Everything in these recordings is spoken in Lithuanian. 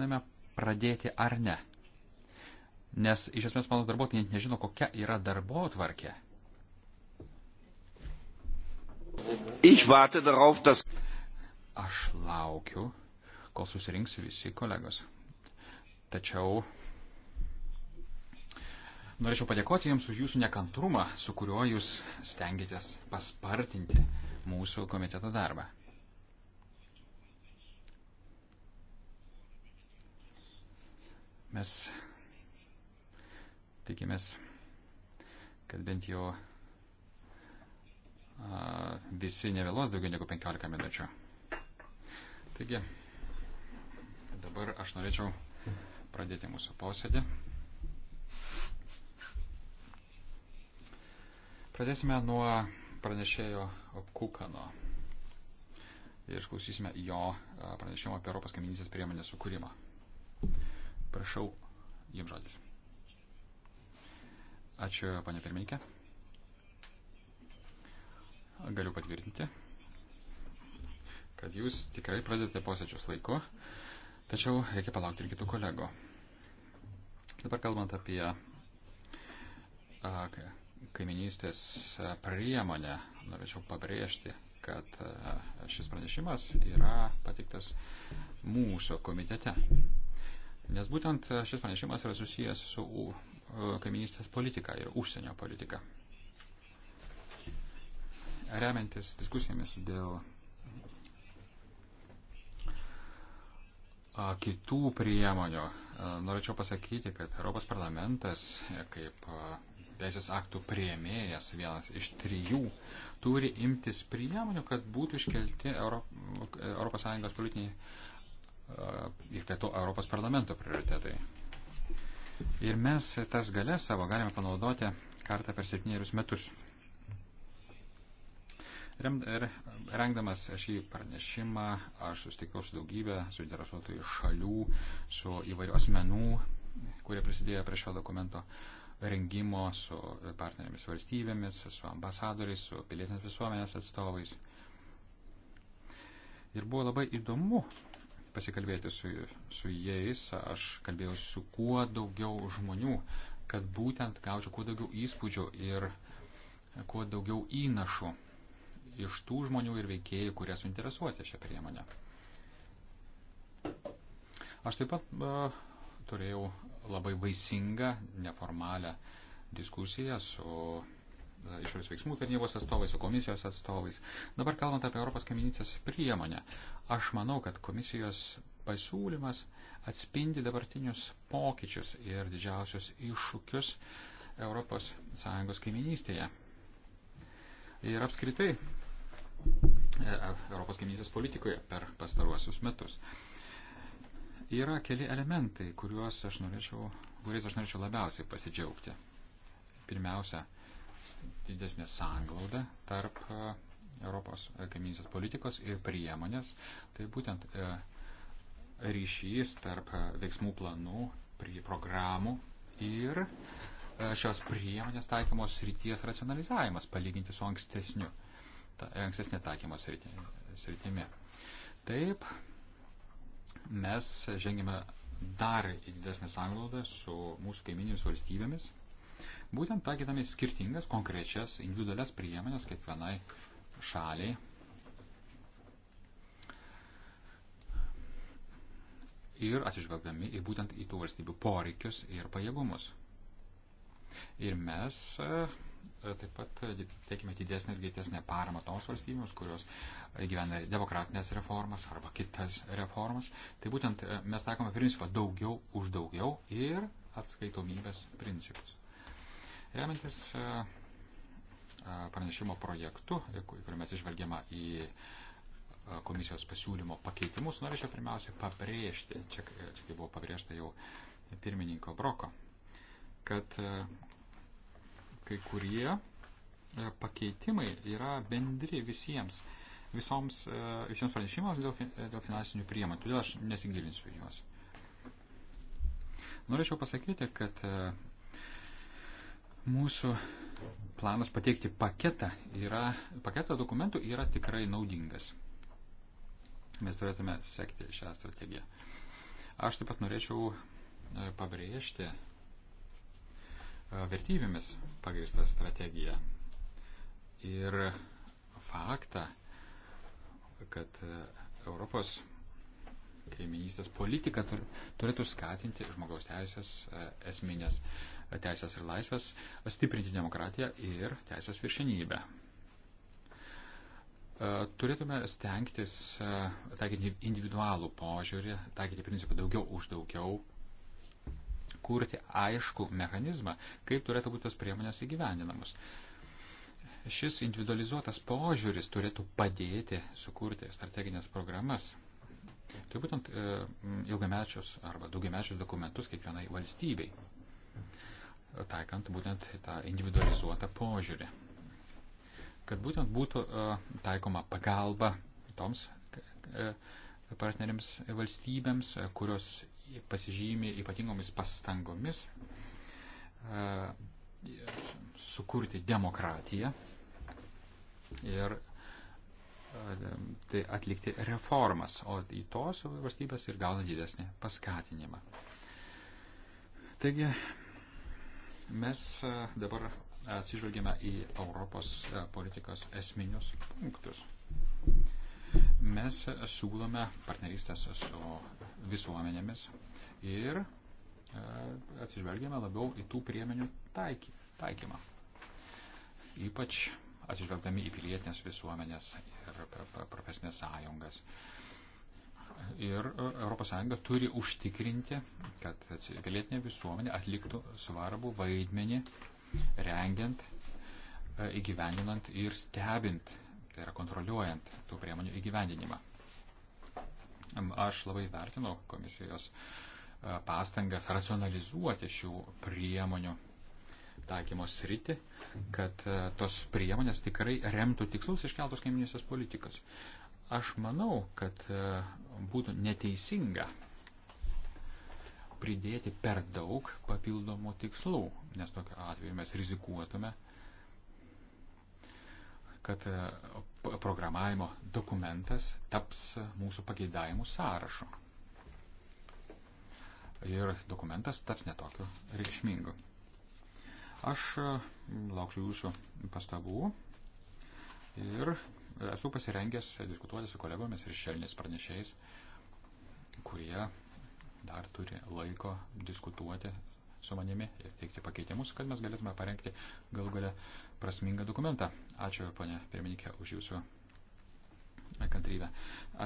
galime pradėti ar ne. Nes iš esmės mano darbuotojai net nežino, kokia yra darbo atvarkė. Aš laukiu, kol susirinks visi kolegos. Tačiau norėčiau padėkoti Jums už Jūsų nekantrumą, su kuriuo Jūs stengiatės paspartinti mūsų komiteto darbą. Mes tikimės, kad bent jau a, visi nevėlos daugiau negu 15 minučių. Taigi, dabar aš norėčiau pradėti mūsų posėdį. Pradėsime nuo pranešėjo Kukano ir išklausysime jo pranešimo apie Europos kaiminystės priemonės sukūrimą. Prašau, jums žodis. Ačiū, panė pirmininkė. Galiu patvirtinti, kad jūs tikrai pradedate posėdžius laiku, tačiau reikia palaukti ir kitų kolego. Dabar kalbant apie kaiminystės priemonę, norėčiau pabrėžti, kad šis pranešimas yra patiktas mūsų komitete. Nes būtent e, šis pranešimas yra susijęs su e, kaiminystės politika ir užsienio politika. Remiantis diskusijomis dėl kitų priemonių, norėčiau pasakyti, kad Europos parlamentas e, kaip teisės aktų prieimėjas, vienas iš trijų, turi imtis priemonių, kad būtų iškelti ES politiniai ir tai to Europos parlamento prioritetai. Ir mes tas galės savo galime panaudoti kartą per septynerius metus. Rengdamas šį pranešimą, aš susitikau su daugybė suinteresuotojų šalių, su įvairių asmenų, kurie prisidėjo prie šio dokumento rengimo, su partnerėmis valstybėmis, su ambasadoriais, su pilietinės visuomenės atstovais. Ir buvo labai įdomu pasikalbėti su, su jais, aš kalbėjau su kuo daugiau žmonių, kad būtent gaučiau kuo daugiau įspūdžių ir kuo daugiau įnašų iš tų žmonių ir veikėjų, kurie suinteresuoti šią priemonę. Aš taip pat uh, turėjau labai vaisingą, neformalią diskusiją su E, išorės veiksmų tarnybos atstovais, su komisijos atstovais. Dabar kalbant apie Europos kaminicės priemonę, aš manau, kad komisijos pasiūlymas atspindi dabartinius pokyčius ir didžiausius iššūkius ES kaiminystėje. Ir apskritai e, Europos kaiminystės politikoje per pastaruosius metus. Yra keli elementai, kuriuos aš norėčiau, kuriais aš norėčiau labiausiai pasidžiaugti. Pirmiausia, didesnė sanglauda tarp e, Europos e, kaiminės politikos ir priemonės. Tai būtent e, ryšys tarp veiksmų planų, programų ir šios priemonės taikymos srities racionalizavimas palyginti su ankstesniu, ta, ankstesnė taikymos sritimi. Taip, mes žengėme dar į didesnę sąnglaudą su mūsų kaiminėmis valstybėmis Būtent taikydami skirtingas, konkrečias, individualias priemonės kiekvienai šaliai. Ir atsižvelgdami į būtent į tų valstybių poreikius ir pajėgumus. Ir mes e, taip pat e, teikime didesnį ir greitesnę paramą toms valstybėms, kurios gyvena demokratinės reformas arba kitas reformas. Tai būtent e, mes taikome principą daugiau už daugiau ir atskaitomybės principus. Remiantis e, e, pranešimo projektu, e, kuriuo mes išvelgiama į komisijos pasiūlymo pakeitimus, norėčiau pirmiausia pabrėžti, čia, čia kaip buvo pabrėžta jau pirmininko Broko, kad kai kurie pakeitimai yra bendri visiems, visoms, visiems pranešimams dėl, dėl finansinių priemonių, todėl aš nesigilinsiu juos. Norėčiau pasakyti, kad Mūsų planas pateikti paketą, yra, paketą dokumentų yra tikrai naudingas. Mes turėtume sekti šią strategiją. Aš taip pat norėčiau e, pabrėžti e, vertybėmis pagristą strategiją ir faktą, kad e, Europos kaiminystės politika turėtų skatinti žmogaus teisės esminės teisės ir laisvės, stiprinti demokratiją ir teisės viršenybę. E, turėtume stengtis e, taikyti individualų požiūrį, taikyti principą daugiau už daugiau, kurti aišku mechanizmą, kaip turėtų būti tos priemonės įgyvendinamos. Šis individualizuotas požiūris turėtų padėti sukurti strateginės programas. Tai būtent e, ilgamečius arba daugiamečius dokumentus kiekvienai valstybei taikant būtent tą individualizuotą požiūrį. Kad būtent būtų e, taikoma pagalba toms e, e, partneriams valstybėms, kurios pasižymė ypatingomis pastangomis sukurti demokratiją ir tai atlikti reformas, o į tos valstybės ir gauna didesnį paskatinimą. Taigi Mes e, dabar atsižvelgėme į Europos e, politikos esminius punktus. Mes e, siūlome partnerystės su visuomenėmis ir atsižvelgėme labiau į tų priemonių taiky, taikymą. Ypač atsižvelgdami į pilietinės visuomenės ir profesinės sąjungas. Uh, ir ES turi užtikrinti, kad pilietinė visuomenė atliktų svarbų vaidmenį rengiant, e, įgyvendinant ir stebint, tai yra kontroliuojant tų priemonių įgyvendinimą. Aš labai vertinu komisijos e, pastangas racionalizuoti šių priemonių taikymo sritį, kad e, tos priemonės tikrai remtų tikslus iškeltos kaiminėsios politikos. Aš manau, kad e, būtų neteisinga pridėti per daug papildomų tikslų, nes tokiu atveju mes rizikuotume, kad e, programavimo dokumentas taps mūsų pageidavimų sąrašu. Ir dokumentas taps netokiu reikšmingu. Aš e, lauksiu jūsų pastabų ir esu pasirengęs diskutuoti su kolegomis ir šelniais pranešėjais, kurie dar turi laiko diskutuoti su manimi ir teikti pakeitimus, kad mes galėtume parengti galų galę prasmingą dokumentą. Ačiū, ponė pirmininkė, už jūsų kantrybę.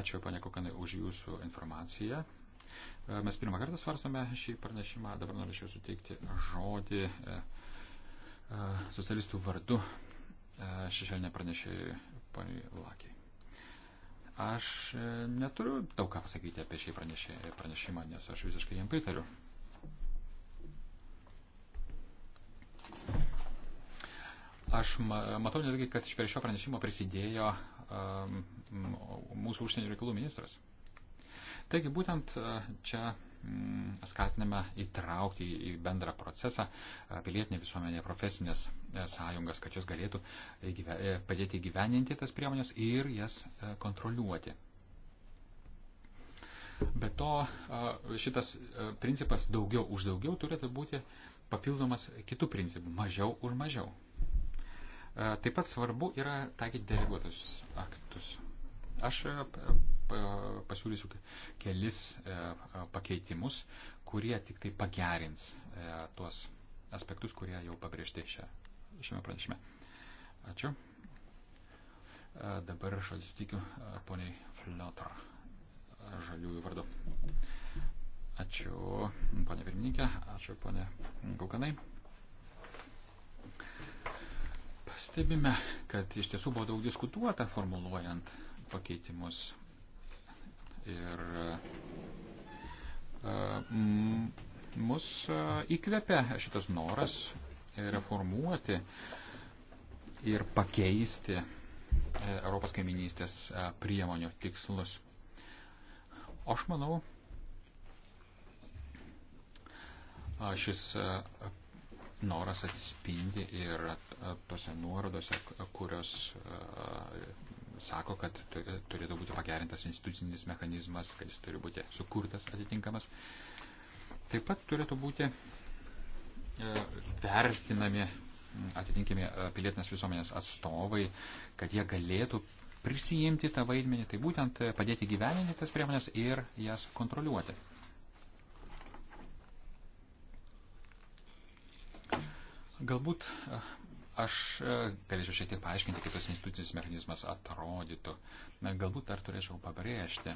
Ačiū, ponė Kokanai, už jūsų informaciją. E, mes pirmą kartą svarstome šį pranešimą. Dabar norėčiau suteikti žodį e, e, socialistų vardu šešėlinė pranešėjai poniai Lakiai. Aš e, neturiu daug ką pasakyti apie šį pranešimą, nes aš visiškai jam pritariu. Aš matau netgi, kad prie šio pranešimo prisidėjo um, mūsų užsienio reikalų ministras. Taigi būtent e, čia Mm, skatiname įtraukti į bendrą procesą pilietinę visuomenę, profesinės e, sąjungas, kad jos galėtų e, padėti įgyveninti tas priemonės ir jas e, kontroliuoti. Be to, šitas principas daugiau už daugiau turėtų būti papildomas kitų principų - mažiau už mažiau. Taip pat svarbu yra taikyti deleguotus aktus. Aš pasiūlysiu kelis e, pakeitimus, kurie tik tai pagerins e, tuos aspektus, kurie jau pabrėžti šią, šiame pranešime. Ačiū. E, dabar aš atsitikiu poniai Flotar žaliųjų vardu. Ačiū, ponė pirmininkė, ačiū, ponė Gaukanai. Pastebime, kad iš tiesų buvo daug diskutuota formuluojant pakeitimus. Ir e, mus e, įkvepia šitas noras reformuoti ir pakeisti e, Europos kaiminystės priemonių tikslus. Aš manau, šis noras atsispindi ir tose nuorodose, kurios sako, kad turėtų būti pagerintas institucinis mechanizmas, kad jis turi būti sukurtas atitinkamas. Taip pat turėtų būti e, vertinami atitinkami e, pilietinės visuomenės atstovai, kad jie galėtų prisijimti tą vaidmenį, tai būtent padėti gyveninti tas priemonės ir jas kontroliuoti. Galbūt e, Aš e, galėčiau šiek tiek paaiškinti, kaip tas institucinis mechanizmas atrodytų. Na, galbūt dar turėčiau pabrėžti,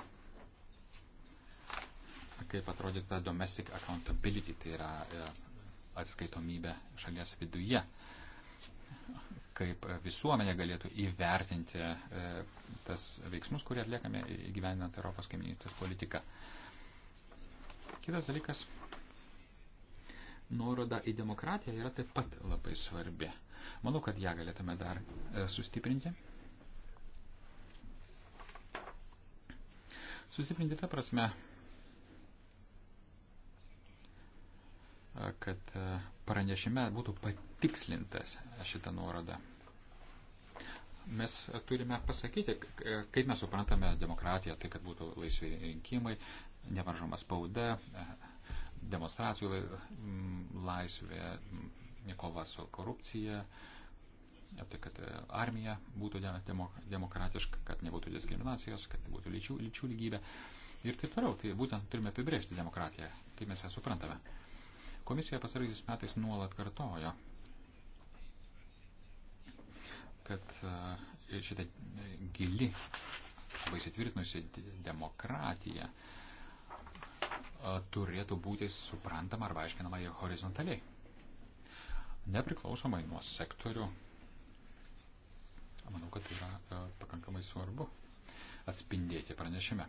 kaip atrodytų ta domestic accountability, tai yra e, atskaitomybė šalies viduje, kaip visuomenė galėtų įvertinti e, tas veiksmus, kurie atliekame įgyvendinant Europos kaiminystės politiką. Kitas dalykas nuoroda į demokratiją yra taip pat labai svarbi. Manau, kad ją galėtume dar e, sustiprinti. Sustiprinti tą prasme, e, kad e, pranešime būtų patikslintas šitą nuorodą. Mes turime pasakyti, kaip mes suprantame demokratiją, tai kad būtų laisvi rinkimai, nevaržoma spauda, demonstracijų mm, laisvė, mm, kova su korupcija, tai kad e, armija būtų demokratiška, kad nebūtų diskriminacijos, kad būtų lyčių, lyčių lygybė ir taip toliau. Tai būtent turime apibrėžti demokratiją, kaip mes ją suprantame. Komisija pasaraisiais metais nuolat kartojo, kad e, šitą gili, labai įsitvirtinusi demokratija, uh, turėtų būti suprantama arba aiškinama ir horizontaliai. Nepriklausomai nuo sektorių, manau, kad tai yra pakankamai svarbu atspindėti pranešime.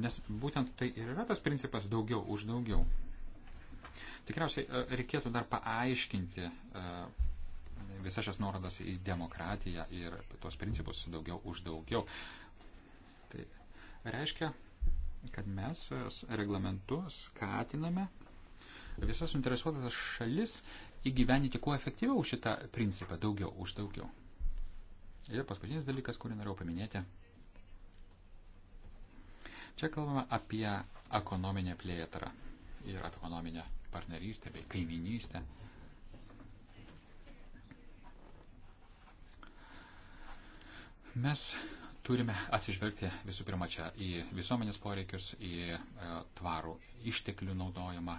Nes būtent tai ir yra tas principas daugiau už daugiau. Tikriausiai reikėtų dar paaiškinti visas šias nuorodas į demokratiją ir tos principus daugiau už daugiau. Tai reiškia, kad mes reglamentu skatiname visas suinteresuotas šalis įgyveninti kuo efektyviau šitą principą daugiau už daugiau. Ir paskutinis dalykas, kurį norėjau paminėti. Čia kalbame apie ekonominę plėtrą ir apie ekonominę partnerystę bei kaiminystę. Mes turime atsižvelgti visų pirma čia į visuomenės poreikius, į e, tvarų išteklių naudojimą,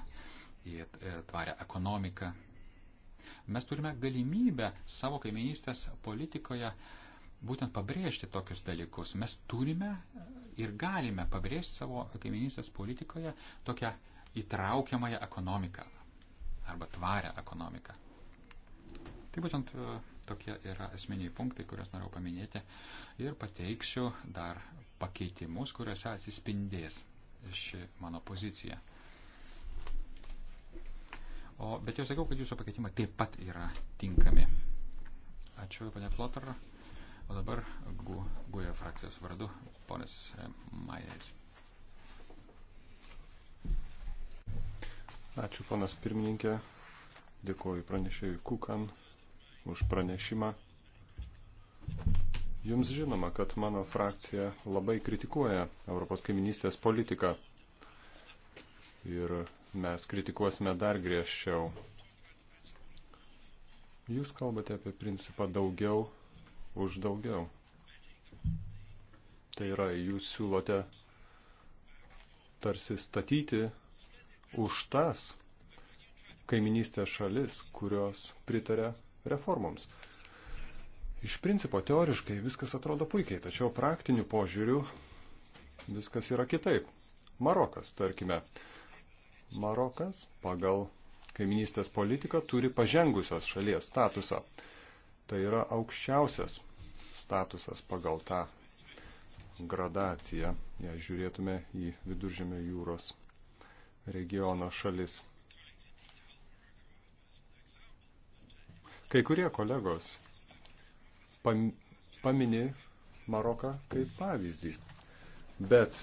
į e, tvarę ekonomiką. Mes turime galimybę savo kaiminystės politikoje būtent pabrėžti tokius dalykus. Mes turime e, ir galime pabrėžti savo kaiminystės politikoje tokią įtraukiamąją ekonomiką arba tvarę ekonomiką. Tai būtent Tokie yra esminiai punktai, kuriuos norėjau paminėti. Ir pateiksiu dar pakeitimus, kuriuose atsispindės ši mano pozicija. O, bet jau sakiau, kad jūsų pakeitimai taip pat yra tinkami. Ačiū, panė Flotar. O dabar gu, guja frakcijos vardu, ponas e, Majeris. Ačiū, ponas pirmininkė. Dėkuoju pranešėjui Kukan už pranešimą. Jums žinoma, kad mano frakcija labai kritikuoja Europos kaiminystės politiką ir mes kritikuosime dar griežčiau. Jūs kalbate apie principą daugiau už daugiau. Tai yra, jūs siūlote tarsi statyti už tas kaiminystės šalis, kurios pritarė reformoms. Iš principo teoriškai viskas atrodo puikiai, tačiau praktiniu požiūriu viskas yra kitaip. Marokas, tarkime. Marokas pagal kaiminystės politiką turi pažengusios šalies statusą. Tai yra aukščiausias statusas pagal tą gradaciją, jei žiūrėtume į viduržėmio jūros regiono šalis. Kai kurie kolegos pamini Maroką kaip pavyzdį. Bet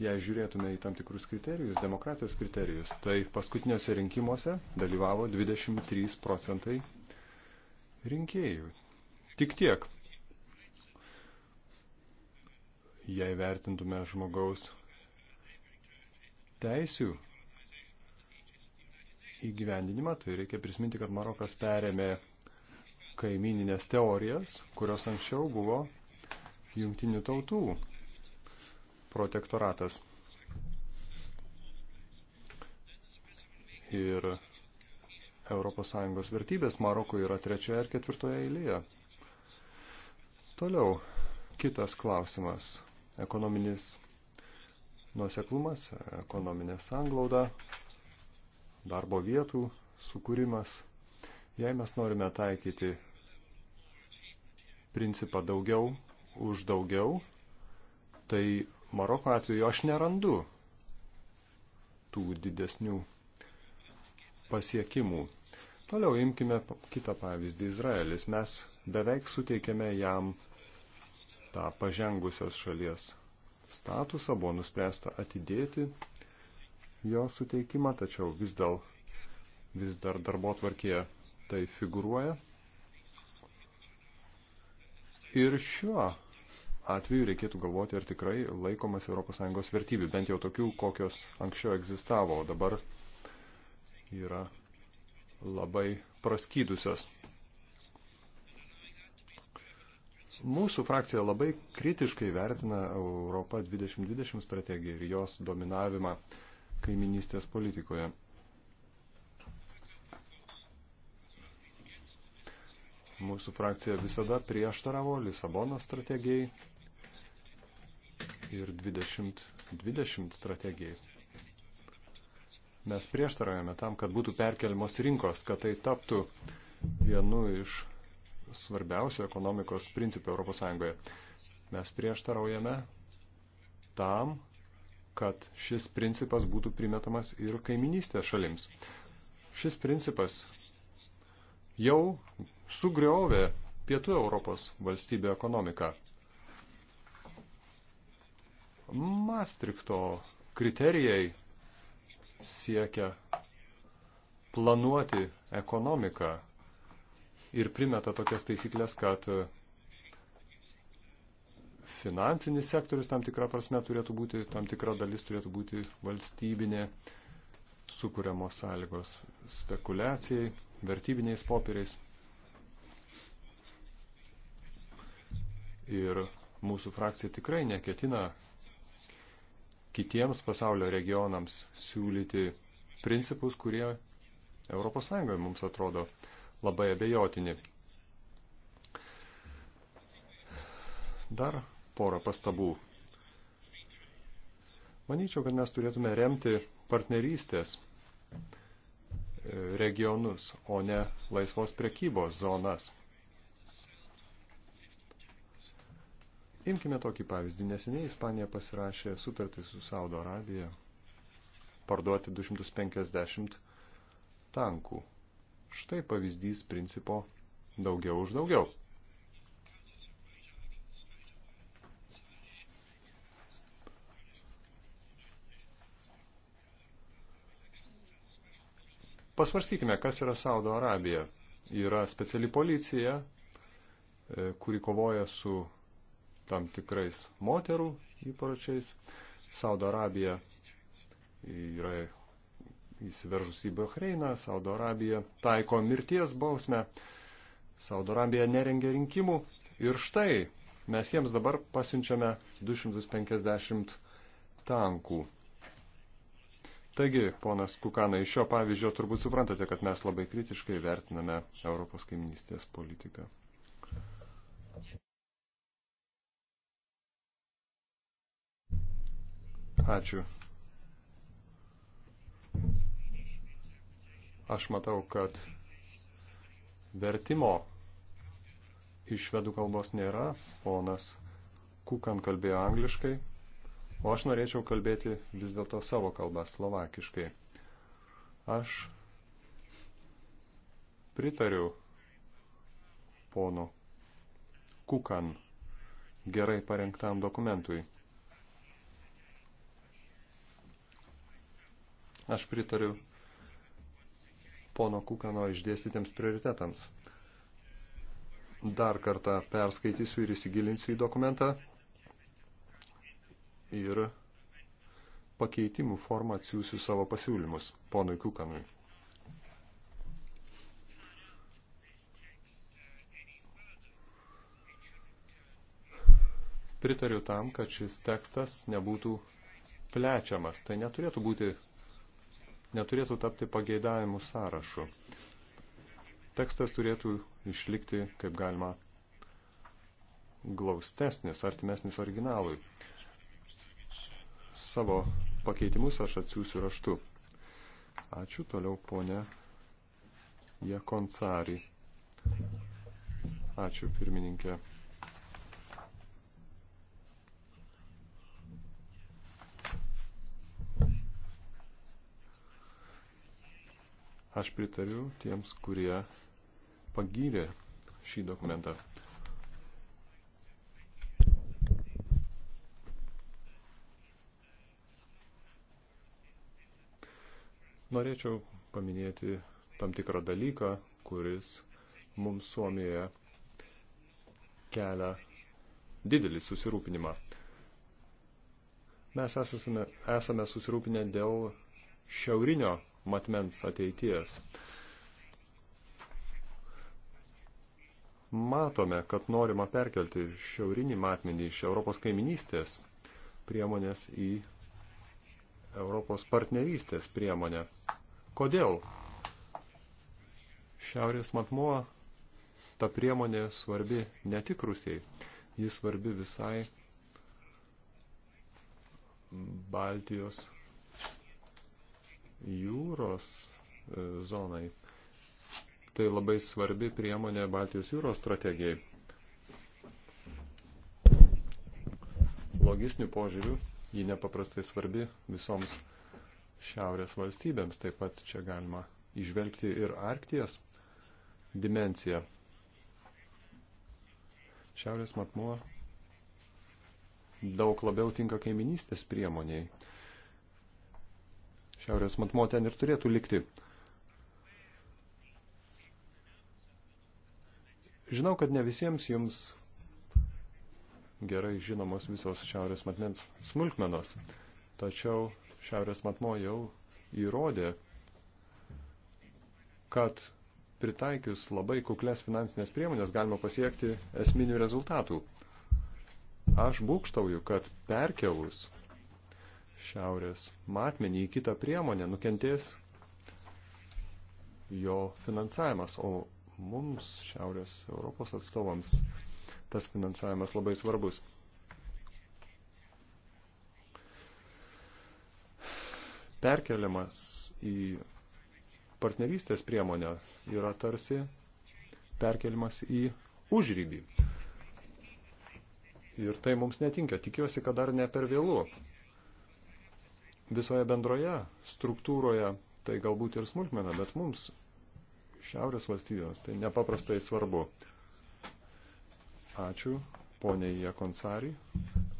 jei žiūrėtume į tam tikrus kriterijus, demokratijos kriterijus, tai paskutiniuose rinkimuose dalyvavo 23 procentai rinkėjų. Tik tiek. Jei vertintume žmogaus teisių įgyvendinimą, tai reikia prisiminti, kad Marokas perėmė kaimininės teorijas, kurios anksčiau buvo jungtinių tautų protektoratas. Ir ES vertybės Marokui yra trečioje ir ketvirtoje eilėje. Toliau, kitas klausimas - ekonominis nuoseklumas, ekonominė sanglauda, darbo vietų sukūrimas. Jei mes norime taikyti principą daugiau už daugiau, tai Maroko atveju aš nerandu tų didesnių pasiekimų. Toliau imkime kitą pavyzdį - Izraelis. Mes beveik suteikėme jam tą pažengusios šalies statusą, buvo nuspręsta atidėti jo suteikimą, tačiau vis, dėl, vis dar darbo tvarkėje tai figuruoja. Ir šiuo atveju reikėtų galvoti, ar tikrai laikomas ES vertybių, bent jau tokių, kokios anksčiau egzistavo, o dabar yra labai praskydusios. Mūsų frakcija labai kritiškai vertina Europą 2020 strategiją ir jos dominavimą kaiminystės politikoje. Mūsų frakcija visada prieštaravo Lisabono strategijai ir 2020 strategijai. Mes prieštaravome tam, kad būtų perkeliamos rinkos, kad tai taptų vienu iš svarbiausių ekonomikos principų ES. Mes prieštaraujame tam, kad šis principas būtų primetamas ir kaiminystės šalims. Šis principas jau sugriovė pietų Europos valstybių ekonomiką. Mastrikto kriterijai siekia planuoti ekonomiką ir primeta tokias taisyklės, kad finansinis sektorius tam tikrą prasme turėtų būti, tam tikra dalis turėtų būti valstybinė, sukūriamos sąlygos spekulacijai, vertybiniais popieriais. ir mūsų frakcija tikrai neketina kitiems pasaulio regionams siūlyti principus, kurie ES mums atrodo labai abejotini. Dar porą pastabų. Manyčiau, kad mes turėtume remti partnerystės e, regionus, o ne laisvos prekybos zonas. Imkime tokį pavyzdį. Neseniai Ispanija pasirašė sutartį su Saudo Arabija parduoti 250 tankų. Štai pavyzdys principo daugiau už daugiau. Pasvarstykime, kas yra Saudo Arabija. Yra speciali policija, e, kuri kovoja su tam tikrais moterų įpročiais. Saudo Arabija yra įsiveržus į Bahreiną, Saudo Arabija taiko mirties bausmę, Saudo Arabija nerengia rinkimų ir štai mes jiems dabar pasiunčiame 250 tankų. Taigi, ponas Kukana, iš šio pavyzdžio turbūt suprantate, kad mes labai kritiškai vertiname Europos kaiminystės politiką. Ačiū. Aš matau, kad vertimo iš švedų kalbos nėra. Ponas Kukan kalbėjo angliškai, o aš norėčiau kalbėti vis dėlto savo kalbą slovakiškai. Aš pritariu pono Kukan gerai parengtam dokumentui. Aš pritariu pono Kukano išdėstytiems prioritetams. Dar kartą perskaitysiu ir įsigilinsiu į dokumentą ir pakeitimų formą atsiųsiu savo pasiūlymus ponui Kukanui. Pritariu tam, kad šis tekstas nebūtų plečiamas. Tai neturėtų būti neturėtų tapti pageidavimų sąrašu. Tekstas turėtų išlikti kaip galima glaustesnis, artimesnis originalui. Savo pakeitimus aš atsiųsiu raštu. Ačiū toliau ponė Jekoncari. Ačiū pirmininkė. Aš pritariu tiems, kurie pagyrė šį dokumentą. Norėčiau paminėti tam tikrą dalyką, kuris mums Suomijoje kelia didelį susirūpinimą. Mes esame, esame susirūpinę dėl šiaurinio matmens ateities. Matome, kad norima perkelti šiaurinį matmenį iš Europos kaiminystės priemonės į Europos partnerystės priemonę. Kodėl? Šiaurės matmuo ta priemonė svarbi ne tik Rusijai, jis svarbi visai Baltijos jūros e, zonai. Tai labai svarbi priemonė Baltijos jūros strategijai. Logistinių požiūrių ji nepaprastai svarbi visoms šiaurės valstybėms. Taip pat čia galima išvelgti ir Arkties dimenciją. Šiaurės matmuo daug labiau tinka kaiminystės priemoniai šiaurės matmo ten ir turėtų likti. Žinau, kad ne visiems jums gerai žinomos visos šiaurės matmens smulkmenos, tačiau šiaurės matmo jau įrodė, kad pritaikius labai kuklės finansinės priemonės galima pasiekti esminių rezultatų. Aš būkštauju, kad perkelus šiaurės matmenį į kitą priemonę, nukentės jo finansavimas, o mums, Šiaurės Europos atstovams, tas finansavimas labai svarbus. Perkeliamas į partnerystės priemonę yra tarsi perkeliamas į užrybį. Ir tai mums netinka. Tikiuosi, kad dar ne per vėlu visoje bendroje struktūroje tai galbūt ir smulkmena, bet mums šiaurės valstybėms tai nepaprastai svarbu. Ačiū poniai Jekonsari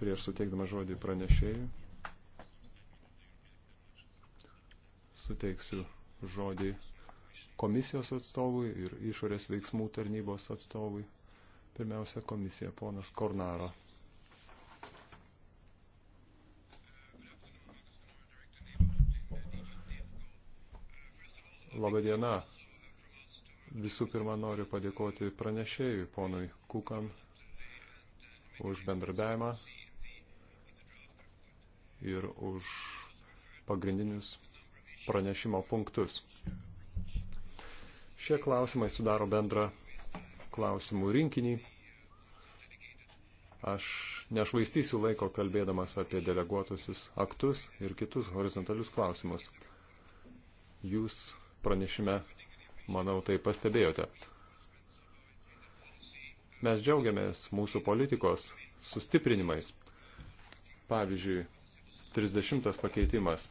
prieš suteikdama žodį pranešėjui. Suteiksiu žodį komisijos atstovui ir išorės veiksmų tarnybos atstovui. Pirmiausia, komisija, ponas Kornaro. Labą dieną. Visų pirma, noriu padėkoti pranešėjui, ponui Kukan, už bendradavimą ir už pagrindinius pranešimo punktus. Šie klausimai sudaro bendrą klausimų rinkinį. Aš nešvaistysiu laiko kalbėdamas apie deleguotusius aktus ir kitus horizontalius klausimus. Jūs pranešime, manau, tai pastebėjote. Mes džiaugiamės mūsų politikos sustiprinimais. Pavyzdžiui, 30 pakeitimas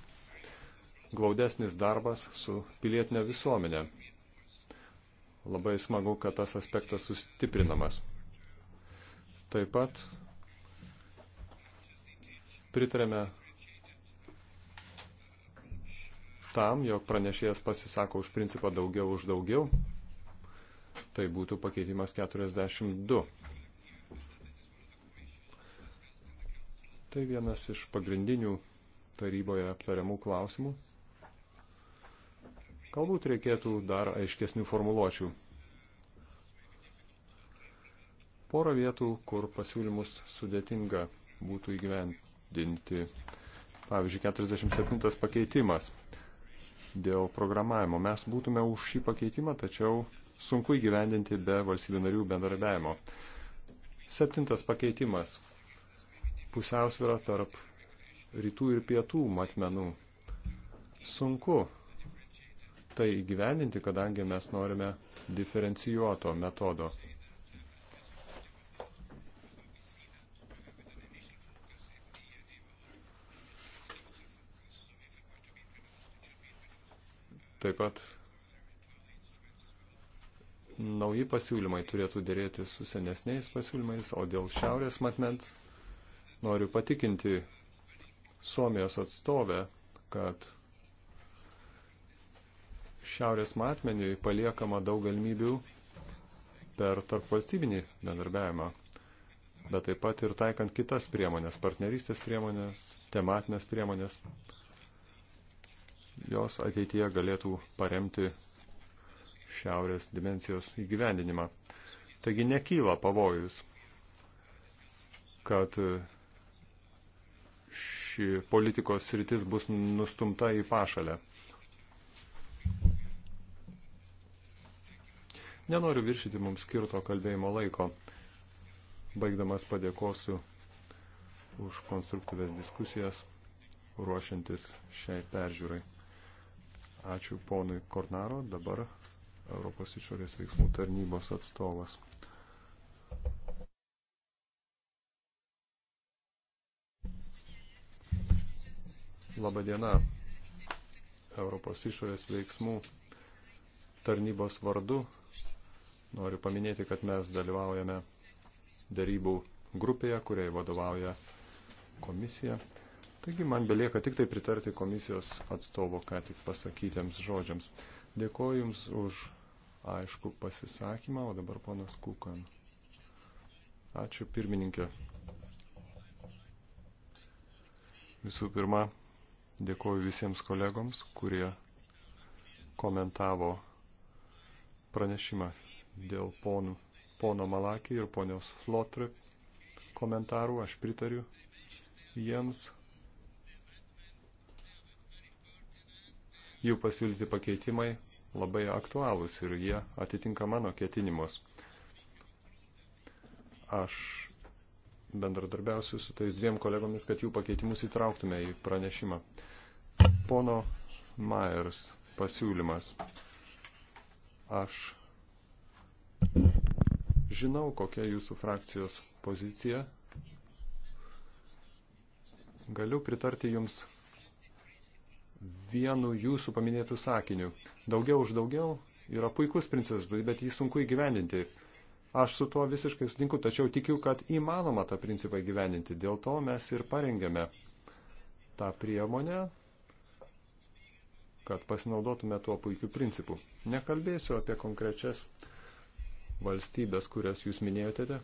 – glaudesnis darbas su pilietinė visuomenė. Labai smagu, kad tas aspektas sustiprinamas. Taip pat pritarėme tam, jog pranešėjas pasisako už principą daugiau už daugiau, tai būtų pakeitimas 42. Tai vienas iš pagrindinių taryboje aptariamų klausimų. Galbūt reikėtų dar aiškesnių formuluočių. Porą vietų, kur pasiūlymus sudėtinga būtų įgyvendinti. Pavyzdžiui, 47 pakeitimas dėl programavimo. Mes būtume už šį pakeitimą, tačiau sunku įgyvendinti be valstybių narių bendradarbiavimo. Septintas pakeitimas. Pusiausvėra tarp rytų ir pietų matmenų. Sunku tai įgyvendinti, kadangi mes norime diferencijuoto metodo. Taip pat nauji pasiūlymai turėtų dėrėti su senesniais pasiūlymais, o dėl šiaurės matmens noriu patikinti Suomijos atstovę, kad šiaurės matmeniui paliekama daug galimybių per tarpvalstybinį bendarbiavimą, bet taip pat ir taikant kitas priemonės, partnerystės priemonės, tematinės priemonės jos ateityje galėtų paremti šiaurės dimensijos įgyvendinimą. Taigi nekyla pavojus, kad ši politikos sritis bus nustumta į pašalę. Nenoriu viršyti mums skirto kalbėjimo laiko. Baigdamas padėkosiu už konstruktyves diskusijas ruošiantis šiai peržiūrai. Ačiū ponui Kornaro, dabar Europos išorės veiksmų tarnybos atstovas. Labadiena. Europos išorės veiksmų tarnybos vardu noriu paminėti, kad mes dalyvaujame darybų grupėje, kuriai vadovauja komisija. Taigi man belieka tik tai pritarti komisijos atstovo ką tik pasakytiems žodžiams. Dėkoju Jums už aišku pasisakymą, o dabar ponas Kukan. Ačiū pirmininkė. Visų pirma, dėkoju visiems kolegoms, kurie komentavo pranešimą dėl ponų, pono Malakį ir ponios Flotrip komentarų. Aš pritariu jiems. jų pasiūlyti pakeitimai labai aktualūs ir jie atitinka mano ketinimus. Aš bendradarbiausiu su tais dviem kolegomis, kad jų pakeitimus įtrauktume į pranešimą. Pono Myers pasiūlymas. Aš žinau, kokia jūsų frakcijos pozicija. Galiu pritarti jums vienu jūsų paminėtų sakiniu. Daugiau už daugiau yra puikus principas, bet jį sunku įgyvendinti. Aš su tuo visiškai sutinku, tačiau tikiu, kad įmanoma tą principą įgyvendinti. Dėl to mes ir parengėme tą priemonę, kad pasinaudotume tuo puikiu principu. Nekalbėsiu apie konkrečias valstybės, kurias jūs minėjote.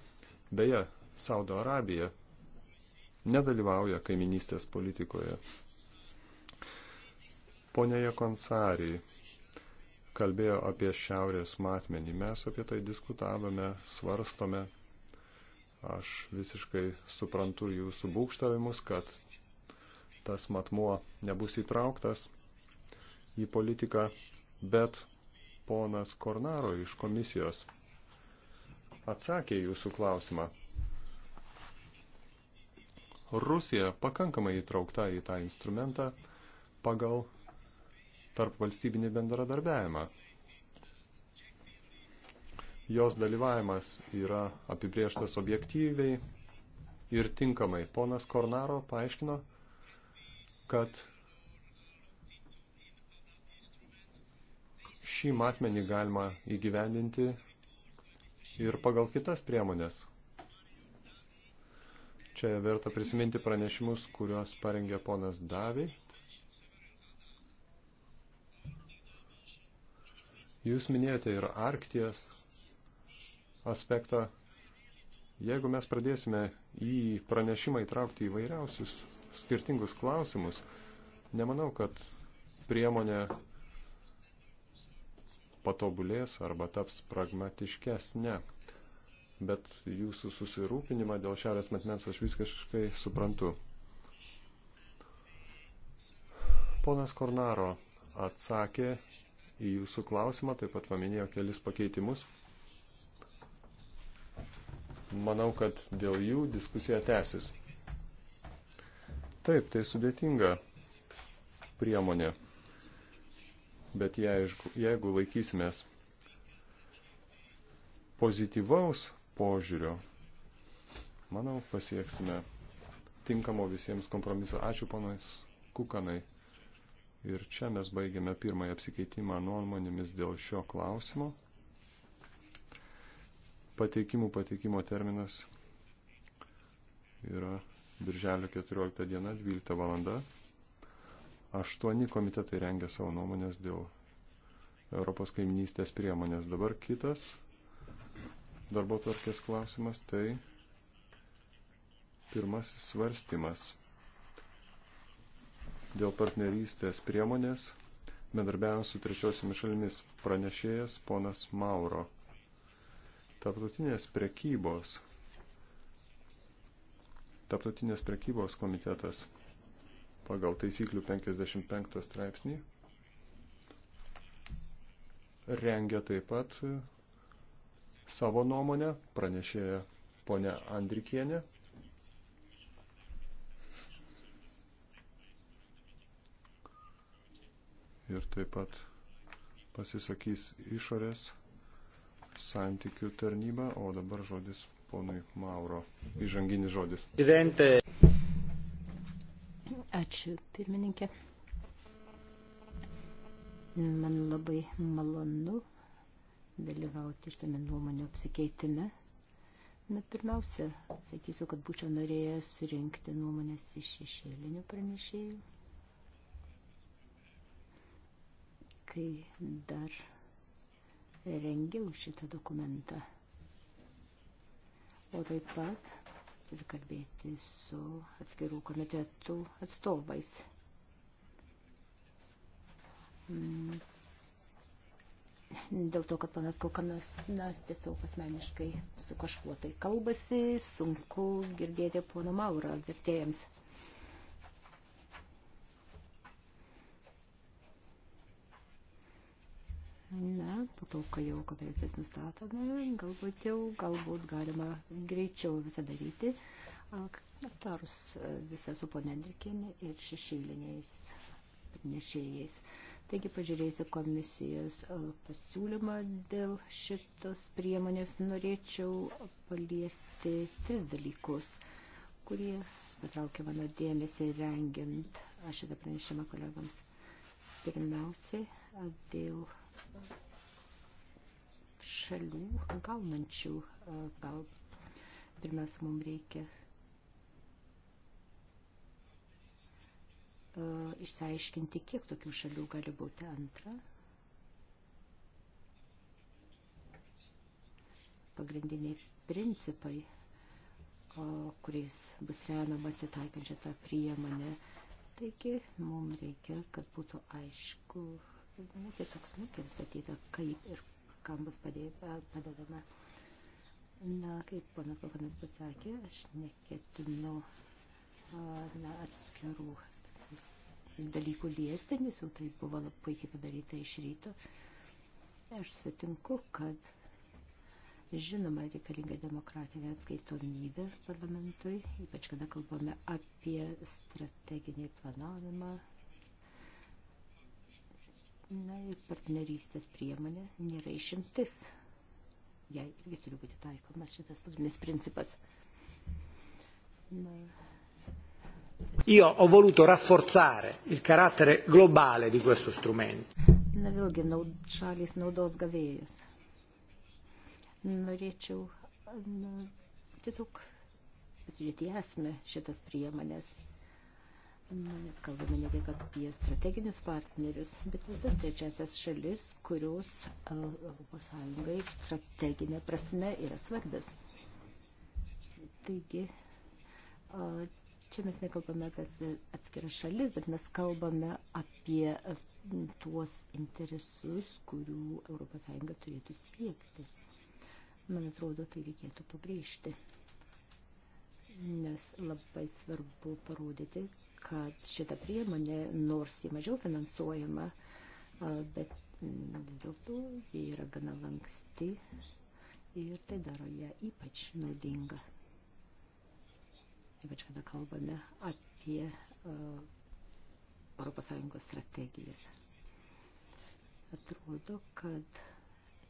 Beje, Saudo Arabija nedalyvauja kaiminystės politikoje Pone Jekonsarį kalbėjo apie šiaurės matmenį. Mes apie tai diskutavome, svarstome. Aš visiškai suprantu jūsų būkštavimus, kad tas matmuo nebus įtrauktas į politiką, bet ponas Kornaro iš komisijos atsakė jūsų klausimą. Rusija pakankamai įtraukta į tą instrumentą pagal tarp valstybinį bendradarbiavimą. Jos dalyvavimas yra apibrieštas objektyviai ir tinkamai. Ponas Kornaro paaiškino, kad šį matmenį galima įgyvendinti ir pagal kitas priemonės. Čia verta prisiminti pranešimus, kuriuos parengė ponas Davi Jūs minėjote ir Arkties aspektą. Jeigu mes pradėsime į pranešimą įtraukti įvairiausius skirtingus klausimus, nemanau, kad priemonė patobulės arba taps pragmatiškesnė. Bet jūsų susirūpinimą dėl šiaurės matmens aš visiškai suprantu. Ponas Kornaro atsakė į jūsų klausimą, taip pat paminėjo kelis pakeitimus. Manau, kad dėl jų diskusija tęsis. Taip, tai sudėtinga priemonė, bet jeigu, jeigu laikysimės pozityvaus požiūrio, manau, pasieksime tinkamo visiems kompromiso. Ačiū, ponas Kukanai. Ir čia mes baigiame pirmąją apsikeitimą nuomonėmis dėl šio klausimo. Pateikimų pateikimo terminas yra birželio 14 diena, 12 valanda. Aštuoni komitetai rengia savo nuomonės dėl Europos kaiminystės priemonės. Dabar kitas darbo tvarkės klausimas tai pirmasis svarstymas dėl partnerystės priemonės bendarbiavimo su trečiosiomis šalimis pranešėjas ponas Mauro. Tarptautinės prekybos. Tarptautinės prekybos komitetas pagal taisyklių 55 straipsnį rengia taip pat savo nuomonę, pranešėja ponia Andrikienė. ir taip pat pasisakys išorės santykių tarnyba, o dabar žodis ponui Mauro. Įžanginis žodis. Didente. Ačiū, pirmininkė. Man labai malonu dalyvauti ir tame nuomonio apsikeitime. Na, pirmiausia, sakysiu, kad būčiau norėjęs surinkti nuomonės iš šešėlinių pranešėjų kai dar rengiau šitą dokumentą. O taip pat ir kalbėti su atskirų komitetų atstovais. Mm. Dėl to, kad panas Kokanas na, tiesiog asmeniškai su kažkuo tai kalbasi, sunku girdėti pono Maurą vertėjams. Na, po to, kai jau kompetencijas nustatome, galbūt jau, galbūt galima greičiau visą daryti, aptarus e, visą su ponendrikinė ir šešėliniais nešėjais. Taigi pažiūrėsiu komisijos e, pasiūlymą dėl šitos priemonės. Norėčiau paliesti tris dalykus, kurie patraukė mano dėmesį rengiant šitą pranešimą kolegams. Pirmiausiai dėl šalių gaunančių pagalbą. E, pirmiausia, mums reikia e, išsiaiškinti, kiek tokių šalių gali būti antra. Pagrindiniai principai, kuriais bus remiamas įtaikančią tą priemonę. Taigi, mums reikia, kad būtų aišku, buvo tiesiog smulkiai nustatyta, kaip ir kam bus padedama. Na, kaip ponas Lokanas pasakė, aš neketinu na, atskirų dalykų liesti, nes jau tai buvo labai puikiai padaryta iš ryto. Aš sutinku, kad žinoma reikalinga demokratinė atskaitomybė parlamentui, ypač kada kalbame apie strateginį planavimą, Na ir partnerystės priemonė nėra išimtis. Jai irgi turi būti taikomas šitas pagrindinis principas. Na. Io ho voluto rafforzare il carattere globale di questo strumento. Na vėlgi, naud, šalys naudos gavėjus. Norėčiau na, tiesiog pasižiūrėti esmę šitas priemonės Na, kalbame ne tik apie strateginius partnerius, bet visas trečiasias šalis, kurios ES strateginė prasme yra svarbės. Taigi, a, e, čia mes nekalbame apie atskiras šalis, bet mes kalbame apie e, tuos interesus, kurių ES turėtų siekti. Man atrodo, tai reikėtų pabrėžti, nes labai svarbu parodyti, kad šita priemonė, nors jį mažiau finansuojama, bet mm, vis dėlto jie yra gana lanksti ir tai daro ją ypač naudinga. Ypač kada kalbame apie uh, ES strategijas. Atrodo, kad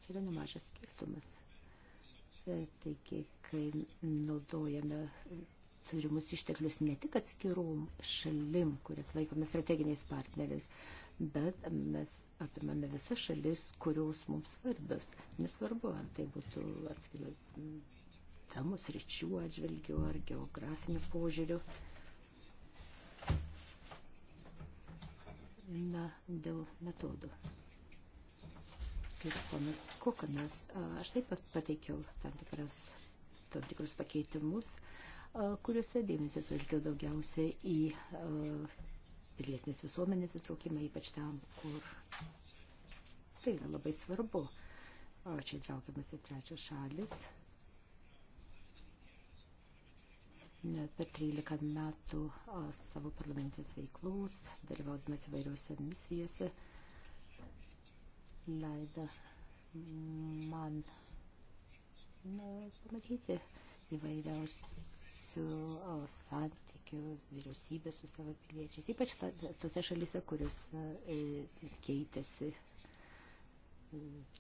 čia yra nemažas skirtumas. E, taigi, kai naudojame turimus išteklius ne tik atskirom šalim, kurias laikome strateginiais partneriais, bet mes apimame visas šalis, kurios mums svarbios. Nesvarbu, ar tai būtų atskirų temos ryčių atžvilgių ar geografinių požiūrių. Na, dėl metodų. Kaip ponas Kokanas, aš taip pat pateikiau tam tikras tam tikrus pakeitimus. Uh, kuriuose dėmesio sutelkiau daugiausiai į pilietinės visuomenės įtraukimą, ypač ten, kur tai yra labai svarbu. O čia traukiamas ir trečios šalis. Net per 13 metų o, savo parlamentės veiklos, dalyvaudamas įvairiuose misijose, leido man na, pamatyti įvairiausių pusių santykių vyriausybės su savo piliečiais, ypač tose šalise, kurios e, keitėsi e,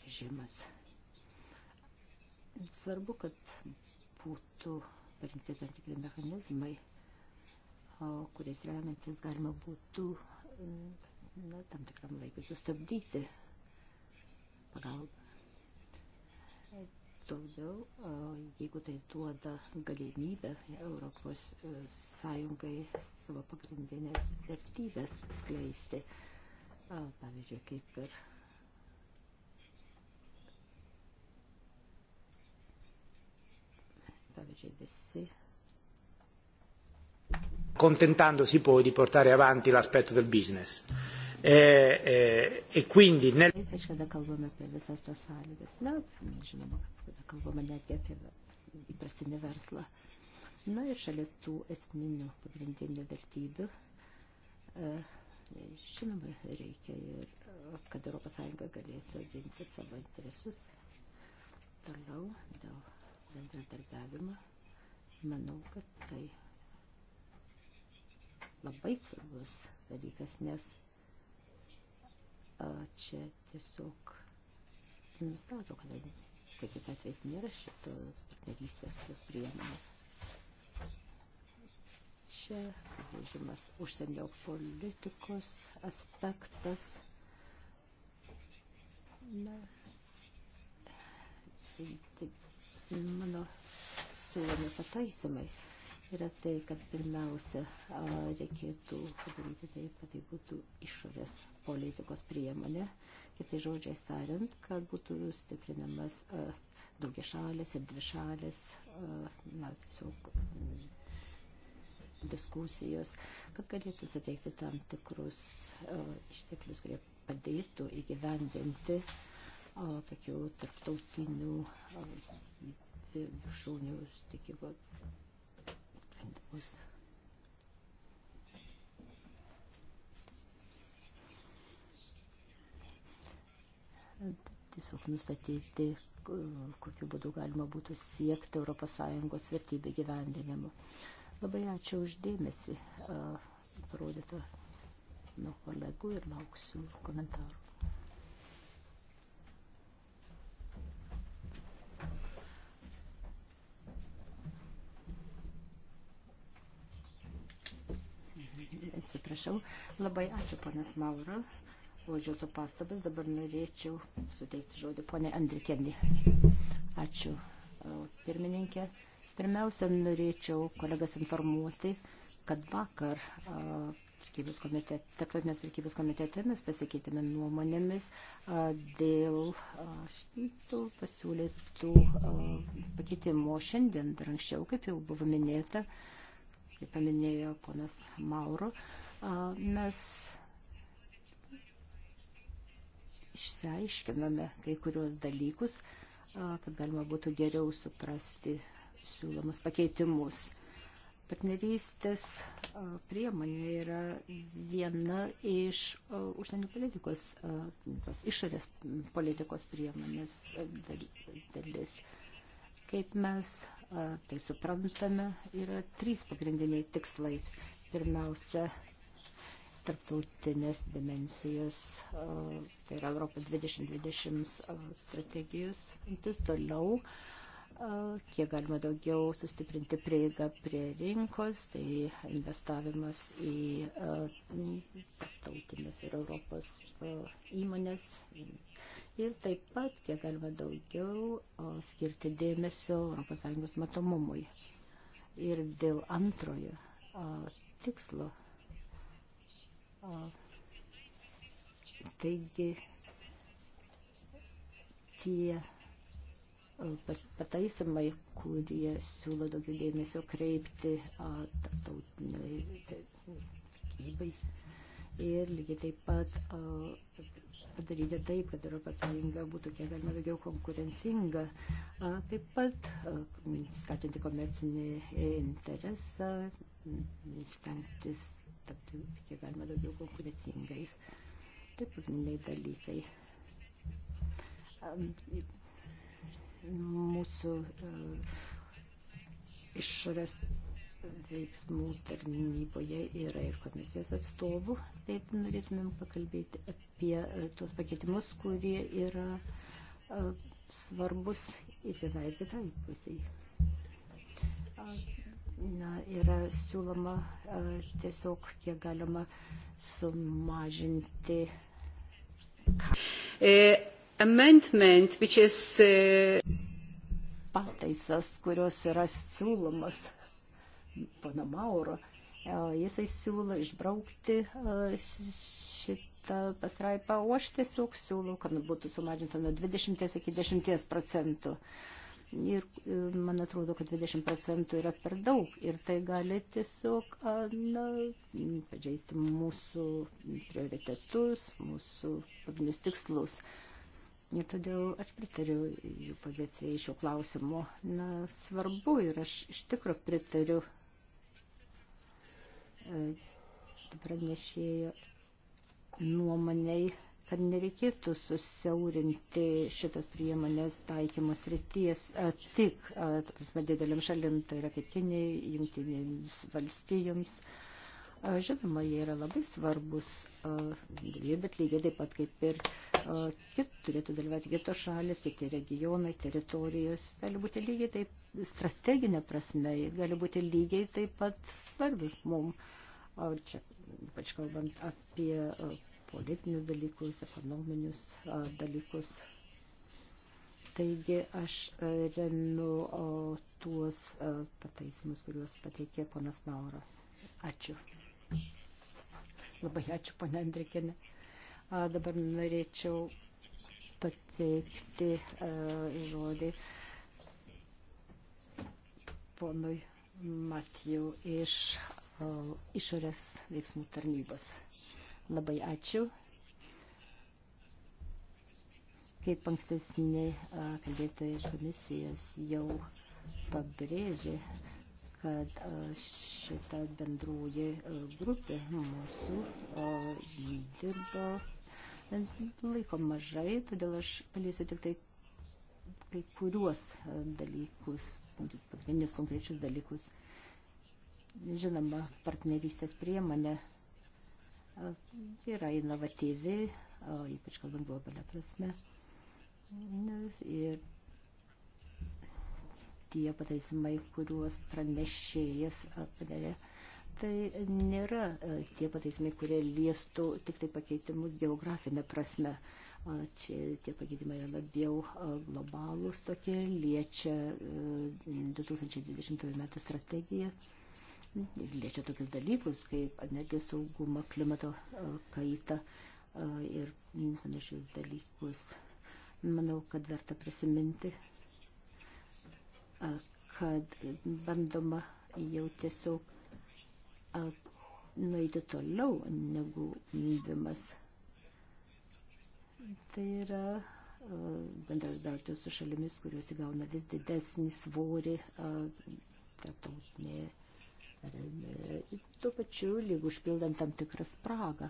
režimas. Svarbu, kad būtų parinkti tam tikri mechanizmai, kuriais remiantis galima būtų e, na, tam tikram laikui sustabdyti pagalbą. Toliau, jeigu tai duoda galimybę Europos e, Sąjungai savo pagrindinės vertybės skleisti, pavyzdžiui, kaip ir pavyzdžiui, visi. Contentandosi poi di portare avanti l'aspetto del business. E, e, e quindi nel... Kada kalbame apie visas tas sąlygas, na, žinoma, tada kalbama netgi apie įprastinį verslą. Na ir šalia tų esminių pagrindinių vertybių, e, žinoma, reikia ir, kad ES galėtų ginti savo interesus toliau dėl bendradarbiavimo. Manau, kad tai labai svarbus dalykas, nes čia tiesiog nustato, kad kokiais atvejais nėra šito partnerystės priemonės. Čia režimas užsienio politikos aspektas. Na, tai, tai mano siūlomi pataisimai yra tai, kad pirmiausia reikėtų padaryti taip, kad tai būtų išorės politikos priemonė, kitai žodžiai tariant, kad būtų stiprinamas e, daugia šalės ir dvi šalės, e, na, tiesiog mm, diskusijos, kad galėtų suteikti tam tikrus e, išteklius, kurie padėtų įgyvendinti tokių tarptautinių viršūnių stikimo sprendimus. tiesiog nustatyti, kokiu būdu galima būtų siekti ES vertybė gyvendinimu. Labai ačiū uždėmesi, parodyta nuo kolegų ir lauksiu komentarų. Atsiprašau, labai ačiū ponas Mauro už jūsų pastabas. Dabar norėčiau suteikti žodį ponė Andrikendį. Ačiū, e, pirmininkė. Pirmiausia, norėčiau kolegas informuoti, kad vakar e, prekybos komitete, tarptautinės prekybos komitete mes pasikeitėme nuomonėmis a, e, dėl šitų pasiūlytų pakeitimų šiandien dar anksčiau, kaip jau buvo minėta, kaip paminėjo ponas Mauro, a, mes išsiaiškiname kai kurios dalykus, kad galima būtų geriau suprasti siūlomus pakeitimus. Partnerystės priemonė yra viena iš užsienio politikos, išorės politikos priemonės dalis. Kaip mes tai suprantame, yra trys pagrindiniai tikslai. Pirmiausia, tarptautinės dimensijos, tai yra Europos 2020 strategijos, imtis toliau, kiek galima daugiau sustiprinti prieigą prie rinkos, tai investavimas į tarptautinės ir Europos įmonės ir taip pat, kiek galima daugiau skirti dėmesio ES matomumui. Ir dėl antrojo tikslo Taigi tie e, pataisimai, kurie siūlo daugiau dėmesio kreipti tautiniai prekybai ir lygiai taip pat a, padaryti taip, kad Europos Sąjunga būtų kiek galima daugiau konkurencinga, a, taip pat a, skatinti komercinį e, interesą, stengtis tapti kiek galima daugiau konkurencingais. Tai pagrindiniai dalykai. Mūsų e, išorės veiksmų tarnyboje yra ir komisijos atstovų. Taip norėtumėm pakalbėti apie e, tuos pakeitimus, kurie yra e, svarbus ir vienai ir kitai pusiai na, yra siūloma e, tiesiog kiek galima sumažinti. E, amendment, which is. E... Pataisas, kurios yra siūlomas pana Mauro, e, jisai siūlo išbraukti e, šitą pasraipą, o aš tiesiog siūlau, kad būtų sumažinta nuo 20 iki 10 procentų. Uh, Ir man atrodo, kad 20 procentų yra per daug ir tai gali tiesiog na, pažeisti mūsų prioritetus, mūsų pagrindinius tikslus. Ir todėl aš pritariu jų pozicijai šio klausimu. Na, svarbu ir aš iš tikro pritariu e, pranešėjo nuomoniai kad nereikėtų susiaurinti šitos priemonės taikymos ryties tik didelėm šalim, tai yra pietiniai, jungtinėms valstijoms. A, žinoma, jie yra labai svarbus, a, bet lygiai taip pat kaip ir a, kit, turėtų dalyvauti kitos šalis, kiti regionai, teritorijos. Gali būti lygiai taip strateginė prasme, gali būti lygiai taip pat svarbus mums. Čia, ypač kalbant apie politinius dalykus, ekonominius dalykus. Taigi aš remiu tuos pataisimus, kuriuos pateikė ponas Mauro. Ačiū. Labai ačiū, ponia Andrikinė. Dabar norėčiau pateikti žodį ponui Matijau iš išorės veiksmų tarnybos. Labai ačiū. Kaip ankstesnė kalbėtoja iš komisijos jau pabrėžė, kad šita bendroji grupė mūsų dirbo e, laiko mažai, todėl aš paliesiu tik tai kai kuriuos dalykus, pagrindinius konkrečius dalykus. Žinoma, partnerystės priemonė yra inovatyvi, ypač kalbant globalę prasme. Ir tie pataisimai, kuriuos pranešėjas padarė, tai nėra tie pataisimai, kurie liestų tik tai pakeitimus geografinė prasme. Čia tie pakeitimai yra labiau globalūs tokie, liečia 2020 m. strategiją liečia tokius dalykus kaip energijos saugumą, klimato e, kaitą e, ir panašius dalykus. Manau, kad verta prisiminti, e, kad bandoma jau tiesiog nueiti toliau negu mydimas. Tai yra bendradarbiauti su šalimis, kurios įgauna vis didesnį svorį tarptautinėje Tuo pačiu, lyg užpildant tam tikrą spragą.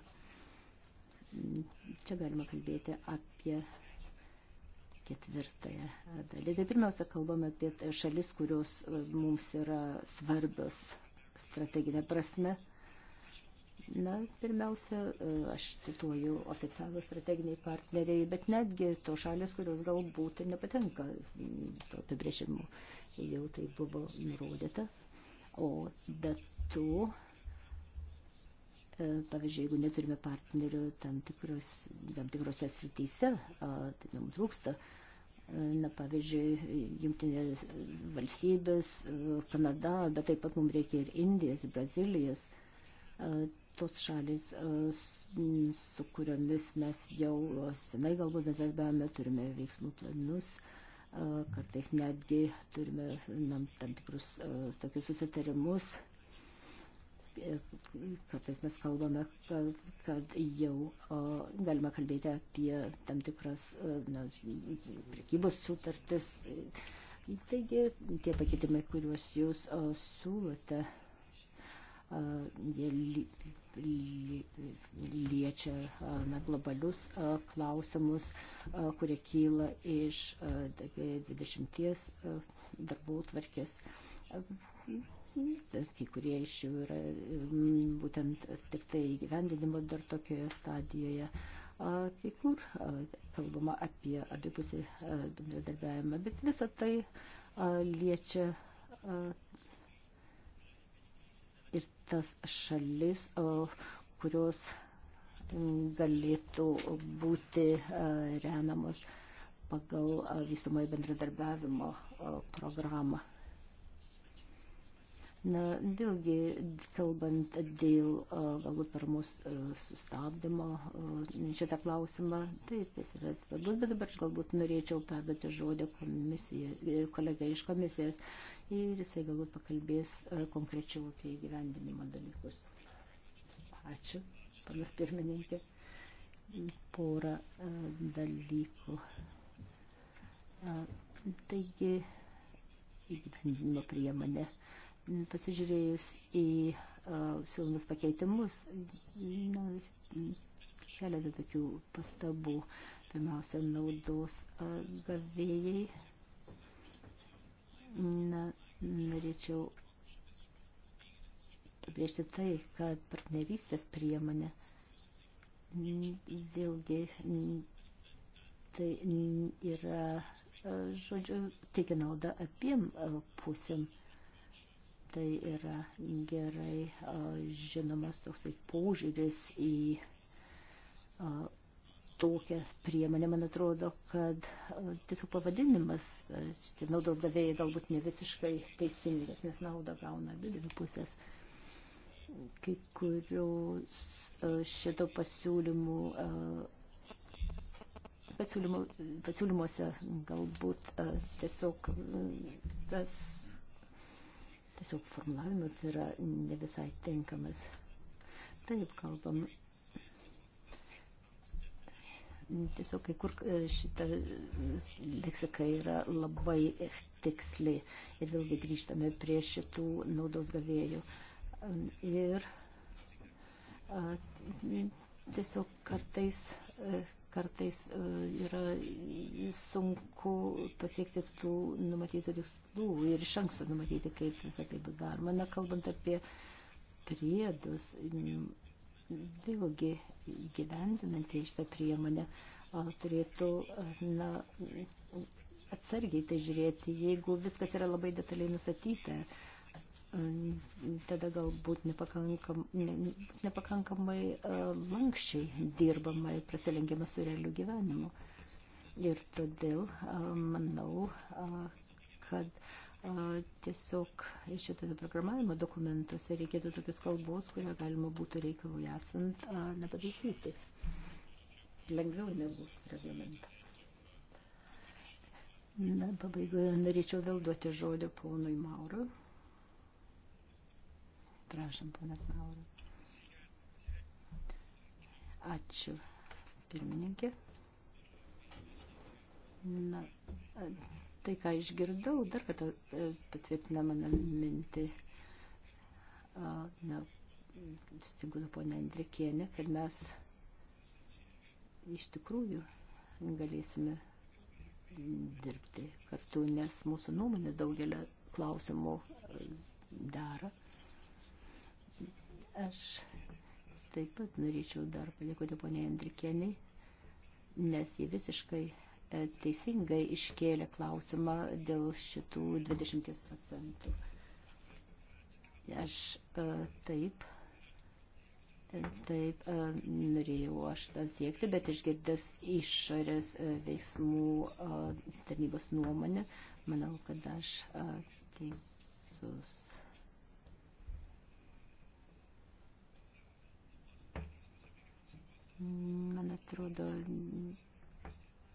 Čia galima kalbėti apie ketvirtąją dalį. Tai pirmiausia, kalbame apie tai šalis, kurios mums yra svarbios strateginė prasme. Na, pirmiausia, aš cituoju oficialų strateginiai partneriai, bet netgi to šalis, kurios galbūt nepatenka to apibrėžimu. Jau tai buvo nurodyta. O be to, e, pavyzdžiui, jeigu neturime partnerių tam, tikros, tam tikrose srityse, tai mums trūksta, e, na, pavyzdžiui, jungtinės valstybės, e, Kanada, bet taip pat mums reikia ir Indijos, Brazilijos, tos šalis, su kuriomis mes jau senai galbūt bendradarbiavame, turime veiksmų planus kartais netgi turime na, tam tikrus tokius susitarimus. E, kartais mes kalbame, kad, kad jau o, galime kalbėti apie tam tikras na, prekybos sutartis. Taigi tie pakeitimai, kuriuos jūs o, siūlote, jie li, li, liečia na, globalius klausimus, kurie kyla iš 20 darbų tvarkės. Tai kai kurie iš jų yra būtent tik tai gyvendinimo dar tokioje stadijoje kai kur kalbama apie abipusį bendradarbiavimą, bet visa tai liečia tas šalis, kurios galėtų būti remiamos pagal vystumoje bendradarbiavimo programą. Na, vėlgi, kalbant dėl galbūt paramos sustabdymo šitą klausimą, taip, jis yra svarbus, bet dabar aš galbūt norėčiau perduoti žodį komisijai, e, kolegai iš komisijos ir jisai galbūt pakalbės e, konkrečiau apie įgyvendinimo dalykus. Ačiū, panas pirmininkė. Porą e, dalykų. E, taigi, įgyvendinimo priemonė. Pasižiūrėjus į siūlomus pakeitimus, na, keletą tokių pastabų. Pirmiausia, naudos gavėjai Na, norėčiau pabrėžti tai, kad partnerystės priemonė vėlgi tai yra, e, žodžiu, teikia naudą abiem e, pusėm. Tai yra gerai e, žinomas toksai požiūris į tokią priemonę. Man atrodo, kad e, tiesiog pavadinimas e, naudos gavėjai galbūt ne visiškai teisingas, nes naudą gauna abi dvi pusės. Kai kurios e, šito pasiūlymų, pasiūlymų pasiūlymuose galbūt tiesiog tas tiesiog formulavimas yra ne visai tinkamas. Taip, kalbam Tiesiog kai kur e, šita leksika yra labai tiksli ir vėlgi grįžtame prie šitų naudos gavėjų. Ir tiesiog kartais, e, kartais e, yra sunku pasiekti tų numatytų tikslų ir iš anksto numatyti, kaip visą tai bus daroma. Na, kalbant apie priedus, vėlgi gyvendinant šitą priemonę turėtų na, atsargiai tai žiūrėti, jeigu viskas yra labai detaliai nustatyta tada galbūt nepakankam, ne, nepakankamai uh, lankščiai dirbama ir prasilengiama su realiu gyvenimu. Ir todėl uh, manau, uh, kad uh, Tiesiog šitame programavimo dokumentuose reikėtų tokios kalbos, kurią galima būtų reikalui esant nepataisyti. Lengviau negu reglamentą. Na, pabaigoje norėčiau vėl duoti žodį ponui Mauro. Prašom, ponas Mauro. Ačiū, pirmininkė. Na, Tai, ką išgirdau, dar kartą e, patvirtina mano mintį. Na, sutinku su ponia Andrikienė, kad mes iš tikrųjų galėsime dirbti kartu, nes mūsų nuomonė daugelio klausimų e, daro. Aš taip pat norėčiau dar padėkoti poniai Andrikieniai, nes jie visiškai E, teisingai iškėlė klausimą dėl šitų 20 procentų. Aš e, taip, e, taip norėjau aš siekti, bet išgirdęs išorės veiksmų tarnybos nuomonę, manau, kad aš teisus. Man atrodo,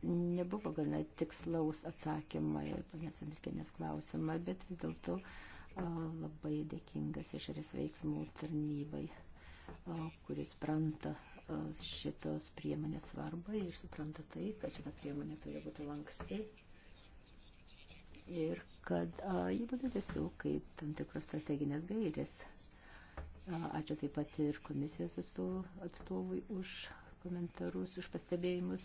nebuvo gana tikslaus atsakymą į panės Andrikienės klausimą, bet vis dėlto labai dėkingas išorės veiksmų tarnybai, kuris supranta šitos priemonės svarbą ir supranta tai, kad šita priemonė turi būti lanksti ir kad jį būtų tiesiog kaip tam tikros strateginės gairės. Ačiū taip pat ir komisijos atstovui už komentarus, už pastebėjimus.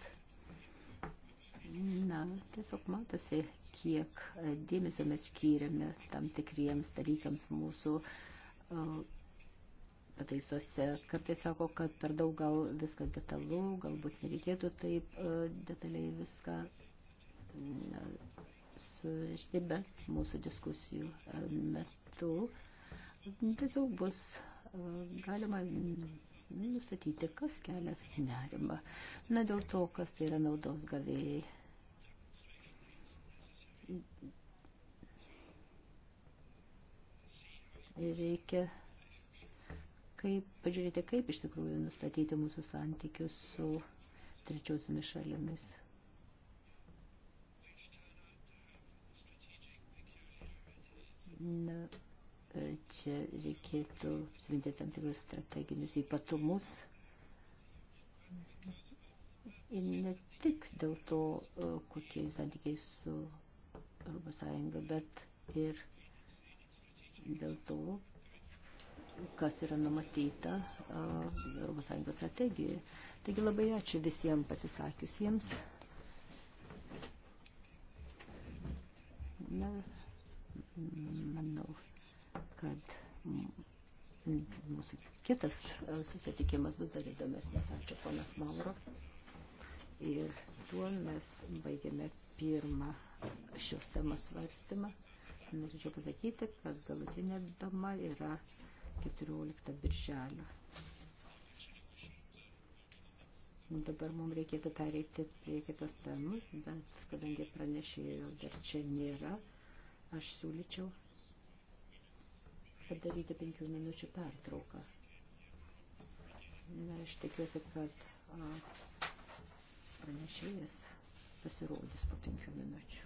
Na, tiesiog matosi, kiek e, dėmesio mes skiriame tam tikriems dalykams mūsų e, pataisose. Kartais sako, kad per daug gal viską detalu, galbūt nereikėtų taip e, detaliai viską surišti, bet mūsų diskusijų metu tiesiog bus galima nustatyti, kas kelia nerimą. Na dėl to, kas tai yra naudos gavėjai. Ir reikia kaip, pažiūrėti, kaip iš tikrųjų nustatyti mūsų santykius su trečiosiomis šalimis. Na, čia reikėtų siminti tam tikrus strateginius ypatumus. Ir ne tik dėl to, e, kokie santykiai su ES, bet ir dėl to, kas yra numatyta ES strategijoje. Taigi labai ačiū visiems pasisakiusiems. Na, manau kad mm, mūsų kitas e, susitikimas bus dar įdomesnis. Ačiū ponas Mauro. Ir tuo mes baigėme pirmą šios temos svarstymą. Norėčiau pasakyti, kad galutinė dama yra 14 birželio. Dabar mums reikėtų pereiti prie kitos temos, bet kadangi pranešėjo dar čia nėra, aš siūlyčiau padaryti penkių minučių pertrauką. Na, aš tikiuosi, kad a, pranešėjas pasirodys po penkių minučių.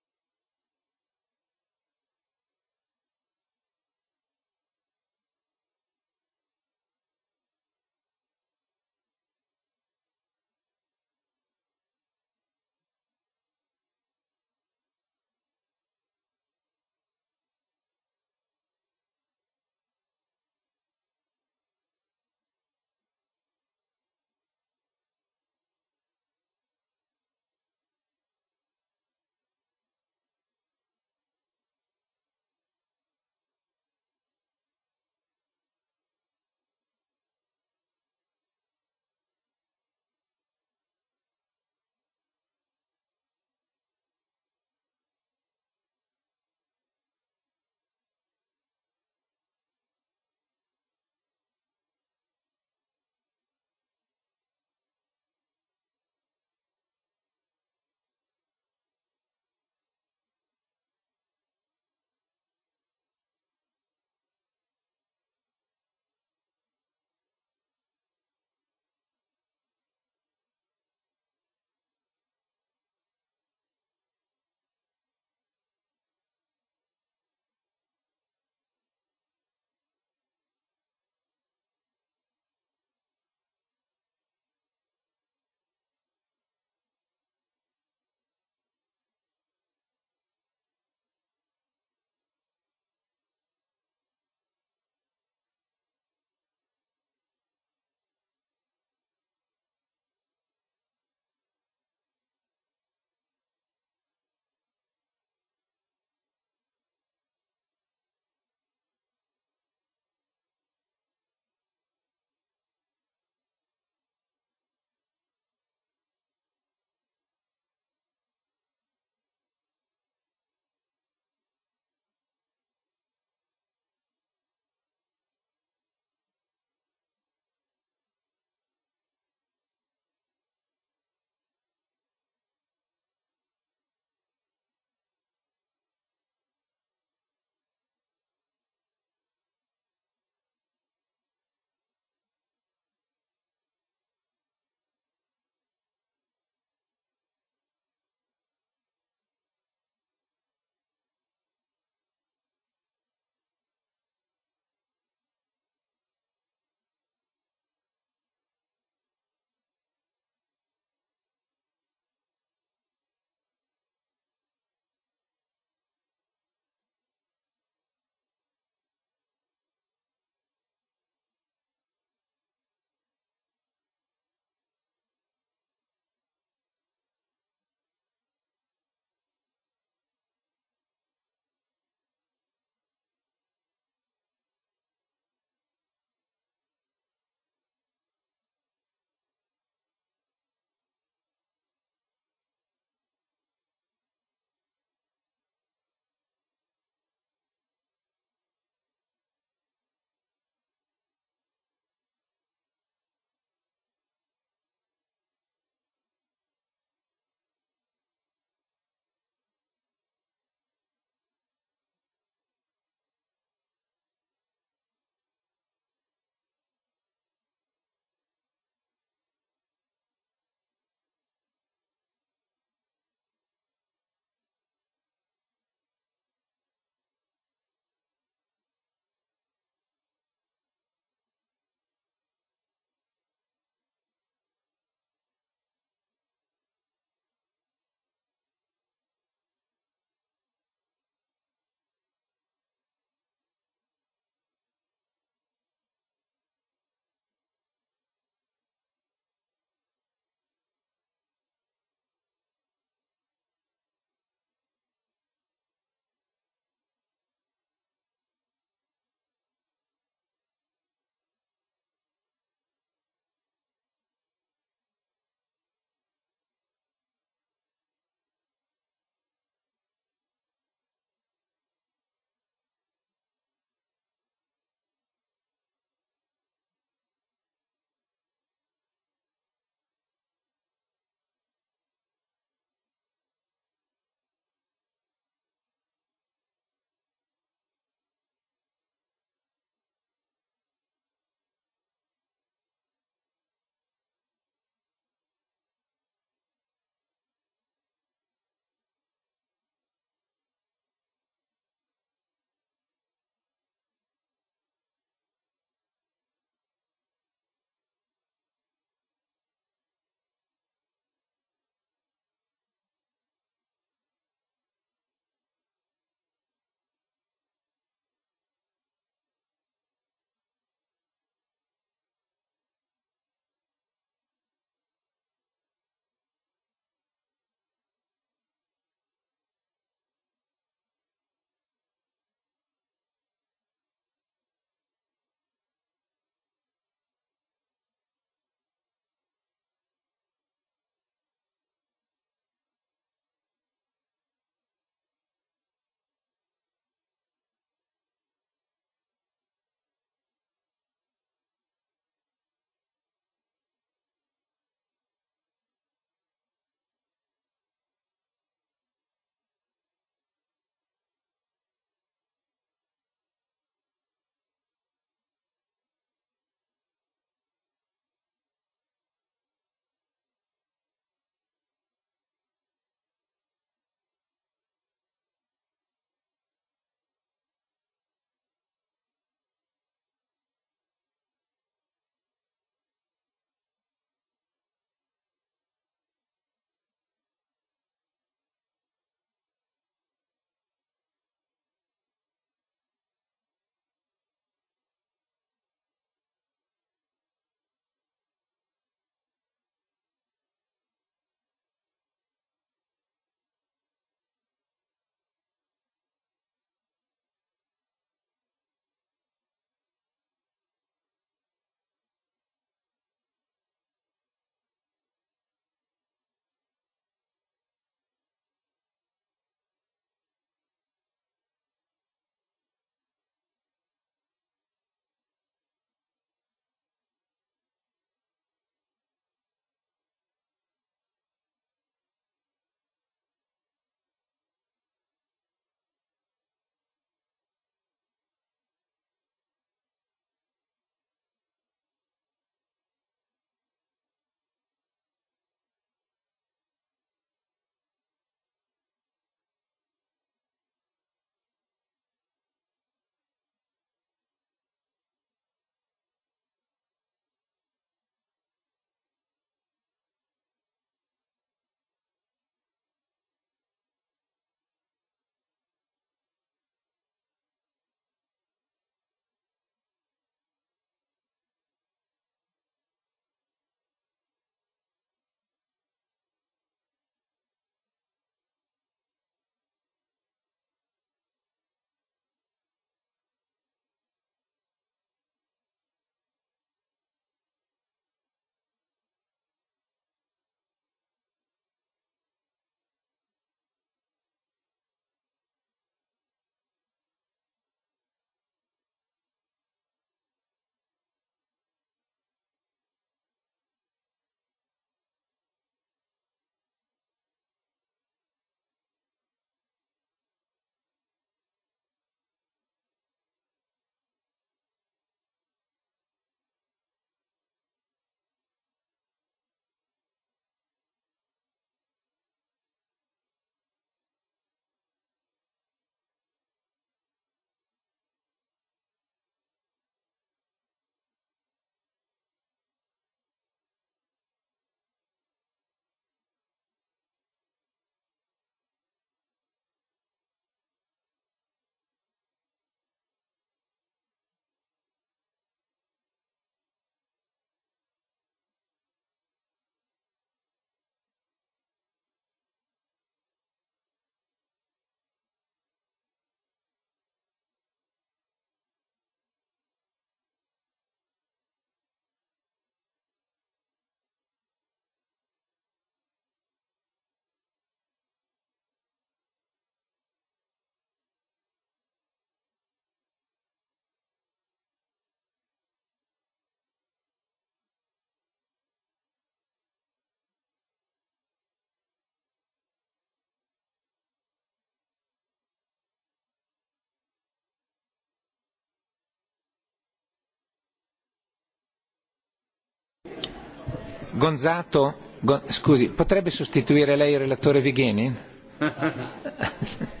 Gonzato, go, scusi, potrebbe sostituire lei il relatore Vigheni?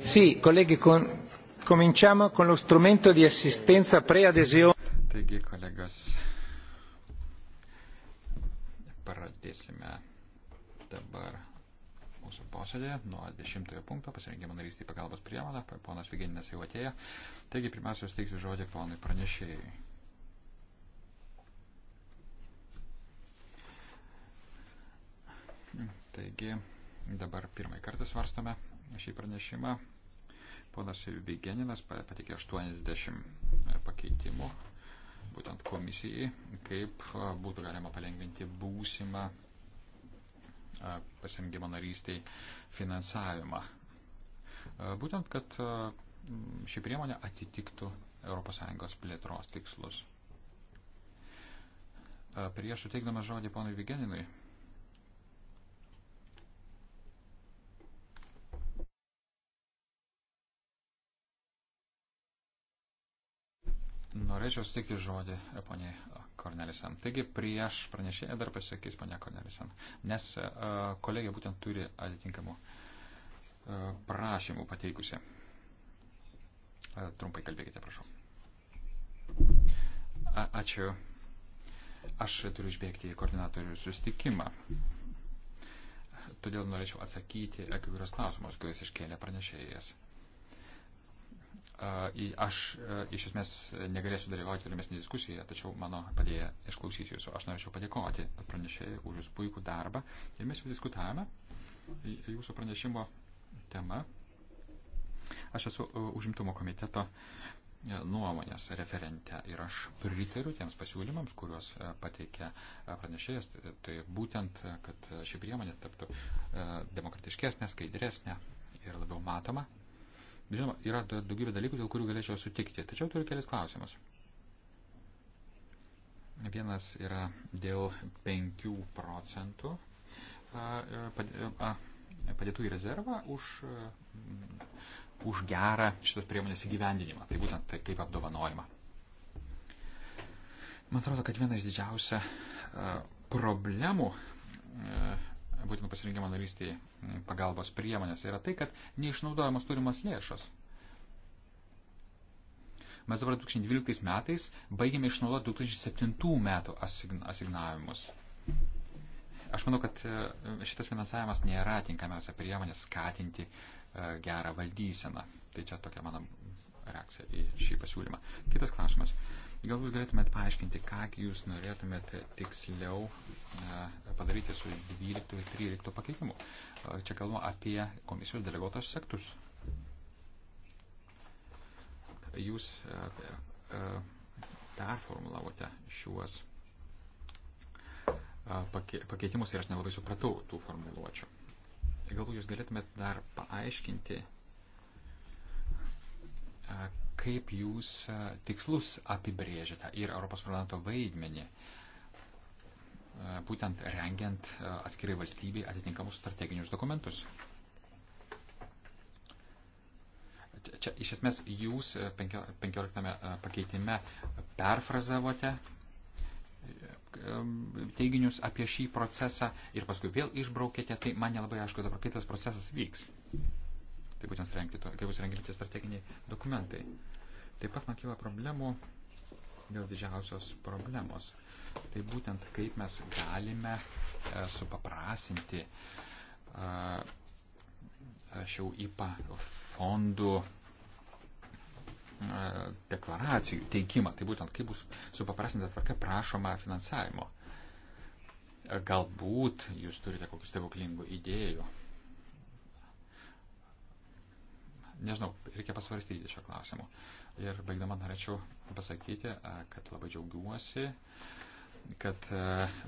Sì, colleghi, con... cominciamo con lo strumento di assistenza preadesione. Taigi, kolegos, pradėsime dabar mūsų posėdėje nuo 10 punkto pasirinkimo narystį pagalbos priemonę. Ponas Vigeninas jau atėjo. Taigi, pirmiausia, steiksiu žodį ponui pranešėjui. Taigi, dabar pirmąjį kartą svarstome šį pranešimą. Ponas Vigeninas patikė 80 e, pakeitimų būtent komisijai, kaip e, būtų galima palengvinti būsimą e, pasirengimo narystiai finansavimą. Būtent, kad ši priemonė atitiktų ES plėtros tikslus. Prieš suteikdamas žodį ponui Vigeninui, Norėčiau sutikti žodį e, poniai e, Kornelisen. Taigi prieš pranešėją dar pasakys ponia Kornelisen, nes uh, e, kolegija būtent turi atitinkamų uh, prašymų pateikusi. Uh, trumpai kalbėkite, prašau. A ačiū. Aš turiu išbėgti į koordinatorių sustikimą. Todėl norėčiau atsakyti kai kurios klausimus, kuriuos iškėlė pranešėjas. Aš e, iš esmės negalėsiu dalyvauti tolimesnėje diskusijoje, tačiau mano padėję išklausys jūsų. Aš norėčiau padėkoti pranešėjai už jūsų puikų darbą. Ir mes jau diskutavome jūsų pranešimo tema. Aš esu e, užimtumo komiteto e, nuomonės referente ir aš pritariu tiems pasiūlymams, kuriuos pateikia pranešėjas. Tai, tai būtent, kad ši priemonė taptų demokratiškesnė, skaidresnė ir labiau matoma Žinoma, yra daugybė dalykų, dėl kurių galėčiau sutikti, tačiau turiu kelis klausimus. Vienas yra dėl 5 procentų e, e, padėtų į rezervą už, e, už gerą šitos priemonės įgyvendinimą, tai būtent tai kaip apdovanojimą. Man atrodo, kad viena iš didžiausia problemų būtent pasirinkimo narystiai pagalbos priemonės tai yra tai, kad neišnaudojamos turimos lėšos. Mes dabar 2012 metais baigėme išnaudoti 2007 metų asignavimus. Aš manau, kad e, šitas finansavimas nėra tinkamiausia priemonė skatinti e, gerą valdyseną. Tai čia tokia mano reakcija į šį pasiūlymą. Kitas klausimas. Gal jūs galėtumėt paaiškinti, ką jūs norėtumėt tiksliau e, padaryti su 12 ir 13 pakeitimu? E, čia kalbama apie komisijos deleguotos sektus. Jūs e, performulavote šiuos pakeitimus ir aš nelabai supratau tų formuluočių. Galbūt jūs galėtumėt dar paaiškinti, kaip jūs tikslus apibrėžėte ir Europos parlamento vaidmenį, būtent rengiant atskirai valstybei atitinkamus strateginius dokumentus. Čia iš esmės jūs 15 pakeitime perfrazavote teiginius apie šį procesą ir paskui vėl išbraukėte, tai man nelabai aišku dabar, kaip tas procesas vyks kaip bus rengti, kaip bus rengti strateginiai dokumentai. Taip pat man kyla problemų dėl didžiausios problemos. Tai būtent kaip mes galime e, supaprasinti e, šių IPA fondų e, deklaracijų teikimą. Tai būtent kaip bus supaprastinta tvarka prašoma finansavimo. Galbūt jūs turite kokius stebuklingų idėjų nežinau, reikia pasvarstyti šio klausimu. Ir baigdama norėčiau pasakyti, e, kad labai džiaugiuosi, kad e,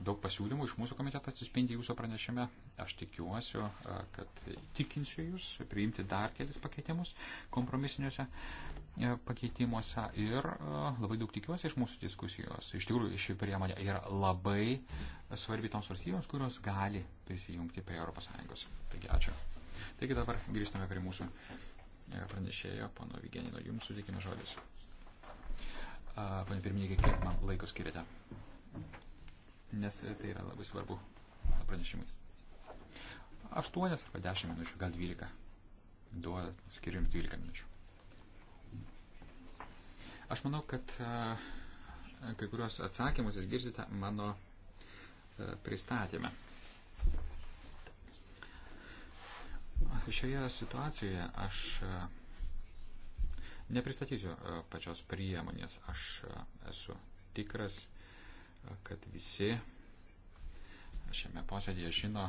daug pasiūlymų iš mūsų komiteto atsispindi jūsų pranešime. Aš tikiuosi, e, kad tikinsiu jūs priimti dar kelis pakeitimus kompromisiniuose pakeitimuose ir labai daug tikiuosi iš mūsų diskusijos. Iš tikrųjų, ši priemonė yra labai svarbi toms valstybėms, kurios gali prisijungti prie ES. Taigi ačiū. Taigi dabar grįžtame prie mūsų E, pranešėjo, pono Vigenino, jums sudėkime žodis. Pane pirmininkė, kiek man laiko skiriate? Nes tai yra labai svarbu pranešimui. Aštuonias arba dešimt minučių, gal dvylika. Duoda, skiriu jums dvylika minučių. Aš manau, kad kai kurios atsakymus išgirsite mano pristatymę. šioje situacijoje aš e, nepristatysiu e, pačios priemonės. Aš e, esu tikras, kad visi šiame posėdėje žino,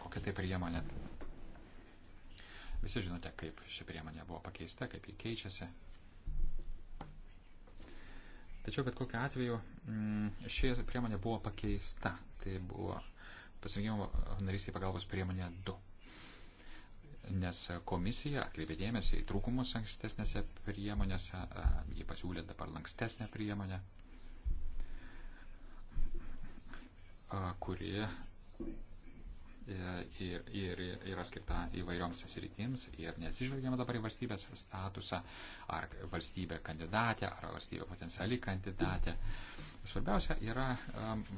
kokia tai priemonė. Visi žinote, kaip ši priemonė buvo pakeista, kaip ji keičiasi. Tačiau bet kokiu atveju mm, ši priemonė buvo pakeista. Tai buvo pasirinkimo narystė pagalbos priemonė 2 nes komisija atkreipė dėmesį į trūkumus ankstesnėse priemonėse, jie pasiūlė dabar lankstesnę priemonę, kuri e, ir, ir yra skirta įvairioms sritims ir neatsižvelgiama dabar į valstybės statusą, ar valstybė kandidatė, ar valstybė potenciali kandidatė. Svarbiausia yra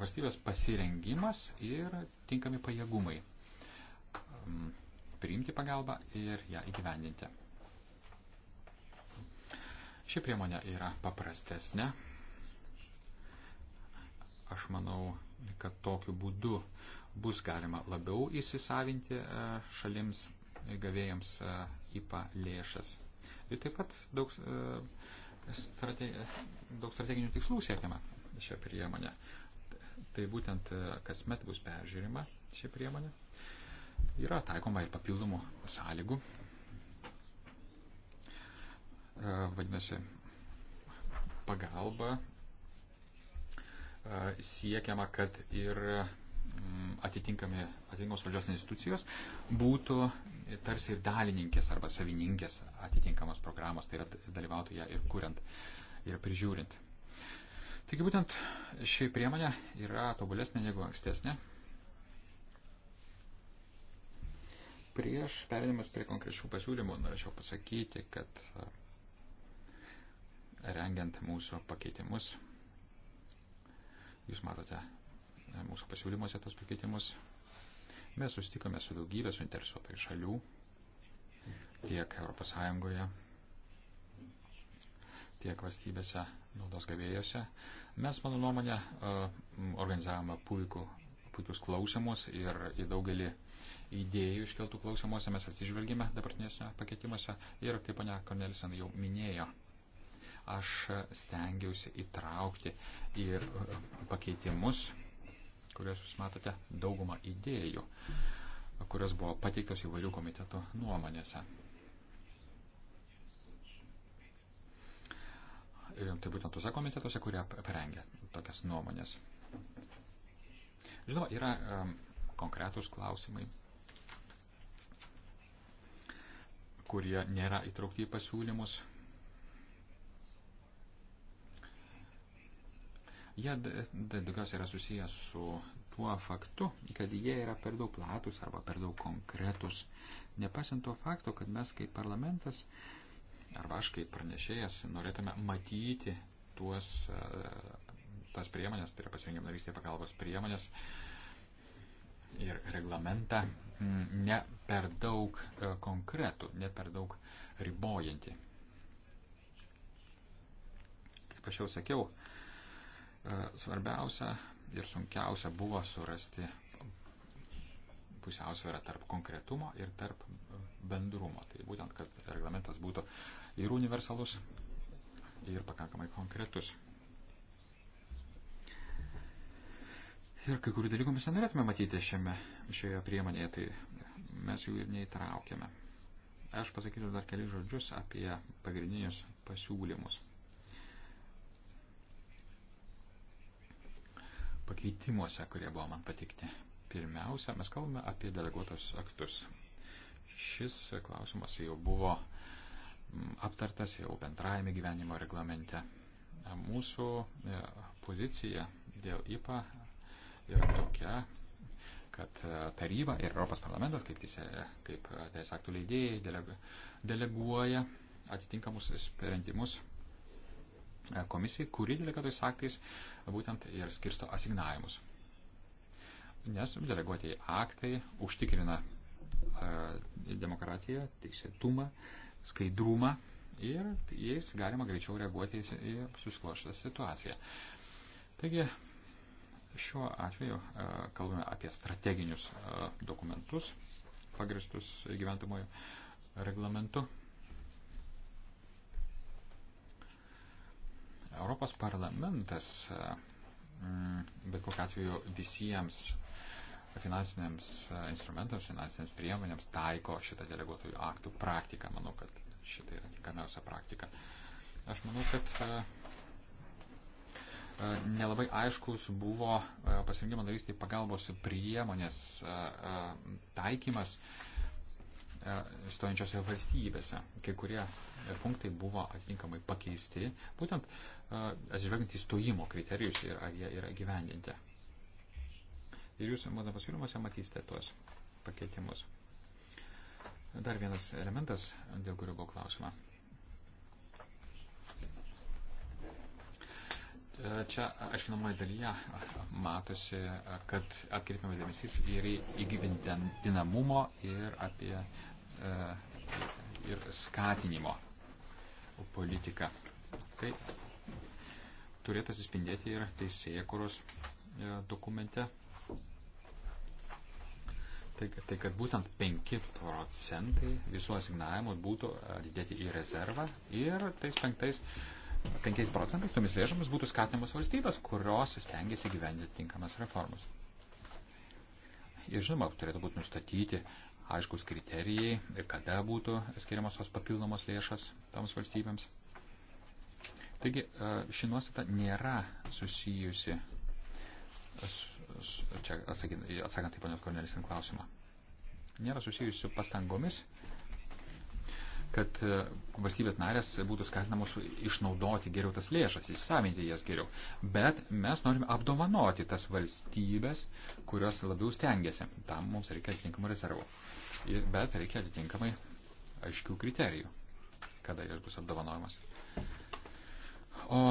valstybės pasirengimas ir tinkami pajėgumai priimti pagalbą ir ją įgyvendinti. Ši priemonė yra paprastesnė. Aš manau, kad tokiu būdu bus galima labiau įsisavinti e, šalims gavėjams e, IPA lėšas. Ir taip pat daug, e, strate, daug strateginių tikslų siekiama šią priemonę. Tai būtent kasmet bus peržiūrima ši priemonė. Yra taikoma ir papildomų sąlygų. E, vadinasi, pagalba e, siekiama, kad ir mm, atitinkami, atitinkamos valdžios institucijos būtų tarsi ir dalininkės arba savininkės atitinkamos programos, tai yra dalyvautų ją ir kuriant, ir prižiūrint. Taigi būtent ši priemonė yra tobulesnė negu ankstesnė, Prieš perėdamas prie konkrečių pasiūlymų norėčiau pasakyti, kad e, rengiant mūsų pakeitimus, jūs matote e, mūsų pasiūlymuose tos pakeitimus, mes sustikome su daugybė suinteresuotojų šalių, tiek ES, tiek valstybėse naudos gavėjose. Mes, mano nuomonė, e, organizavome puikų, puikius klausimus ir į daugelį idėjų iškeltų klausimuose mes atsižvelgime dabartinėse pakeitimuose ir, kaip ponia Kornelisen jau minėjo, aš stengiausi įtraukti ir e, pakeitimus, kuriuos jūs matote, daugumą idėjų, kurios buvo pateiktos įvairių komitetų nuomonėse. E, tai būtent tuose komitetuose, kurie parengia tokias nuomonės. Žinoma, yra um, konkretūs klausimai, kurie nėra įtraukti į pasiūlymus. Jie daugiausiai yra susijęs su tuo faktu, kad jie yra per daug platus arba per daug konkretus. Nepasiant to fakto, kad mes kaip parlamentas arba aš kaip pranešėjas norėtume matyti tuos, e, tas priemonės, tai yra pasirinkimo narystėje pagalbos priemonės, uh, ir reglamentą mm, ne per daug e, konkretų, ne per daug ribojantį. Kaip aš jau sakiau, e, svarbiausia ir sunkiausia buvo surasti pusiausvėra tarp konkretumo ir tarp bendrumo. Tai būtent, kad reglamentas būtų ir universalus, ir pakankamai konkretus. Ir kai kurių dalykų mes nenorėtume matyti šiame, šioje priemonėje, tai mes jų ir neįtraukėme. Aš pasakysiu dar keli žodžius apie pagrindinius pasiūlymus. Pakeitimuose, kurie buvo man patikti. Pirmiausia, mes kalbame apie deleguotus aktus. Šis klausimas jau buvo mm, aptartas jau bendrajame gyvenimo reglamente. Mūsų e, pozicija dėl IPA yra tokia, kad e, taryba ir Europos parlamentas, kaip, teisė, kaip e, teisės aktų leidėjai, delegu, deleguoja atitinkamus sprendimus e, komisijai, kuri delegatais aktais būtent ir skirsto asignavimus. Nes deleguotieji aktai užtikrina demokratiją, teisėtumą, skaidrumą ir jais galima greičiau reaguoti į susiklošę situaciją. Taigi Šiuo atveju e, kalbame apie strateginius e, dokumentus pagristus gyventamojo reglamentu. Europos parlamentas e, mm, bet kokiu atveju visiems finansiniams instrumentams, finansiniams priemonėms taiko šitą deleguotojų aktų praktiką. Manau, kad šitai yra tinkamiausia praktika. Aš manau, kad E, nelabai aiškus buvo e, pasirinkimo narystėje pagalbos priemonės e, taikymas stojančiose valstybėse. Kai kurie punktai buvo atitinkamai pakeisti, būtent atsižvelgiant į stojimo kriterijus ir ar jie yra gyvendinti. Ir jūs mano pasiūlymuose matysite tuos pakeitimus. Dar vienas elementas, dėl kurio buvo klausima. Čia aiškinamoje dalyje matosi, kad atkreipiamas dėmesys ir į įgyvendinamumo ir apie e, ir skatinimo politiką. Tai turėtų atsispindėti ir teisėkuros e, dokumente. Tai, tai kad būtent 5 procentai visų asignavimų būtų atidėti į rezervą ir tais penktais uh, 5 procentais tomis lėšomis būtų skatinamos valstybės, kurios stengiasi gyvendinti tinkamas reformas. Ir žinoma, turėtų būti nustatyti aiškus kriterijai ir kada būtų skiriamos tos papildomos lėšas toms valstybėms. Taigi e, ši nuostata nėra susijusi, čia atsakant į ponios Kornelis klausimą, nėra susijusi su pastangomis kad e, valstybės narės būtų skatinamos išnaudoti geriau tas lėšas, įsisavinti jas geriau. Bet mes norime apdovanoti tas valstybės, kurios labiau stengiasi. Tam mums reikia atitinkamų rezervų. Bet reikia atitinkamai aiškių kriterijų, kada jos bus apdovanojamas. O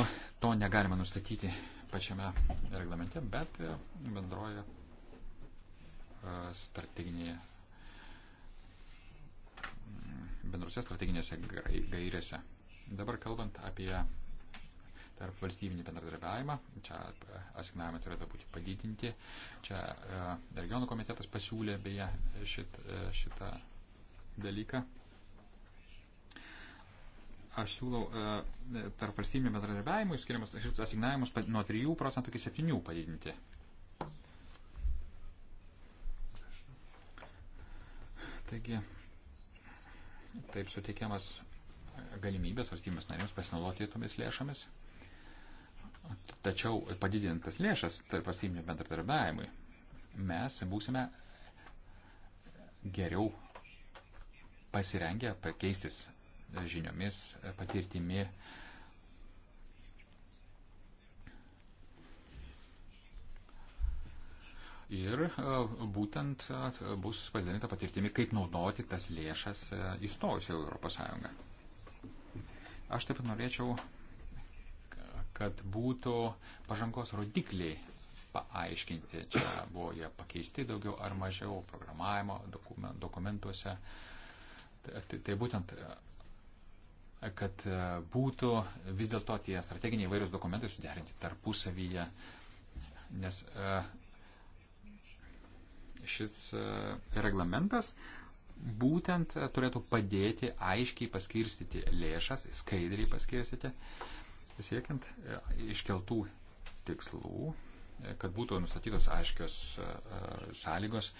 to negalima nustatyti pačiame reglamente, bet e, bendroje e, strateginėje bendrose strateginėse gairėse. Dabar kalbant apie tarp valstybinį bendradarbiavimą, čia asignavimai turėtų būti padidinti. Čia e, regionų komitetas pasiūlė beje šit, e, šitą dalyką. Aš siūlau e, tarp valstybinio bendradarbiavimo skiriamus asignavimus nuo 3 procentų iki 7 padidinti. Taigi, taip suteikiamas galimybės valstybės narėms pasinaudoti tomis lėšomis. Tačiau padidintas lėšas tarp valstybinio bendradarbiavimui mes būsime geriau pasirengę pakeistis žiniomis, patirtimi, ir būtent bus pasidalinta patirtimi, kaip naudoti tas lėšas įstojus į Europos Sąjungą. Aš taip pat norėčiau, kad būtų pažangos rodikliai paaiškinti. Čia buvo jie pakeisti daugiau ar mažiau programavimo dokumentuose. Tai, tai, tai būtent, kad būtų vis dėlto tie strateginiai įvairius dokumentai suderinti tarpusavyje, nes šis e, reglamentas būtent e, turėtų padėti aiškiai paskirstyti lėšas, skaidriai paskirstyti, siekiant e, iškeltų tikslų, kad būtų nustatytos aiškios sąlygos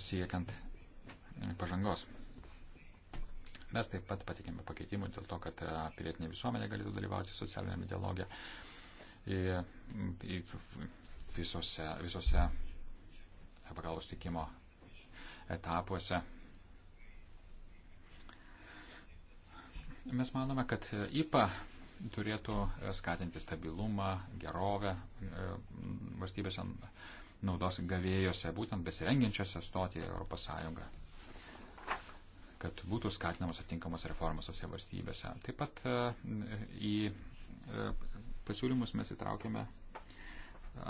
siekiant pažangos. Mes taip pat patikėme pakeitimų dėl to, kad pilietinė visuomenė galėtų dalyvauti socialinėme dialoge visose, visose pagalbos tikimo etapuose. Mes manome, kad IPA turėtų skatinti stabilumą, gerovę e, valstybėse naudos gavėjose, būtent besirengiančiose stoti į Europos Sąjungą kad būtų skatinamos atinkamos reformos tose valstybėse. Taip pat e, į e, pasiūlymus mes įtraukėme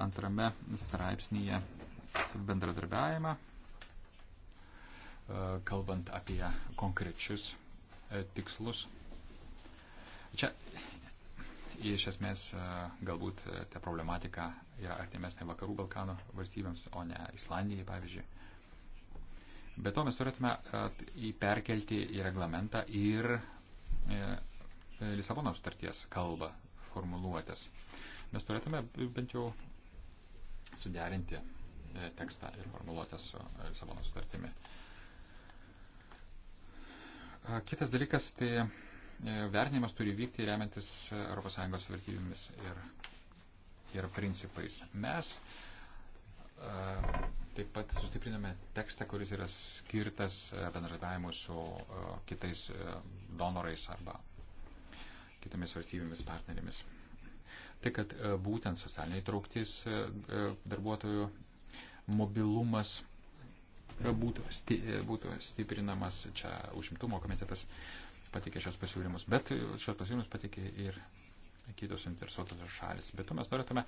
antrame straipsnyje bendradarbiavimą, e, kalbant apie konkrečius e, tikslus. Čia iš esmės e, galbūt ta problematika yra artimesnė vakarų Balkanų valstybėms, o ne Islandijai, pavyzdžiui. Be to mes turėtume įperkelti į reglamentą ir Lisabono sutarties kalbą, formuluotės. Mes turėtume bent jau suderinti E, tekstą ir formuluotę su Lisabono sutartimi. E, kitas dalykas, tai e, vertinimas turi vykti remiantis ES vertybėmis ir, ir principais. Mes taip pat sustipriname tekstą, kuris yra skirtas bendradarbiavimui su kitais donorais arba kitomis valstybėmis partnerėmis. Tai, kad būtent socialinė įtrauktis darbuotojų mobilumas būtų, sti, būtų stiprinamas. Čia užimtumo komitetas patikė šios pasiūlymus, bet šios pasiūlymus patikė ir kitos interesuotos šalis. Bet tu mes norėtume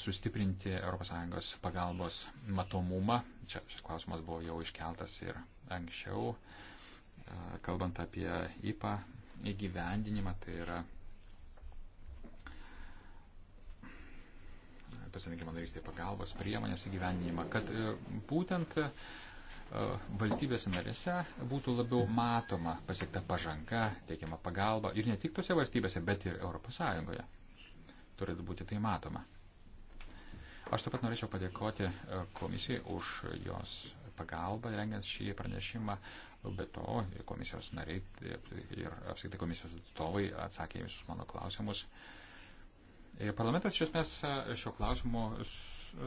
sustiprinti ES pagalbos matomumą. Čia šis klausimas buvo jau iškeltas ir anksčiau, kalbant apie IPA įgyvendinimą, tai yra pasirinkimo narystėje pagalbos priemonės įgyvendinimą, kad e, būtent e, valstybės narėse būtų labiau matoma pasiekta pažanga, teikiama pagalba ir ne tik tose valstybėse, bet ir ES. Turėtų būti tai matoma. Aš taip pat norėčiau padėkoti e, komisijai už jos pagalbą rengiant šį pranešimą. Be to, komisijos nariai ir apskritai komisijos atstovai atsakė visus mano klausimus. Uh, E, parlamentas iš esmės e, šio klausimu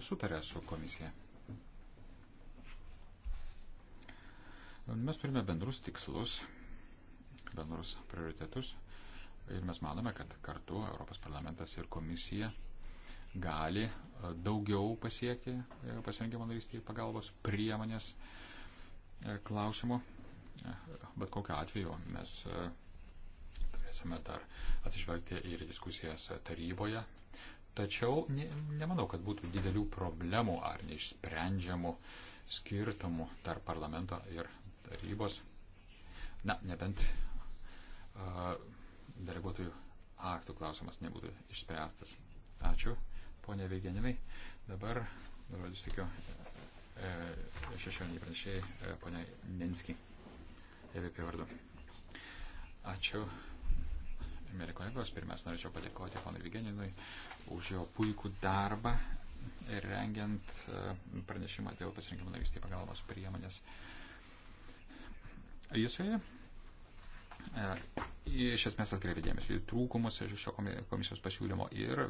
sutarė su komisija. Mes turime bendrus tikslus, bendrus prioritetus ir mes manome, kad kartu Europos parlamentas ir komisija gali e, daugiau pasiekti pasirengimo narystėje pagalbos priemonės klausimų. Bet kokiu atveju mes galėsime dar atsižvelgti ir į diskusijas taryboje. Tačiau ne, nemanau, kad būtų didelių problemų ar neišsprendžiamų skirtumų tarp parlamento ir tarybos. Na, nebent uh, deleguotojų aktų klausimas nebūtų išspręstas. Ačiū, ponė Veigeninai. Dabar, žodžiu, tikiu, e, e, šešėliniai pranešėjai, e, ponė Nenski, EVP vardu. Ačiū. Mėly kolegos, pirmiausia, norėčiau padėkoti ponui Vigeninui už jo puikų darbą ir rengiant e, pranešimą dėl pasirinkimo narystėje pagalbos priemonės. Jisoje iš esmės atkreipė dėmesį į trūkumus šio komisijos pasiūlymo ir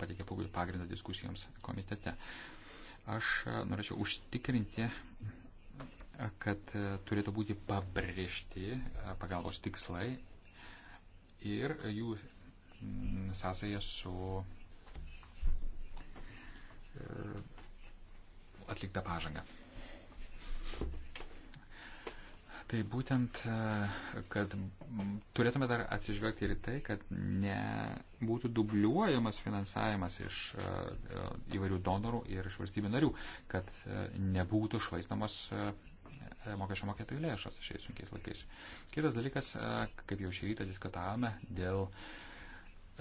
pateikė pagulį pagrindą diskusijoms komitete. Aš e, norėčiau užtikrinti e, kad turėtų būti pabrėžti pagalbos tikslai ir jų sąsąją su e, atlikta pažanga. Tai būtent, e, kad turėtume dar atsižvelgti ir tai, kad nebūtų dubliuojamas finansavimas iš e, įvairių donorų ir iš valstybių narių, kad nebūtų švaistamas E, mokesčio mokėtojų lėšas šiais sunkiais laikais. Kitas dalykas, e, kaip jau šį rytą diskutavome, dėl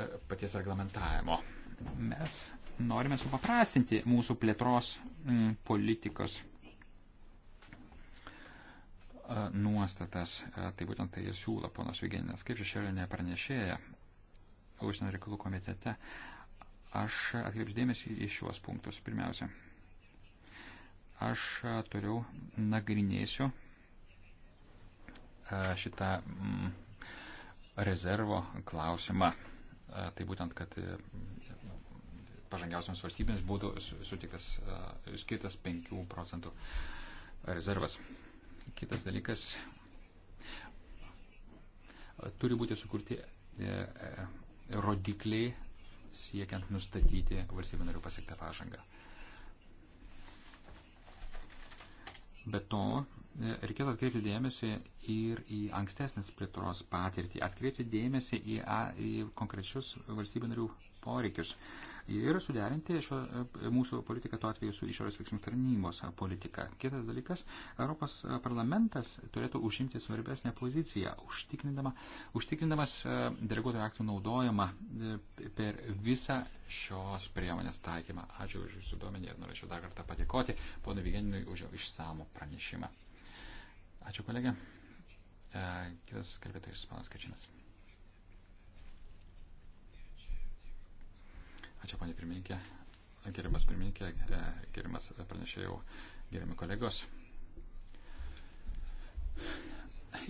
e, paties reglamentavimo. Mes norime supaprastinti mūsų plėtros politikos nuostatas, tai būtent tai ir siūlo ponas Vigeninas, kaip šešėlinė pranešėja užsienio reikalų komitete. Aš atkreipsdėmėsi į šiuos punktus pirmiausia. Aš e, toliau nagrinėsiu e, šitą mm, rezervo klausimą. E, tai būtent, kad pažangiausiams valstybėms būtų sutiktas, skirtas 5 procentų rezervas. Kitas dalykas, turi būti sukurti rodikliai siekiant nustatyti valstybių narių pasiektą pažangą. Be to, e, reikėtų atkreipti dėmesį ir į ankstesnės plėtros patirtį, atkreipti dėmesį į, į konkrečius valstybių narių poreikius ir suderinti šio, mūsų politiką tuo atveju su išorės veiksmų tarnybos politika. Kitas dalykas, Europos parlamentas turėtų užimti svarbesnę poziciją, užtikrindama, užtikrindamas e, deleguotojų aktų naudojimą e, per visą šios priemonės taikymą. Ačiū už jūsų duomenį ir norėčiau dar kartą padėkoti ponui Vigeninui už jo išsamų pranešimą. Ačiū, kolegė. E, kitas kalbėtojas, panas Kačinas. Ačiū, panė pirmininkė. Gerimas pirmininkė, e, gerimas pranešėjau, gerimi kolegos.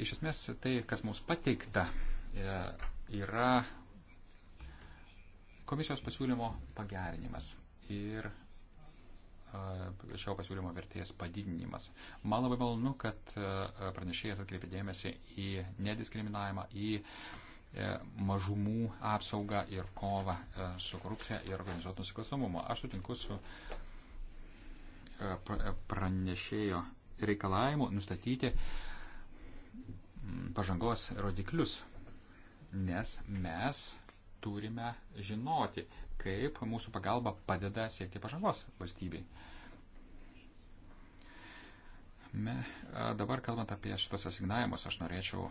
Iš esmės tai, kas mums pateikta, e, yra komisijos pasiūlymo pagerinimas ir e, šio pasiūlymo vertės padidinimas. Man labai malonu, kad pranešėjas atkreipė dėmesį į nediskriminavimą, į E, mažumų apsaugą ir kovą e, su korupcija ir organizuotų nusikalstamumo. Aš sutinku su e, pranešėjo reikalavimu nustatyti mm, pažangos rodiklius, nes mes turime žinoti, kaip mūsų pagalba padeda siekti pažangos valstybei. Me, dabar kalbant apie šitos asignavimus, aš norėčiau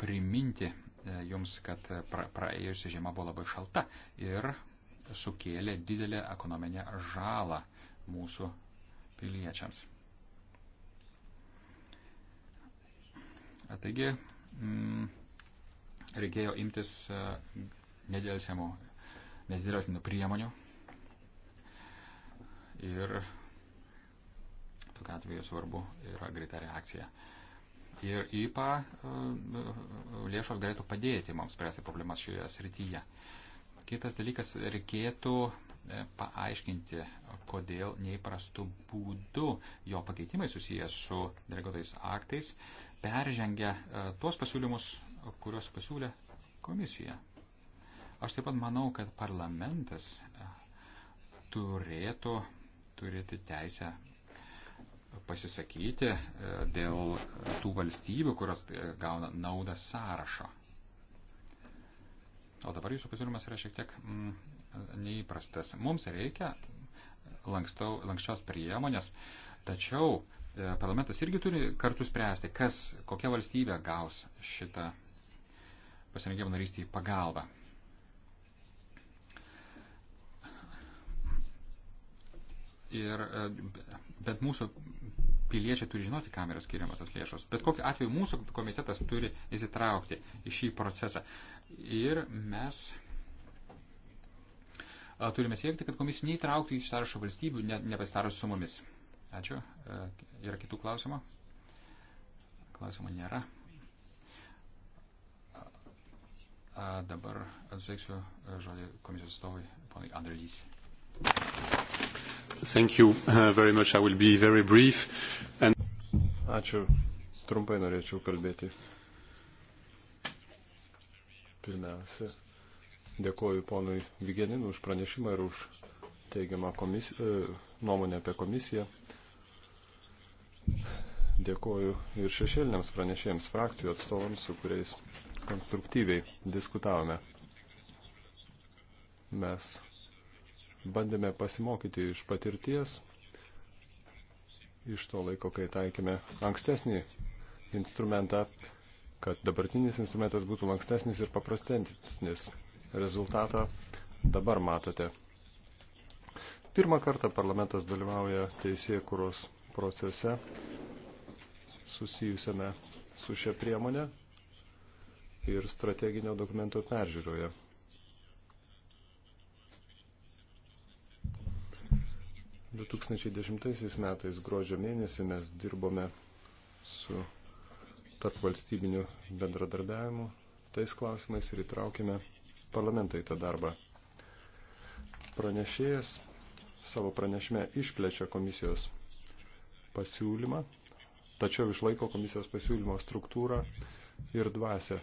priminti E, jums, kad e, pra, praėjusi žiema buvo labai šalta ir sukėlė didelę ekonominę žalą mūsų piliečiams. Taigi m, mm, reikėjo imtis e, nedėlsiamų, nedėliotinų priemonių ir tokia atveju svarbu yra greita reakcija ir IPA e, e, lėšos galėtų padėti mums spręsti problemas šioje srityje. Kitas dalykas, reikėtų e, paaiškinti, kodėl neįprastų būdų jo pakeitimai susijęs su deleguotais aktais peržengia tuos pasiūlymus, kuriuos pasiūlė komisija. Aš taip pat manau, kad parlamentas turėtų turėti teisę pasisakyti e, dėl tų valstybių, kurios e, gauna naudą sąrašo. O dabar jūsų pasiūlymas yra šiek tiek mm, neįprastas. Mums reikia lankstau, lankščios priemonės, tačiau e, parlamentas irgi turi kartu spręsti, kas, kokia valstybė gaus šitą pasirinkimo narystį į pagalbą. Ir, e, bet mūsų piliečiai turi žinoti, kam yra skiriamas tos lėšos. Bet kokiu atveju mūsų komitetas turi įsitraukti į šį procesą. Ir mes e, turime siekti, kad komisija neįtrauktų į sąrašą valstybių, ne, nepasitarus su mumis. Ačiū. E, yra kitų klausimų? Klausimų nėra. A, dabar atsveiksiu žodį komisijos atstovui, ponai Andrelys. Thank you uh, very much. I will be very brief. And... Ačiū. Trumpai norėčiau kalbėti. Pirmiausia, dėkoju ponui Vigeninui už pranešimą ir už teigiamą komisiją, e, nuomonę apie komisiją. Dėkoju ir šešėliniams pranešėjams frakcijų atstovams, su kuriais konstruktyviai diskutavome. Mes bandėme pasimokyti iš patirties, iš to laiko, kai taikėme ankstesnį instrumentą, kad dabartinis instrumentas būtų lankstesnis ir paprastesnis. Rezultatą dabar matote. Pirmą kartą parlamentas dalyvauja teisėkuros procese susijusiame su šia priemonė ir strateginio dokumento peržiūroje. 2010 metais gruodžio mėnesį mes dirbome su tarp valstybiniu bendradarbiavimu tais klausimais ir įtraukėme parlamentą į tą darbą. Pranešėjas savo pranešime išplečia komisijos pasiūlymą, tačiau išlaiko komisijos pasiūlymo struktūrą ir dvasę.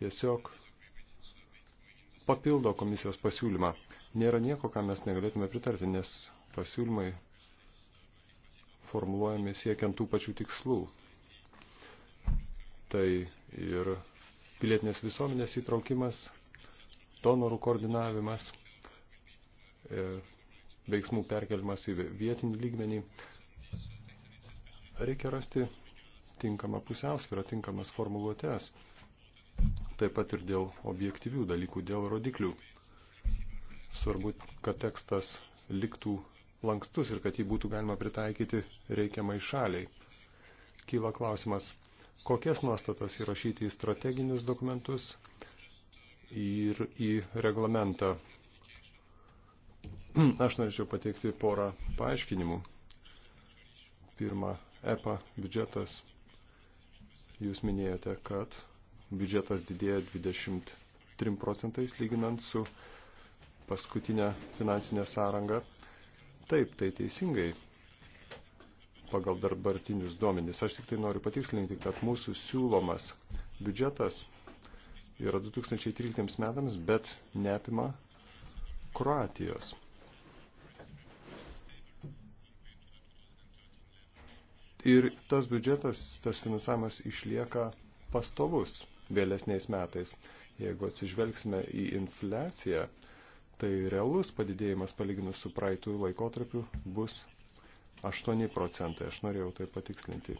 Tiesiog papildo komisijos pasiūlymą nėra nieko, ką mes negalėtume pritarti, nes pasiūlymai formuluojami siekiant tų pačių tikslų. Tai ir pilietinės visuomenės įtraukimas, donorų koordinavimas, e, veiksmų perkelimas į vietinį lygmenį. Reikia rasti tinkamą pusiausvyrą, tinkamas formuluotės. Taip pat ir dėl objektyvių dalykų, dėl rodiklių. Svarbu, kad tekstas liktų lankstus ir kad jį būtų galima pritaikyti reikiamai šaliai. Kyla klausimas, kokias nuostatas įrašyti į strateginius dokumentus ir į reglamentą. Aš norėčiau pateikti porą paaiškinimų. Pirma, EPA biudžetas. Jūs minėjote, kad biudžetas didėja 23 procentais lyginant su paskutinę finansinę sąrangą. Taip, tai teisingai pagal darbartinius duomenys. Aš tik tai noriu patikslinti, kad mūsų siūlomas biudžetas yra 2013 metams, bet neapima Kroatijos. Ir tas biudžetas, tas finansavimas išlieka pastovus vėlesniais metais. Jeigu atsižvelgsime į infliaciją, tai realus padidėjimas palyginus su praeitų laikotarpiu bus 8 procentai. Aš norėjau tai patikslinti.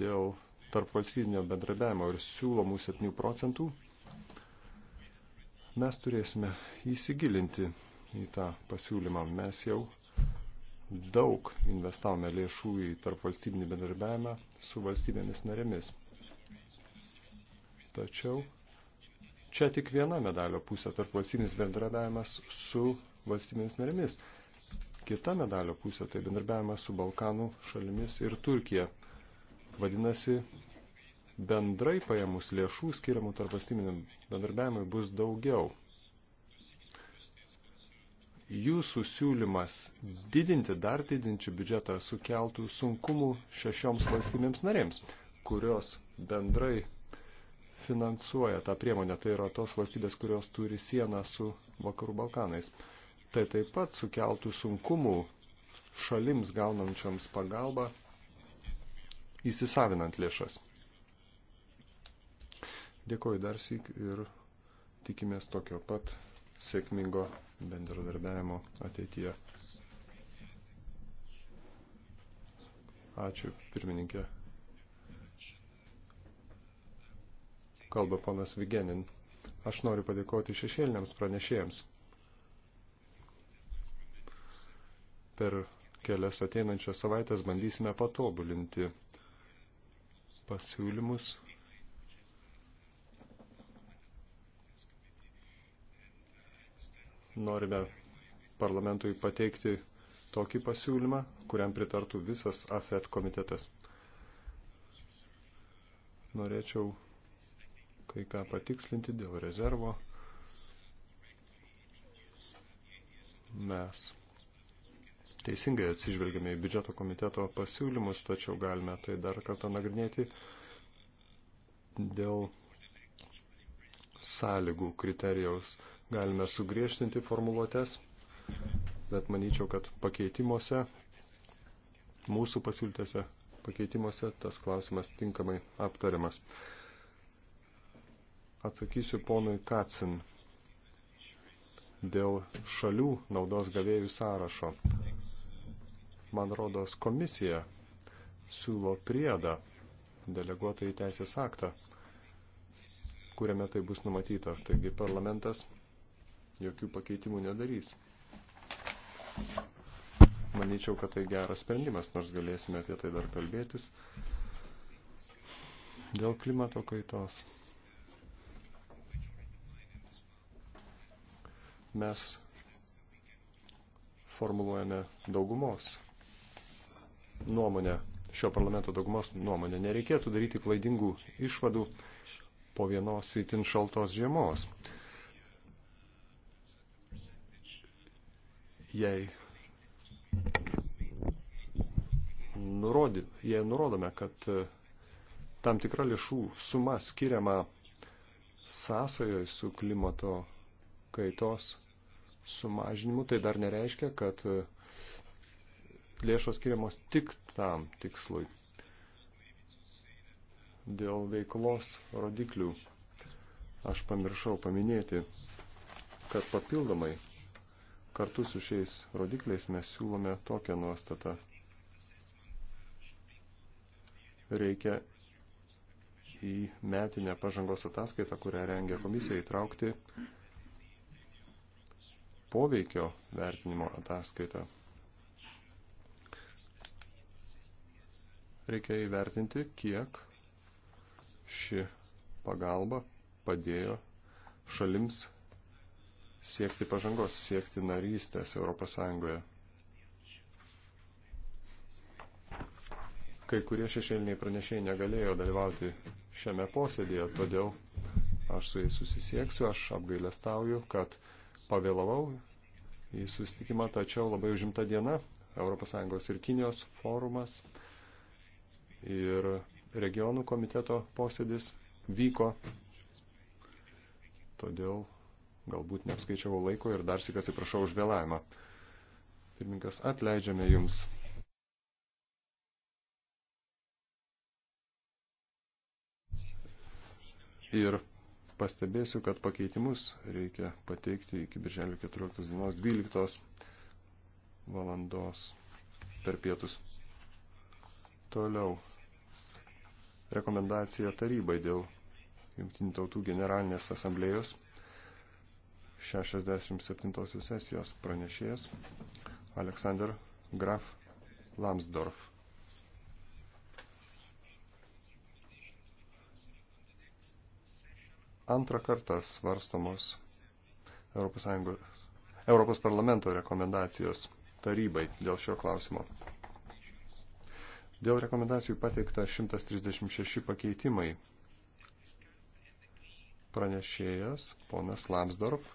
Dėl tarp valstybinio bendrabiavimo ir siūlomų 7 procentų mes turėsime įsigilinti į tą pasiūlymą. Mes jau daug investavome lėšų į tarp valstybinį bendradarbiavimą su valstybėmis narėmis. Tačiau Čia tik viena medalio pusė tarp valstybinis bendradavimas su valstybėmis narėmis. Kita medalio pusė tai bendradavimas su Balkanų šalimis ir Turkija. Vadinasi, bendrai paėmus lėšų skiriamų tarp valstybiniam bendradarbiavimui bus daugiau. Jūsų siūlymas didinti dar didinčių biudžetą sukeltų sunkumų šešioms valstybėms narėms, kurios bendrai finansuoja tą priemonę, tai yra tos valstybės, kurios turi sieną su Vakarų Balkanais. Tai taip pat sukeltų sunkumų šalims gaunančioms pagalbą įsisavinant lėšas. Dėkoju dar sik ir tikimės tokio pat sėkmingo bendradarbiavimo ateityje. Ačiū, pirmininkė. kalba ponas Vigenin. Aš noriu padėkoti šešėliniams pranešėjams. Per kelias ateinančias savaitės bandysime patobulinti pasiūlymus. Norime parlamentui pateikti tokį pasiūlymą, kuriam pritartų visas AFET komitetas. Norėčiau kai ką patikslinti dėl rezervo. Mes teisingai atsižvelgiame į biudžeto komiteto pasiūlymus, tačiau galime tai dar kartą nagrinėti dėl sąlygų kriterijaus. Galime sugriežtinti formuluotės, bet manyčiau, kad pakeitimuose, mūsų pasiūlytėse pakeitimuose tas klausimas tinkamai aptariamas. Atsakysiu ponui Kacin dėl šalių naudos gavėjų sąrašo. Man rodos, komisija siūlo priedą deleguotojų teisės aktą, kuriame tai bus numatyta. Taigi parlamentas jokių pakeitimų nedarys. Manyčiau, kad tai geras sprendimas, nors galėsime apie tai dar kalbėtis. Dėl klimato kaitos mes formuluojame daugumos nuomonę, šio parlamento daugumos nuomonę. Nereikėtų daryti klaidingų išvadų po vienos įtin šaltos žiemos. Jei, nurodi, jei nurodome, kad e, tam tikra lėšų suma skiriama sąsajoje su klimato kaitos sumažinimu, tai dar nereiškia, kad e, lėšos skiriamos tik tam tikslui. Dėl veiklos rodiklių aš pamiršau paminėti, kad papildomai kartu su šiais rodikliais mes siūlome tokią nuostatą. Reikia į metinę pažangos ataskaitą, kurią rengia komisija, įtraukti poveikio vertinimo ataskaitą. Reikia įvertinti, kiek ši pagalba padėjo šalims siekti pažangos, siekti narystės Europos Sąjungoje. Kai kurie šešėliniai pranešėjai negalėjo dalyvauti šiame posėdėje, todėl aš su jais susisieksiu, aš apgailestauju, kad pavėlavau į susitikimą, tačiau labai užimta diena, ES ir Kinijos forumas ir regionų komiteto posėdis vyko, todėl galbūt neapskaičiavau laiko ir dar sik atsiprašau už vėlavimą. Pirmininkas, atleidžiame jums. Ir pastebėsiu, kad pakeitimus reikia pateikti iki birželio 14 dienos 12 valandos per pietus. Toliau. Rekomendacija tarybai dėl Junktinių tautų generalinės asamblėjos 67 sesijos pranešėjas Aleksandr Graf Lamsdorf. antrą kartą svarstomos Europos, Sąjungos, Europos parlamento rekomendacijos tarybai dėl šio klausimo. Dėl rekomendacijų pateikta 136 pakeitimai. Pranešėjas ponas Lamsdorf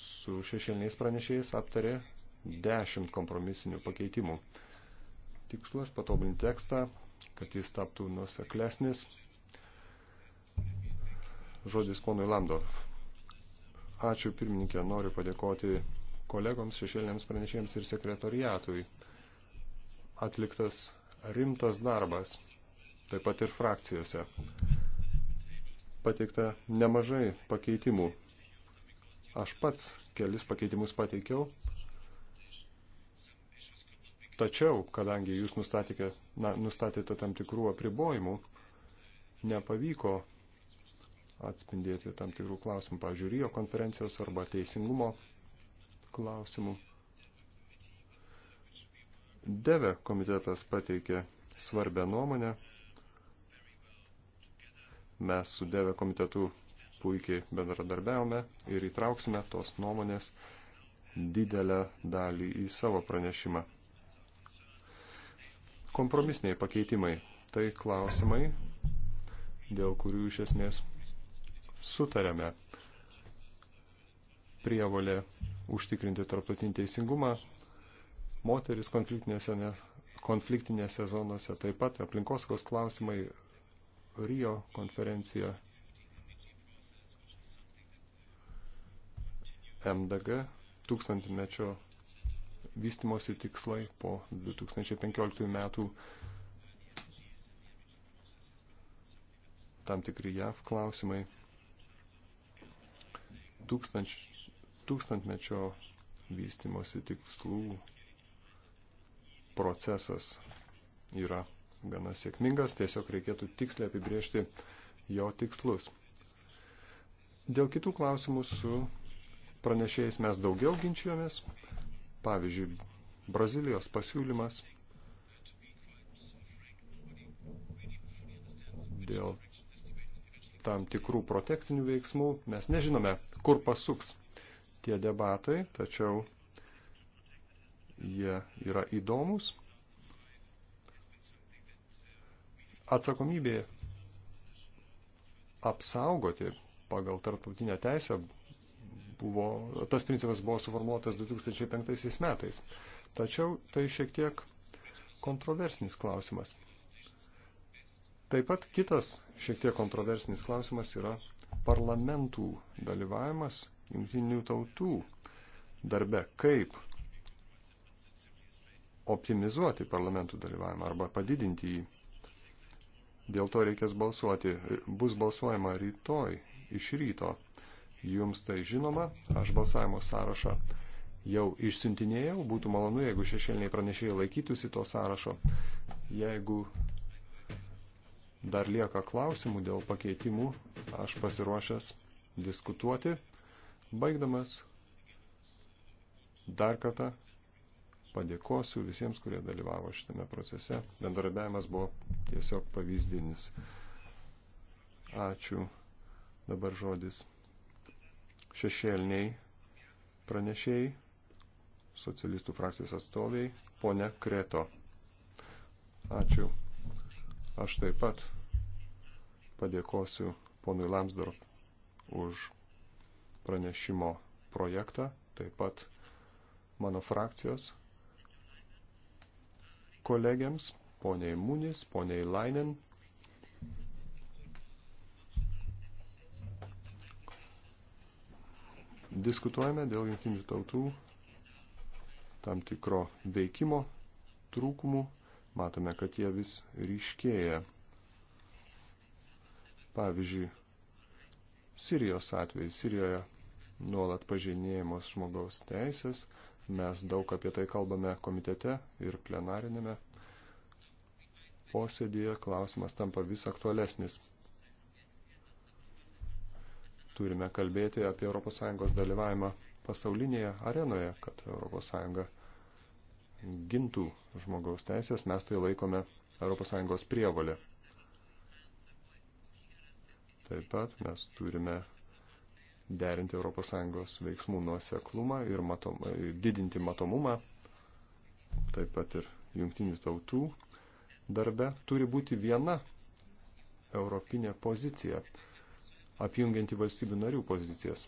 su šešėliniais pranešėjais aptarė 10 kompromisinių pakeitimų. Tikslas patobulinti tekstą, kad jis taptų nuseklesnis Žodis ponui Landorf. Ačiū pirmininkė, noriu padėkoti kolegoms, šešėlėms pranešėjams ir sekretoriatui. Atliktas rimtas darbas, taip pat ir frakcijose. Pateikta nemažai pakeitimų. Aš pats kelis pakeitimus pateikiau, tačiau, kadangi jūs nustatėte, na, nustatėte tam tikrų apribojimų, nepavyko atspindėti tam tikrų klausimų, pavyzdžiui, Rio konferencijos arba teisingumo klausimų. Deve komitetas pateikė svarbę nuomonę. Mes su Deve komitetu puikiai bendradarbiavome ir įtrauksime tos nuomonės didelę dalį į savo pranešimą. Kompromisiniai pakeitimai - tai klausimai, dėl kurių iš esmės sutarėme. Prievolė užtikrinti tarptautinį teisingumą, moteris konfliktinėse, ne, konfliktinėse zonose, taip pat aplinkoskos klausimai Rio konferencija MDG tūkstantmečio vystimosi tikslai po 2015 metų tam tikri JAV klausimai tūkstanč, tūkstantmečio vystimosi tikslų procesas yra gana sėkmingas, tiesiog reikėtų tiksliai apibriežti jo tikslus. Dėl kitų klausimų su pranešėjais mes daugiau ginčijomės. Pavyzdžiui, Brazilijos pasiūlymas dėl tam tikrų protekcinių veiksmų. Mes nežinome, kur pasuks tie debatai, tačiau jie yra įdomus. Atsakomybė apsaugoti pagal tarptautinę teisę buvo, tas principas buvo suformuotas 2005 metais. Tačiau tai šiek tiek kontroversinis klausimas. Taip pat kitas šiek tiek kontroversinis klausimas yra parlamentų dalyvavimas jungtinių tautų darbe. Kaip optimizuoti parlamentų dalyvavimą arba padidinti jį. Dėl to reikės balsuoti. Bus balsuojama rytoj iš ryto. Jums tai žinoma, aš balsavimo sąrašą jau išsintinėjau. Būtų malonu, jeigu šešėliniai pranešėjai laikytųsi to sąrašo. Jeigu dar lieka klausimų dėl pakeitimų, aš pasiruošęs diskutuoti. Baigdamas dar kartą padėkosiu visiems, kurie dalyvavo šitame procese. Bendradarbiavimas buvo tiesiog pavyzdinis. Ačiū. Dabar žodis šešėliniai pranešėjai, socialistų frakcijos atstoviai, ponia Kreto. Ačiū. Aš taip pat padėkosiu ponui Lamsdorf už pranešimo projektą, taip pat mano frakcijos kolegiams, poniai Munis, poniai Lainen. Diskutuojame dėl jungtinių tautų tam tikro veikimo trūkumų. Matome, kad jie vis ryškėja Pavyzdžiui, Sirijos atvejai. Sirijoje nuolat pažinėjimos žmogaus teisės. Mes daug apie tai kalbame komitete ir plenarinėme posėdėje. Klausimas tampa vis aktualesnis. Turime kalbėti apie ES dalyvavimą pasaulinėje arenoje, kad ES gintų žmogaus teisės. Mes tai laikome ES prievalė. Taip pat mes turime derinti ES veiksmų nuoseklumą ir matom, didinti matomumą, taip pat ir jungtinių tautų darbe. Turi būti viena europinė pozicija, apjungianti valstybių narių pozicijas.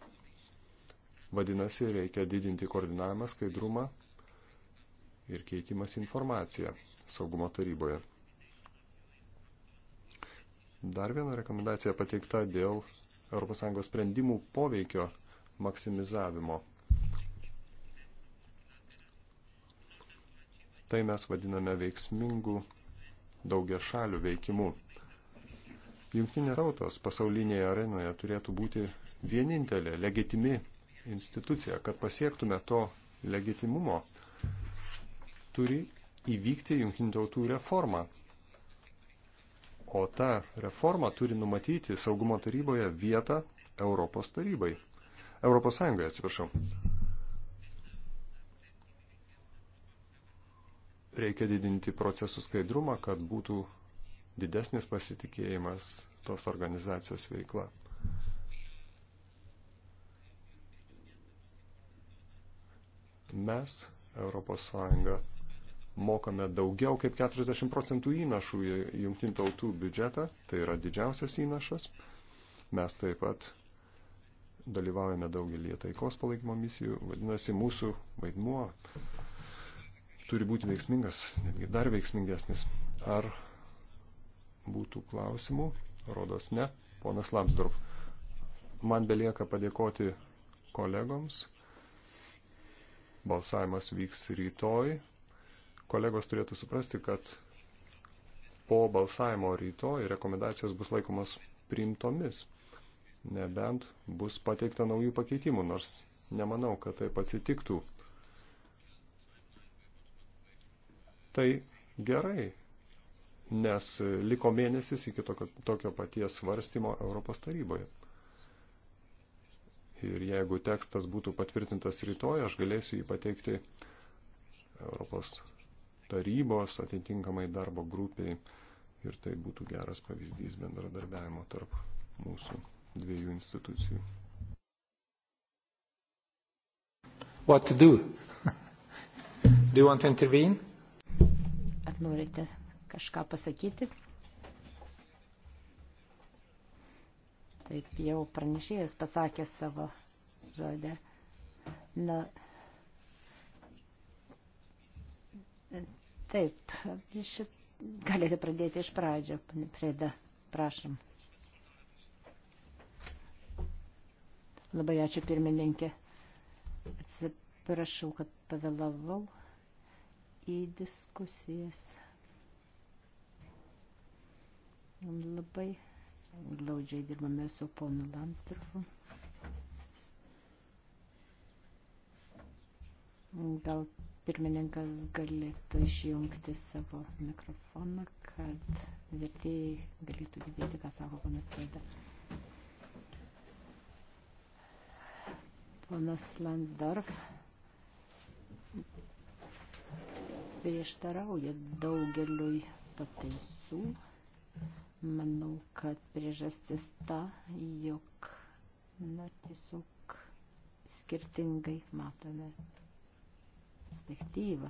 Vadinasi, reikia didinti koordinavimą, skaidrumą ir keitimas informaciją saugumo taryboje. Dar viena rekomendacija pateikta dėl ES sprendimų poveikio maksimizavimo. Tai mes vadiname veiksmingų daugia šalių veikimu. Jungtinė tautos pasaulinėje arenoje turėtų būti vienintelė legitimi institucija, kad pasiektume to legitimumo, turi įvykti jungtinių tautų reforma o ta reforma turi numatyti saugumo taryboje vietą Europos tarybai. Europos Sąjungoje, atsiprašau. Reikia didinti procesų skaidrumą, kad būtų didesnis pasitikėjimas tos organizacijos veikla. Mes, Europos Sąjunga, mokame daugiau kaip 40 procentų įnašų į jungtinių tautų biudžetą, tai yra didžiausias įnašas. Mes taip pat dalyvaujame daugelį taikos palaikymo misijų, vadinasi, mūsų vaidmuo turi būti veiksmingas, netgi dar veiksmingesnis. Ar būtų klausimų? Rodos ne. Ponas Lamsdorf, man belieka padėkoti kolegoms. Balsavimas vyks rytoj Kolegos turėtų suprasti, kad po balsavimo rytoj rekomendacijos bus laikomas priimtomis, nebent bus pateikta naujų pakeitimų, nors nemanau, kad tai atsitiktų. Tai gerai, nes liko mėnesis iki tokio, tokio paties svarstymo Europos taryboje. Ir jeigu tekstas būtų patvirtintas rytoj, aš galėsiu jį pateikti Europos tarybos atitinkamai darbo grupiai ir tai būtų geras pavyzdys bendradarbiavimo tarp mūsų dviejų institucijų. What to do? do you want to intervene? Ar norite kažką pasakyti? Taip jau pranešėjas pasakė savo žodę. Na, Taip, šit... galite pradėti iš pradžio, Preda, prašom. Labai ačiū pirmininkė. Atsiprašau, kad pavėlavau į diskusijas. Labai glaudžiai dirbame su ponu Lansdorfu. Gal Pirmininkas galėtų išjungti savo mikrofoną, kad vertėjai galėtų girdėti, ką sako ponas Preda. Ponas Landsdorf prieštarauja daugeliui pataisų. Manau, kad priežastis ta, jog na, tiesiog skirtingai matome perspektyvą.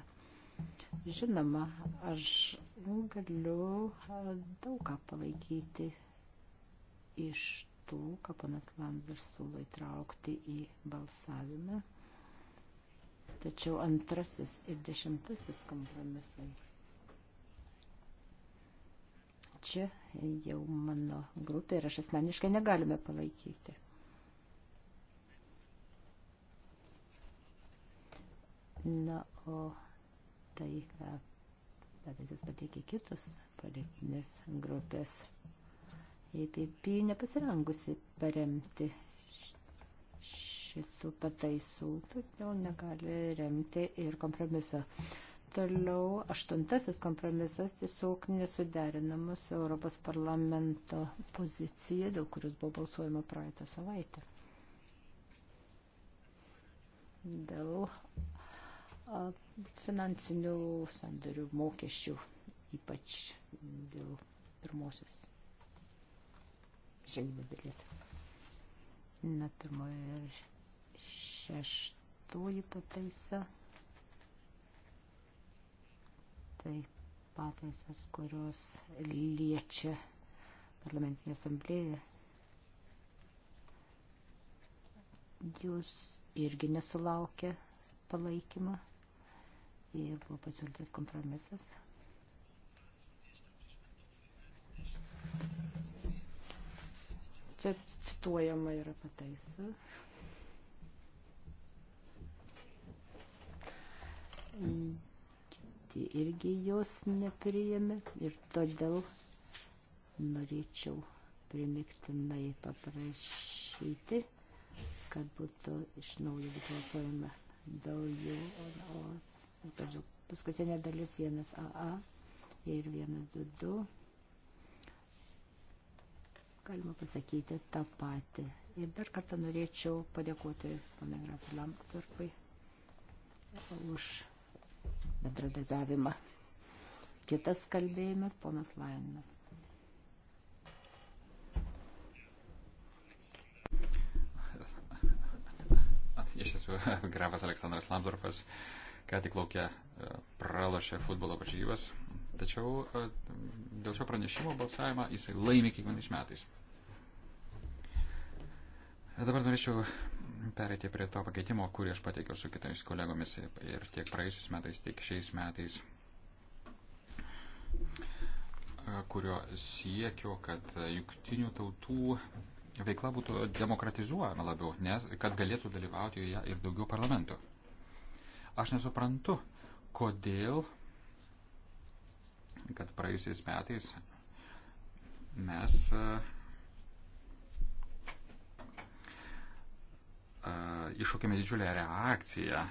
Žinoma, aš galiu daug ką palaikyti iš tų, ką panas Landers siūlo įtraukti į balsavimą. Tačiau antrasis ir dešimtasis kompromisai. Čia jau mano grupė ir aš asmeniškai negalime palaikyti. Na, o tai, ką Petaitis pateikė kitus politinės grupės, EPP nepasirengusi paremti šitų pataisų, todėl negali remti ir kompromiso. Toliau aštuntasis kompromisas tiesiog nesuderinamas su Europos parlamento pozicija, dėl kurios buvo balsuojama praeitą savaitę. Dėl finansinių sandarių mokesčių, ypač dėl pirmosios žemės dalies. Na, pirmoji ir šeštoji pataisa. Tai pataisas, kurios liečia parlamentinė asamblėja. Jūs irgi nesulaukė palaikymą ir buvo pasiūlytas kompromisas. Čia cituojama yra pataisa. Kiti irgi jos nepriėmė ir todėl norėčiau primiktinai paprašyti, kad būtų iš naujo balsuojama dėl jų, o, o ypač paskutinė dalis 1AA ir 122. Galima pasakyti tą patį. Ir dar kartą norėčiau padėkoti ponai Grafui Lamktorpui už bendradarbiavimą. Kitas kalbėjimas, ponas Laiminas. Iš tiesų, grafas Aleksandras Lamdorfas uh, ką tik laukia e, pralašė futbolo varžybas, tačiau e, dėl šio pranešimo balsavimą jisai laimi kiekvienais metais. Dabar norėčiau perėti prie to pakeitimo, kurį aš pateikiau su kitais kolegomis ir tiek praėjusiais metais, tiek šiais metais, e, kurio siekiu, kad jungtinių tautų veikla būtų demokratizuojama labiau, nes kad galėtų dalyvauti joje ir daugiau parlamentų. Aš nesuprantu, kodėl, kad praėjusiais metais mes e, e, iššūkėme didžiulę reakciją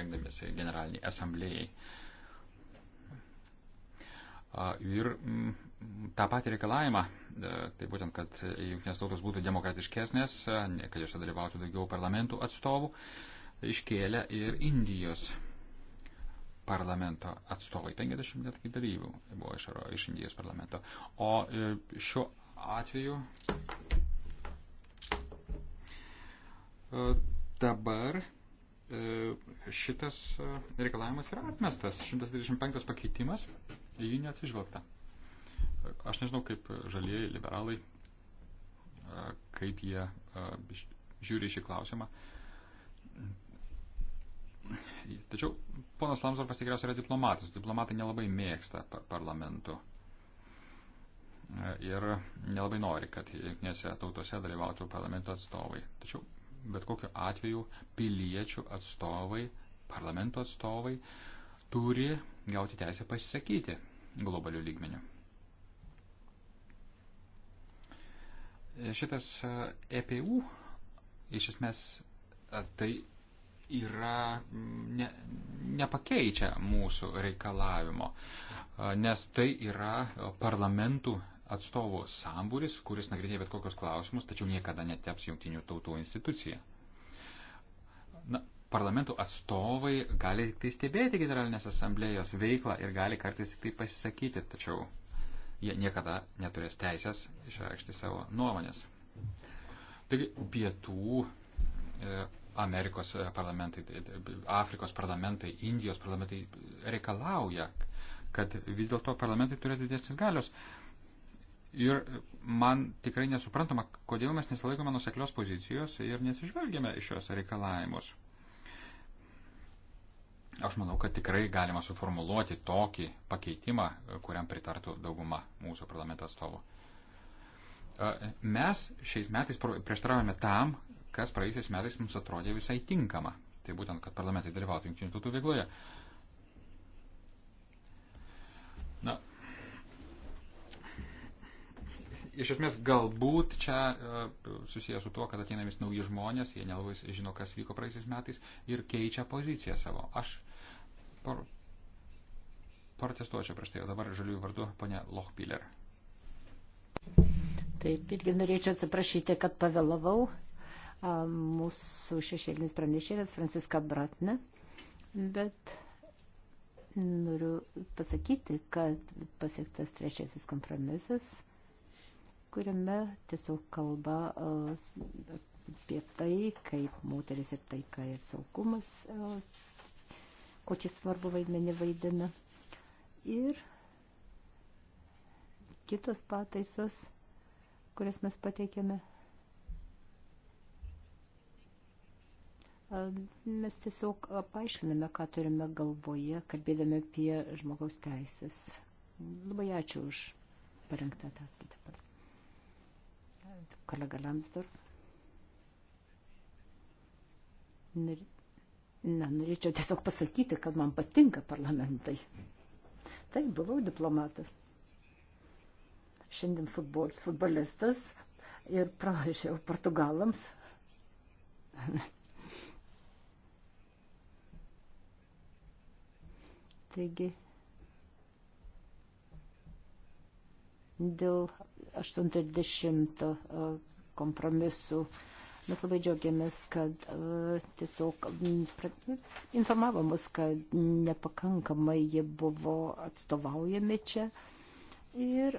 rengdamėsi generaliniai asamblėjai. Ir mm, tą patį reikalavimą, e, tai būtent, kad jungtinės tautos būtų demokratiškesnės, kad juose dalyvautų daugiau parlamentų atstovų, iškėlė ir Indijos parlamento atstovai, 50 netgi dalyvių buvo iš, iš Indijos parlamento. O e, šiuo atveju e, dabar e, šitas reikalavimas yra atmestas, 125 pakeitimas, į jį neatsižvelgta. Aš nežinau, kaip žalieji liberalai, kaip jie žiūri šį klausimą. Tačiau ponas Lamsdorfas tikriausiai yra diplomatas. Diplomatai nelabai mėgsta parlamentų. Ir nelabai nori, kad jungtinėse tautose dalyvautų parlamento atstovai. Tačiau bet kokiu atveju piliečių atstovai, parlamento atstovai turi gauti teisę pasisakyti globalių lygmenių. Šitas EPU e iš esmės tai yra mm, ne, nepakeičia mūsų reikalavimo, nes tai yra parlamentų atstovų sambūris, kuris nagrinėja bet kokius klausimus, tačiau niekada neteps jungtinių tautų institucija. Na, parlamentų atstovai gali tik tai stebėti generalinės asamblėjos veiklą ir gali kartais tik tai pasisakyti, tačiau jie niekada neturės teisės išreikšti savo nuomonės. Taigi pietų e, Amerikos e, parlamentai, e, e, Afrikos parlamentai, Indijos parlamentai reikalauja, kad vis dėlto parlamentai turėtų didesnis galios. Ir man tikrai nesuprantama, kodėl mes nesilaikome nuseklios pozicijos ir nesižvelgiame iš šios reikalavimus. Aš manau, kad tikrai galima suformuluoti tokį pakeitimą, kuriam pritartų dauguma mūsų parlamento atstovų. Mes šiais metais prieštaravome tam, kas praėjusiais metais mums atrodė visai tinkama. Tai būtent, kad parlamentai dalyvautų jungtinių tautų veikloje. Na, iš esmės galbūt čia e, susijęs su tuo, kad ateina vis nauji žmonės, jie nelabai žino, kas vyko praeisiais metais ir keičia poziciją savo. Aš par, protestuočiau prieš tai, o dabar žaliųjų vardu ponė Lochpiller. Taip, irgi norėčiau atsiprašyti, kad pavėlavau mūsų šešėlinis pranešėjas Franciska Bratne, bet noriu pasakyti, kad pasiektas trečiasis kompromisas, kuriame tiesiog kalba apie tai, kaip moteris ir taika ir saugumas, kokį svarbu vaidmenį vaidina. Ir kitos pataisos, kurias mes pateikėme, Mes tiesiog paaiškiname, ką turime galvoje, kalbėdami apie žmogaus teisės. Labai ačiū už parengtą ataskaitą. Kolega Lamsdorf. Na, norėčiau tiesiog pasakyti, kad man patinka parlamentai. Taip, buvau diplomatas. Šiandien futbol, futbolistas ir pralašiau portugalams. Taigi, dėl 80 kompromisų mes labai džiaugiamės, kad tiesiog informavo mus, kad nepakankamai jie buvo atstovaujami čia. Ir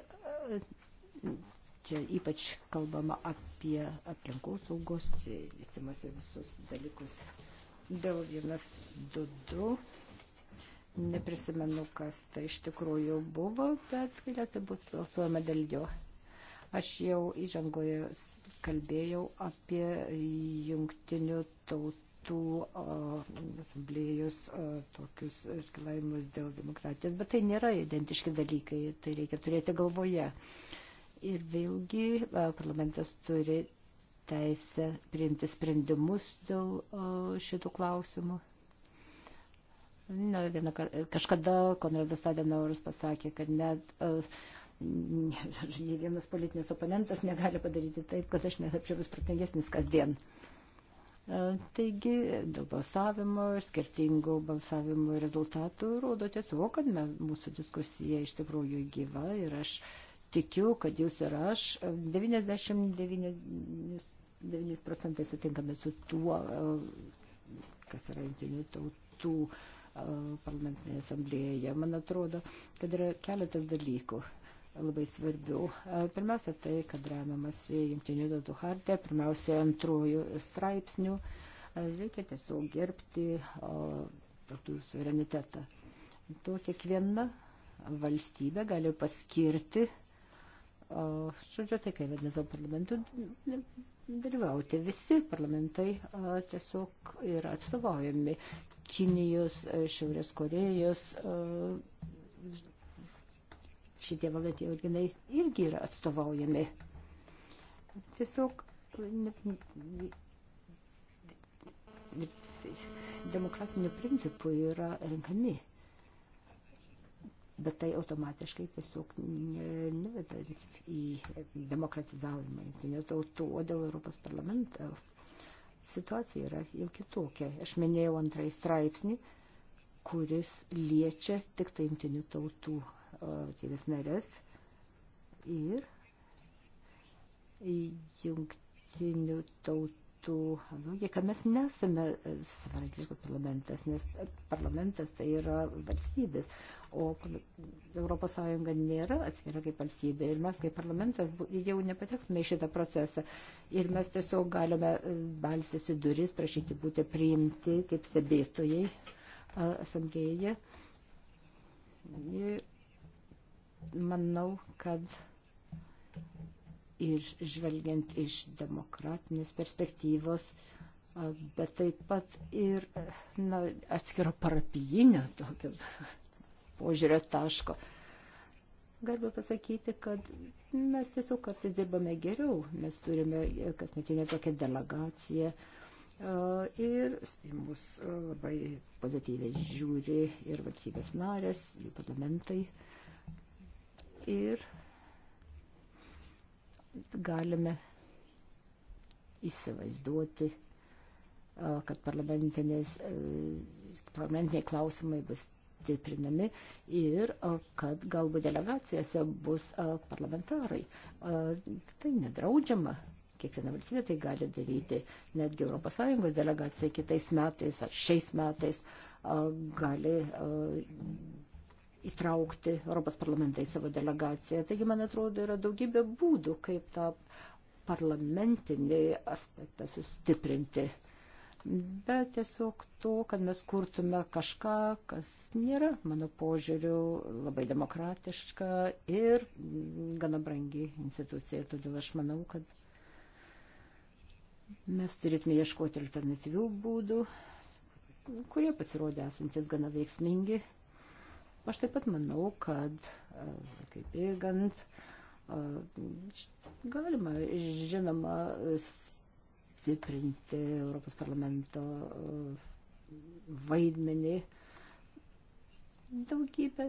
čia ypač kalbama apie aplinkos saugos, vystimas ir visus dalykus. Dėl vienas, du, du Neprisimenu, kas tai iš tikrųjų buvo, bet galiausiai bus balsuojama dėl jo. Aš jau įžangoje kalbėjau apie jungtinių tautų asamblėjus tokius reikalavimus dėl demokratijos, bet tai nėra identiški dalykai, tai reikia turėti galvoje. Ir vėlgi parlamentas turi teisę priimti sprendimus dėl šitų klausimų. Na, vieną kartą, kažkada Konradas Adenaueris pasakė, kad net e, uh, ne vienas politinis oponentas negali padaryti taip, kad aš netapčiau vis protingesnis kasdien. Uh, taigi, dėl balsavimo ir skirtingų balsavimo rezultatų rodo tiesiog, kad mes, mūsų diskusija iš tikrųjų gyva ir aš tikiu, kad jūs ir aš 99 e, procentai sutinkame su tuo, uh, kas yra jungtinių tautų tų parlamentinėje asamblėje. Man atrodo, kad yra keletas dalykų labai svarbių. Pirmiausia, tai, kad remiamas Junktinių tautų hartė, pirmiausia, antrojų straipsnių. Reikia tiesiog gerbti tautų suverenitetą. To kiekviena valstybė gali paskirti žodžiu, tai kai vadinasi parlamentų dalyvauti. Visi parlamentai tiesiog yra atstovaujami Kinijos, e, Šiaurės Korejos. Šitie valdantieji organai irgi yra atstovaujami. Tiesiog demokratinių principų yra renkami bet tai automatiškai tiesiog neveda į demokratizavimą jungtinių tautų, o dėl Europos parlamento situacija yra jau kitokia. Aš minėjau antrąjį straipsnį, kuris liečia tik tai jungtinių tautų valstybės narės ir jungtinių tautų logika. Mes nesame savarankiškas parlamentas, nes parlamentas tai yra valstybės, o ES nėra atskira kaip valstybė ir mes kaip parlamentas jau nepatektume į šitą procesą ir mes tiesiog galime e, balsis į duris, prašyti būti priimti kaip stebėtojai asamblėje. Ir manau, kad ir žvelgiant iš demokratinės perspektyvos, bet taip pat ir na, atskiro parapijinio tokio požiūrio taško. Galima pasakyti, kad mes tiesiog kartais dirbame geriau, mes turime kasmetinę tokią delegaciją e, ir mus e, labai pozityviai žiūri ir valstybės narės, jų parlamentai. Ir galime įsivaizduoti, e, kad parlamentiniai klausimai bus stiprinami ir kad galbūt delegacijose bus parlamentarai. Tai nedraudžiama. Kiekviena valstybė tai gali daryti. Netgi ES delegacija kitais metais ar šiais metais gali įtraukti Europos parlamentą į savo delegaciją. Taigi, man atrodo, yra daugybė būdų, kaip tą parlamentinį aspektą sustiprinti bet tiesiog to, kad mes kurtume kažką, kas nėra, mano požiūriu, labai demokratiška ir gana brangi institucija. Ir todėl aš manau, kad mes turėtume ieškoti alternatyvių būdų, kurie pasirodė esantis gana veiksmingi. Aš taip pat manau, kad, e, kaip įgant, e, galima, žinoma, stiprinti Europos parlamento uh, vaidmenį. Daugybė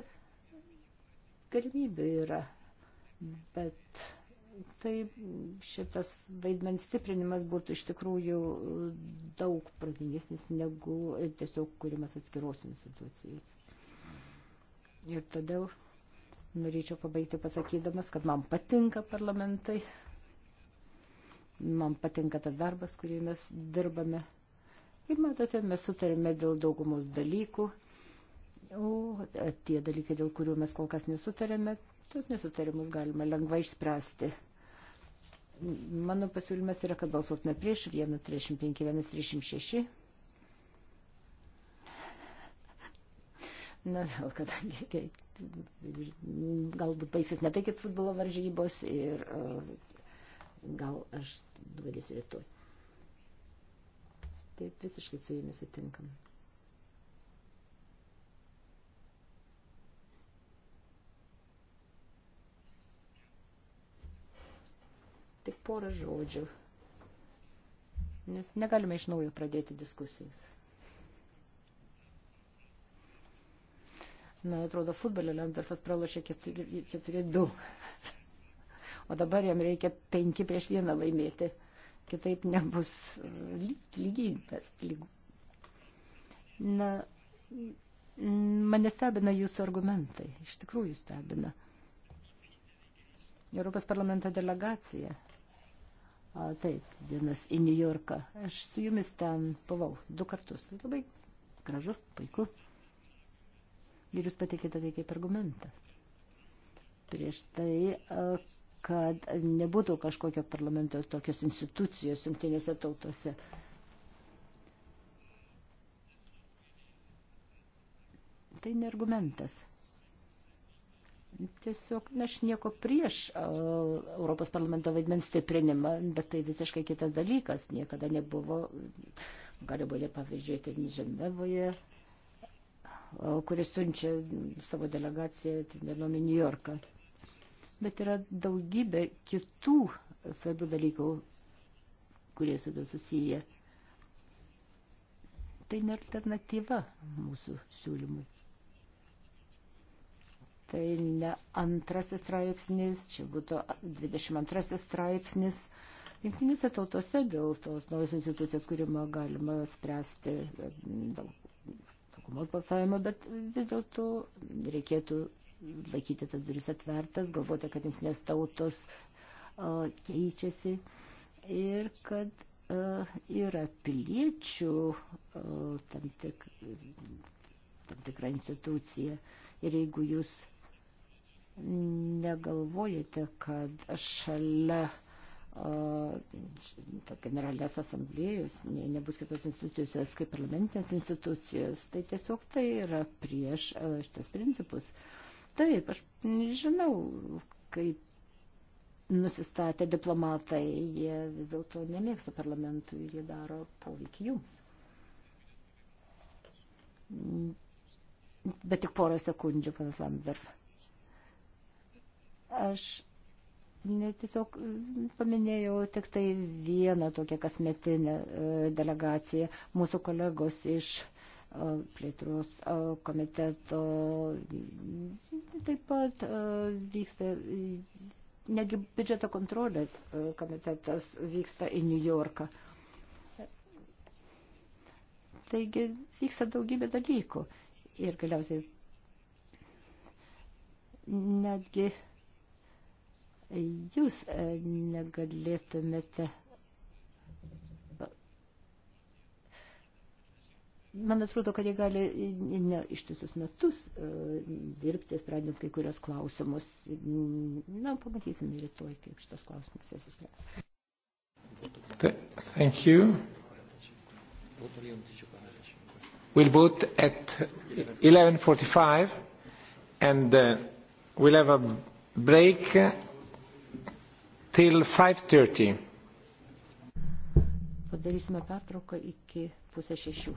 galimybių yra, bet tai šitas vaidmens stiprinimas būtų iš tikrųjų daug pradingesnis negu tiesiog kūrimas atskiros institucijos. Ir todėl norėčiau pabaigti pasakydamas, kad man patinka parlamentai, man patinka tas darbas, kurį mes dirbame. Ir matote, mes sutarėme dėl daugumos dalykų, o tie dalykai, dėl kurių mes kol kas nesutarėme, tuos nesutarimus galima lengvai išspręsti. Mano pasiūlymas yra, kad balsuotume prieš 1.35, 1.36. Na, vėl, kadangi galbūt baigsis ne tai kaip futbolo varžybos ir uh, gal aš nuvarysiu rytoj. Taip visiškai su jumis sutinkam. Tik porą žodžių, nes negalime iš naujo pradėti diskusijas. Man atrodo, futbolio Lendarfas pralašė 4-2 o dabar jam reikia 5 prieš 1 laimėti. Kitaip nebus lygybės lygų. Na, mane stebina jūsų argumentai. Iš tikrųjų stebina. Europos parlamento delegacija. A, taip, vienas į New Yorką. Aš su jumis ten buvau du kartus. Tai labai gražu, puiku. Ir jūs patikite tai kaip argumentą. Prieš tai, kad nebūtų kažkokio parlamento tokios institucijos jungtinėse tautose. Tai ne argumentas. Tiesiog aš nieko prieš Europos parlamento vaidmens stiprinimą, bet tai visiškai kitas dalykas. Niekada nebuvo, gali būti, pavyzdžiui, tai Ženevoje, kuris siunčia savo delegaciją vienom į Niujorką bet yra daugybė kitų svarbių dalykų, kurie su tuo susiję. Tai ne alternatyva mūsų siūlymui. Tai ne antrasis straipsnis, čia būtų 22 straipsnis. Jungtinėse tautose dėl tos naujos institucijos kūrimo galima spręsti e, daug daugumos balsavimo, bet vis dėlto reikėtų laikyti tas duris atvertas, galvoti, kad jungtinės tautos o, keičiasi ir kad o, yra piliečių o, tam, tik, tam tikra institucija. Ir jeigu jūs negalvojate, kad šalia generalinės asamblėjos, ne, nebus kitos institucijos kaip parlamentinės institucijos, tai tiesiog tai yra prieš šitas principus. Uh, Taip, aš nežinau, kaip nusistatę diplomatai, jie vis dėlto nemėgsta parlamentų ir jie daro poveikį jums. Bet tik porą sekundžių, panas Lambdorf. Aš ne, tiesiog paminėjau tik tai vieną tokią kasmetinę e, delegaciją. Mūsų kolegos iš plėtros komiteto. Taip pat vyksta, negi biudžeto kontrolės komitetas vyksta į New Yorką. Taigi vyksta daugybė dalykų. Ir galiausiai netgi jūs e, negalėtumėte man atrodo, kad jie gali ne ištisus metus e, dirbti, sprendint kai kurios klausimus. Na, pamatysime rytoj, kaip šitas klausimas jas išspręs. Thank you. We'll vote at 11.45 and uh, we'll have a break till 5.30. Padarysime pertrauką iki 5.30 pusę šešių.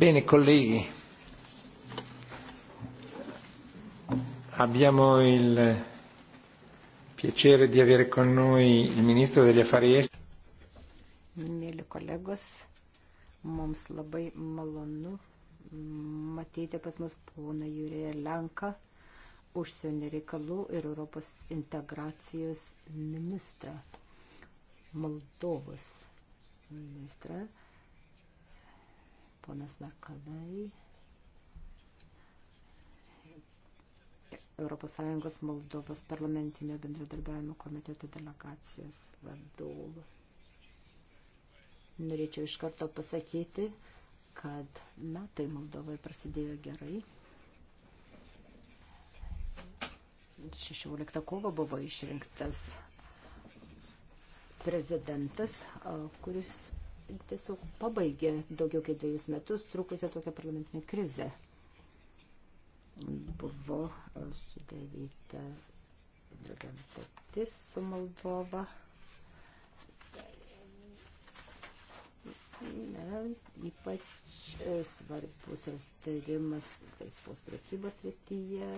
Bene, colleghi, abbiamo il piacere di avere con noi il Ministro degli Affari Esteri. Mėly kolegos, mums labai malonu matyti pas mus poną Jurėją Lenką, užsienio reikalų ir Europos integracijos ministrą, Moldovos ministrą ponas Varkalai. ES Moldovos parlamentinio bendradarbiavimo komiteto delegacijos vadovų. Norėčiau iš karto pasakyti, kad metai Moldovai prasidėjo gerai. 16 kovo buvo išrinktas prezidentas, kuris tiesiog pabaigė daugiau kaip dviejus metus trukusią tokią parlamentinę krizę. Buvo e, sudaryta draugams sutartis su Moldova. Na, ypač e, svarbus yra sutarimas laisvos prekybos rytyje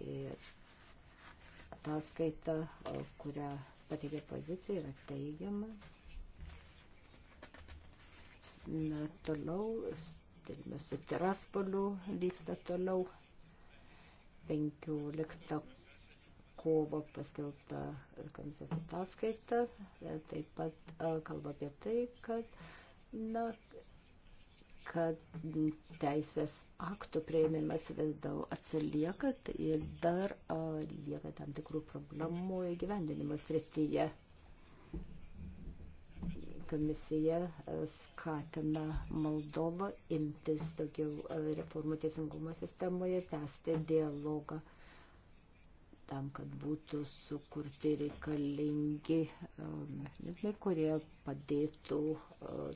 ir ataskaita, kurią pateikė pozicija, yra teigiama Na, toliau, turime su Teraspoliu vyksta toliau. 15 kovo paskelbta komisijos ataskaita. E, taip pat e, kalba apie tai, kad, na, kad teisės aktų prieimimas vis dėl atsilieka ir tai dar a, e, lieka tam tikrų problemų įgyvendinimo srityje komisija e, skatina Moldovą imtis daugiau e, reformų teisingumo sistemoje, tęsti dialogą tam, kad būtų sukurti reikalingi e, metodai, kurie padėtų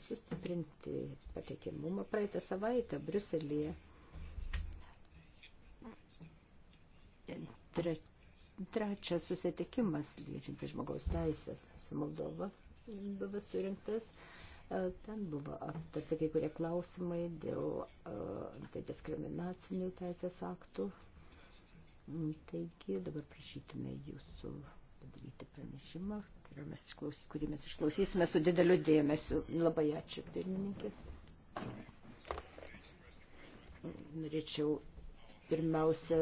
sustiprinti patikimumą. Praeitą savaitę Bruselėje trečias susitikimas liečiantis žmogaus teisės su Moldova buvo surinktas, e, ten buvo aptarti kai kurie klausimai dėl e, antidiskriminacinių teisės aktų. Mm, taigi dabar prašytume jūsų padaryti pranešimą, mes išklausys, kurį mes išklausysime su dideliu dėmesiu. Labai ačiū, pirmininkė. Norėčiau pirmiausia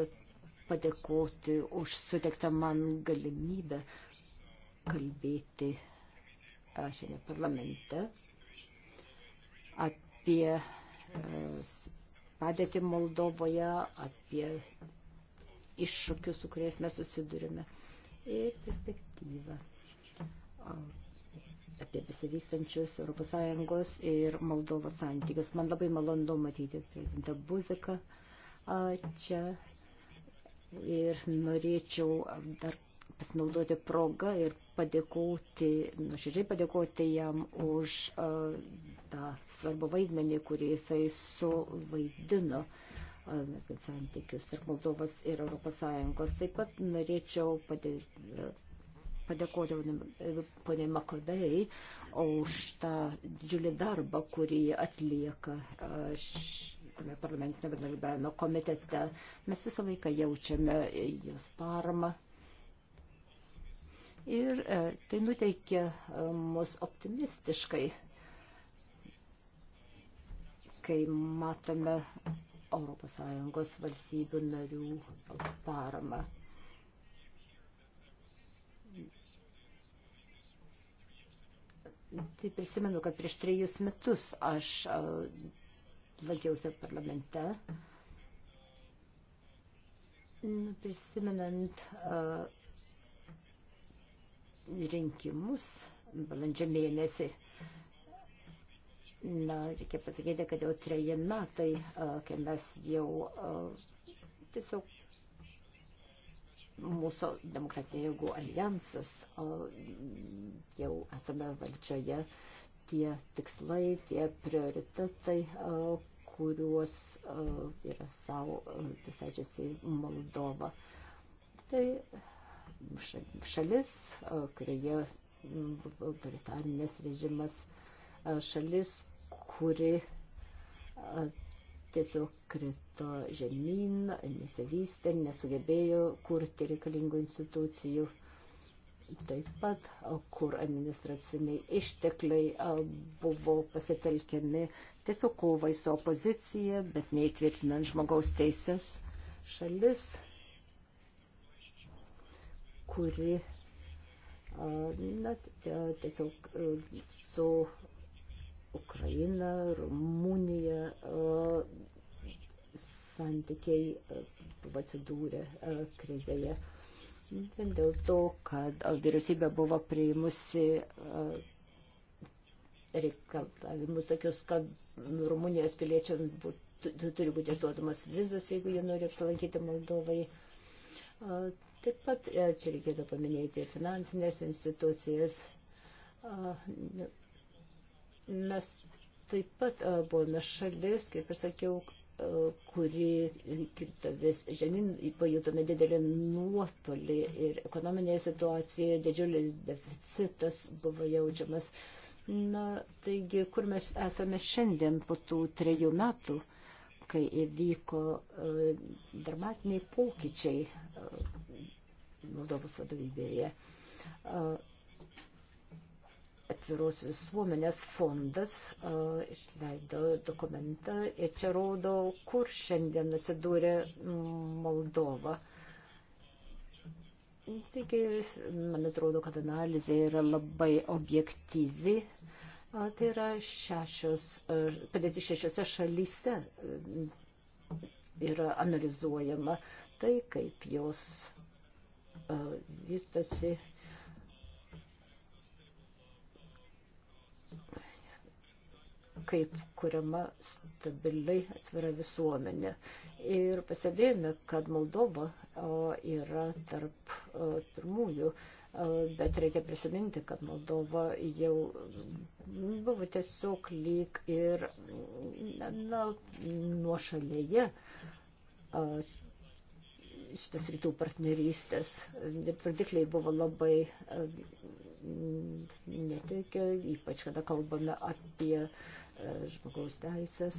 padėkoti už suteiktą man galimybę kalbėti šiame parlamente apie e, padėtį Moldovoje, apie iššūkius, su kuriais mes susidurime ir perspektyvą apie besivystančius ES ir Moldovos santykius. Man labai malonu matyti prezidentą Buziką čia ir norėčiau dar pasinaudoti progą ir padėkoti, nuoširdžiai padėkoti jam už uh, tą svarbų vaidmenį, kurį jisai suvaidino. Uh, mes gan santykius tarp Moldovas ir ES. Taip pat norėčiau padė, padėkoti ponė Makovei už tą didžiulį darbą, kurį atlieka uh, tame parlamentinio bendradarbiavimo komitete. Mes visą laiką jaučiame jos paramą, ir e, tai nuteikia e, mus optimistiškai, kai matome ES valstybių narių paramą. Tai prisimenu, kad prieš trejus metus aš e, lankiausi parlamente. Nu, prisimenant uh, rinkimus balandžio mėnesį. Na, reikia pasakyti, kad jau treji metai, kai mes jau tiesiog mūsų demokratinė jėgų alijansas jau esame valdžioje, tie tikslai, tie prioritetai, kuriuos yra savo visai čia Moldova. Tai šalis, kurioje autoritarnės režimas šalis, kuri tiesiog krito žemyn, nesivystė, nesugebėjo kurti reikalingų institucijų. Taip pat, kur administraciniai ištekliai buvo pasitelkiami tiesiog kovai su opozicija, bet neįtvirtinant žmogaus teisės šalis kuri na, tiesiog e, su Ukraina, Rumunija santykiai e, buvo atsidūrę e, krizėje. Vien dėl to, kad vyriausybė buvo prieimusi reikalavimus tokius, kad Rumunijos piliečiams būtų, turi būti išduodamas vizas, jeigu jie nori apsilankyti Moldovai. Taip pat e, čia reikėtų paminėti finansinės institucijas. Mes taip pat e, buvome šalis, kaip ir sakiau, e, kuri kirto vis žemyn, pajutome didelį nuotolį ir ekonominėje situacijoje didžiulis deficitas buvo jaučiamas. Na, taigi, kur mes esame šiandien po tų trejų metų? Uh, kai įvyko e, dramatiniai pokyčiai e, Moldovos vadovybėje. E, atviros visuomenės fondas išleido dokumentą ir čia rodo, kur šiandien atsidūrė Moldova. Taigi, man atrodo, kad analizė yra labai objektyvi Tai yra šešios, padėti šešiose šalyse e, yra analizuojama tai, kaip jos vystosi. kaip kuriama stabiliai atvira visuomenė. Ir pastebėjome, kad Moldova yra tarp pirmųjų uh, bet reikia prisiminti, kad Moldova jau buvo tiesiog lyg ir na, nuošalėje šitas rytų partnerystės. Pradikliai buvo labai netikia, ypač kada kalbame apie žmogaus teisės.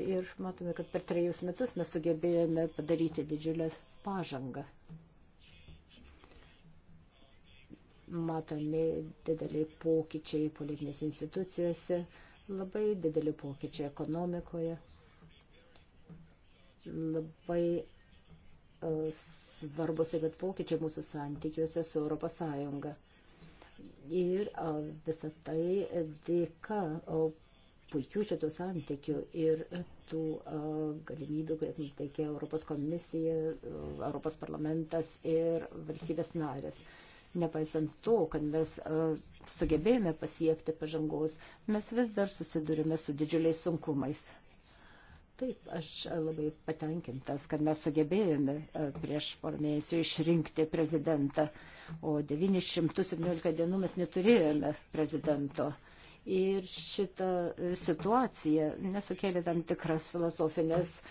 Ir matome, kad per trejus metus mes sugebėjome padaryti didžiulę pažangą matomi dideliai pokyčiai politinės institucijose, labai dideli pokyčiai ekonomikoje, labai e, svarbus taip pat pokyčiai mūsų santykiuose su Europos Sąjunga. Ir e, visą tai dėka e, puikių šitų santykių ir tų galimybių, kurias mums teikia Europos komisija, Europos parlamentas ir valstybės narės. Nepaisant to, kad mes e, sugebėjome pasiekti pažangos, mes vis dar susidurime su didžiuliais sunkumais. Taip, aš labai patenkintas, kad mes sugebėjome e, prieš porą mėnesių išrinkti prezidentą, o 917 dienų mes neturėjome prezidento. Ir šita situacija nesukėlė tam tikras filosofinės uh,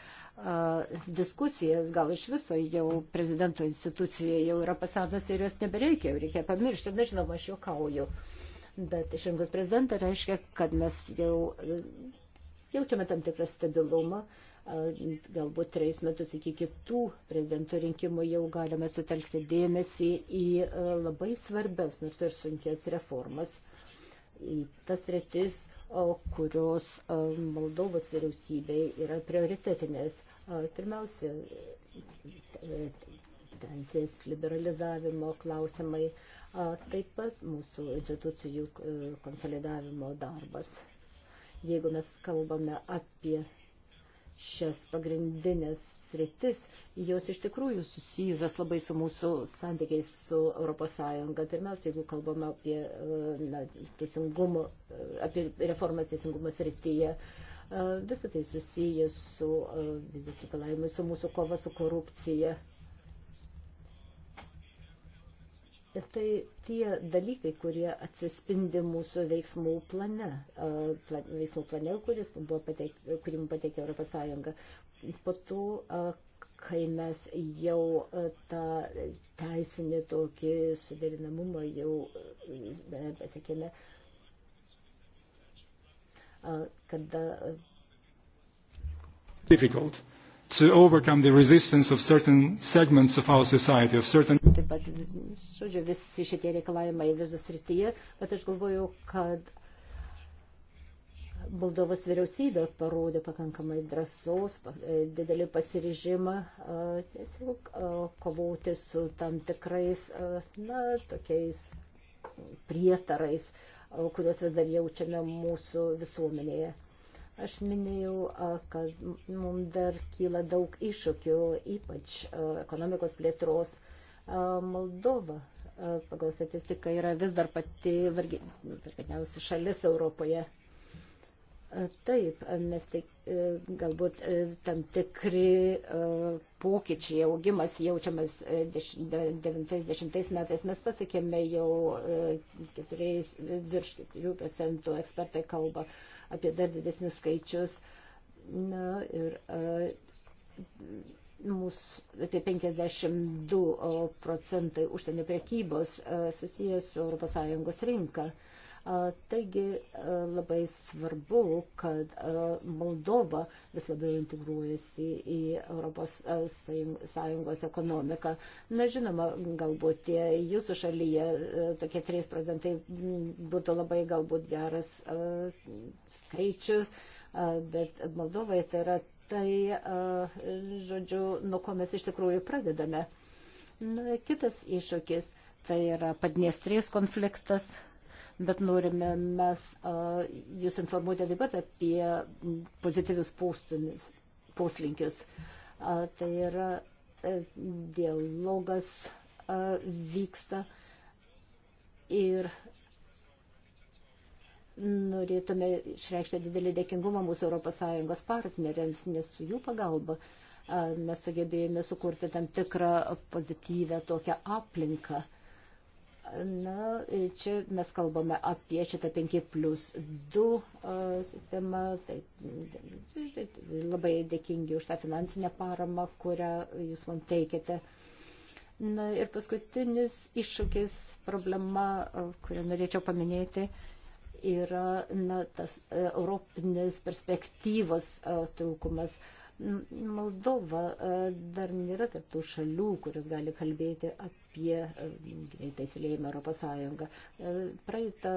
diskusijas, gal iš viso jau prezidento institucija jau yra pasados ir jos nebereikia, jau reikia pamiršti, na žinoma, aš juokauju. Bet išrinkus prezidentą reiškia, kad mes jau e, jaučiame tam tikrą stabilumą, galbūt trejus metus iki kitų prezidento rinkimų jau galime sutelkti dėmesį į e, labai svarbes, nors ir sunkės reformas, į tas rytis, kurios Moldovos vyriausybei yra prioritetinės. Pirmiausia, e, teisės liberalizavimo klausimai, taip pat mūsų institucijų e, konsolidavimo darbas. Jeigu mes kalbame apie šias pagrindinės sritis, jos iš tikrųjų susijusios labai su mūsų santykiais su ES. Pirmiausia, jeigu kalbame apie, e, na, teisingumo, e, apie reformas teisingumo srityje, e, visą tai susijęs su vizės reikalavimais, su mūsų kova su korupcija. Tai tie dalykai, kurie atsispindi mūsų veiksmų plane, veiksmų plane, kuris buvo pateik, kurį mums pateikė Europos Sąjunga po to, kai mes jau tą teisinį tokį suderinamumą jau pasiekėme, kada. Difficult. To overcome the resistance of certain segments of our society, of certain. Taip pat, žodžiu, visi šitie reikalavimai vizos rytyje, bet aš galvoju, kad uh, Moldovos vyriausybė parodė pakankamai drąsos, e, didelį pasiryžimą e, tiesiog e, kovoti su tam tikrais, na, tokiais prietarais, kuriuos vis dar jaučiame mūsų visuomenėje. Aš minėjau, kad mums dar kyla daug iššūkių, ypač ekonomikos plėtros. Moldova pagal statistiką yra vis dar pati varginiausia šalis Europoje Taip, mes tik e, galbūt e, tam tikri e, pokyčiai, augimas jaučiamas 90 metais. Mes pasiekėme jau 4, virš 4 procentų, ekspertai kalba apie dar didesnius skaičius. Na, ir mūsų apie 52 procentai užsienio priekybos susijęs su ES rinka. Uh, Taigi labai svarbu, kad Moldova vis labiau integruojasi į ES ekonomiką. Na, žinoma, galbūt tie jūsų šalyje tokie 3 procentai būtų labai galbūt geras skaičius, bet Moldovai tai yra tai, žodžiu, nuo ko mes iš tikrųjų pradedame. Na, kitas iššūkis tai yra Padniestrės konfliktas bet norime mes jūs informuoti taip pat apie pozityvius postumis, poslinkius. Tai yra e, dialogas vyksta ir norėtume išreikšti didelį dėkingumą mūsų ES partneriams, nes su jų pagalba mes sugebėjome sukurti tam tikrą pozityvę tokią aplinką. Na, e, čia mes kalbame apie šitą 5 plus 2 e, sistemą. Tai, tai, tai, labai dėkingi už tą finansinę paramą, kurią jūs man teikėte. Na ir paskutinis iššūkis, problema, e, kurią norėčiau paminėti, yra na, tas europinės perspektyvos trūkumas. Uh, Moldova e, dar nėra tarptų šalių, kurios gali kalbėti apie e, greitai įsileimą Europos Sąjungą. E, praeitą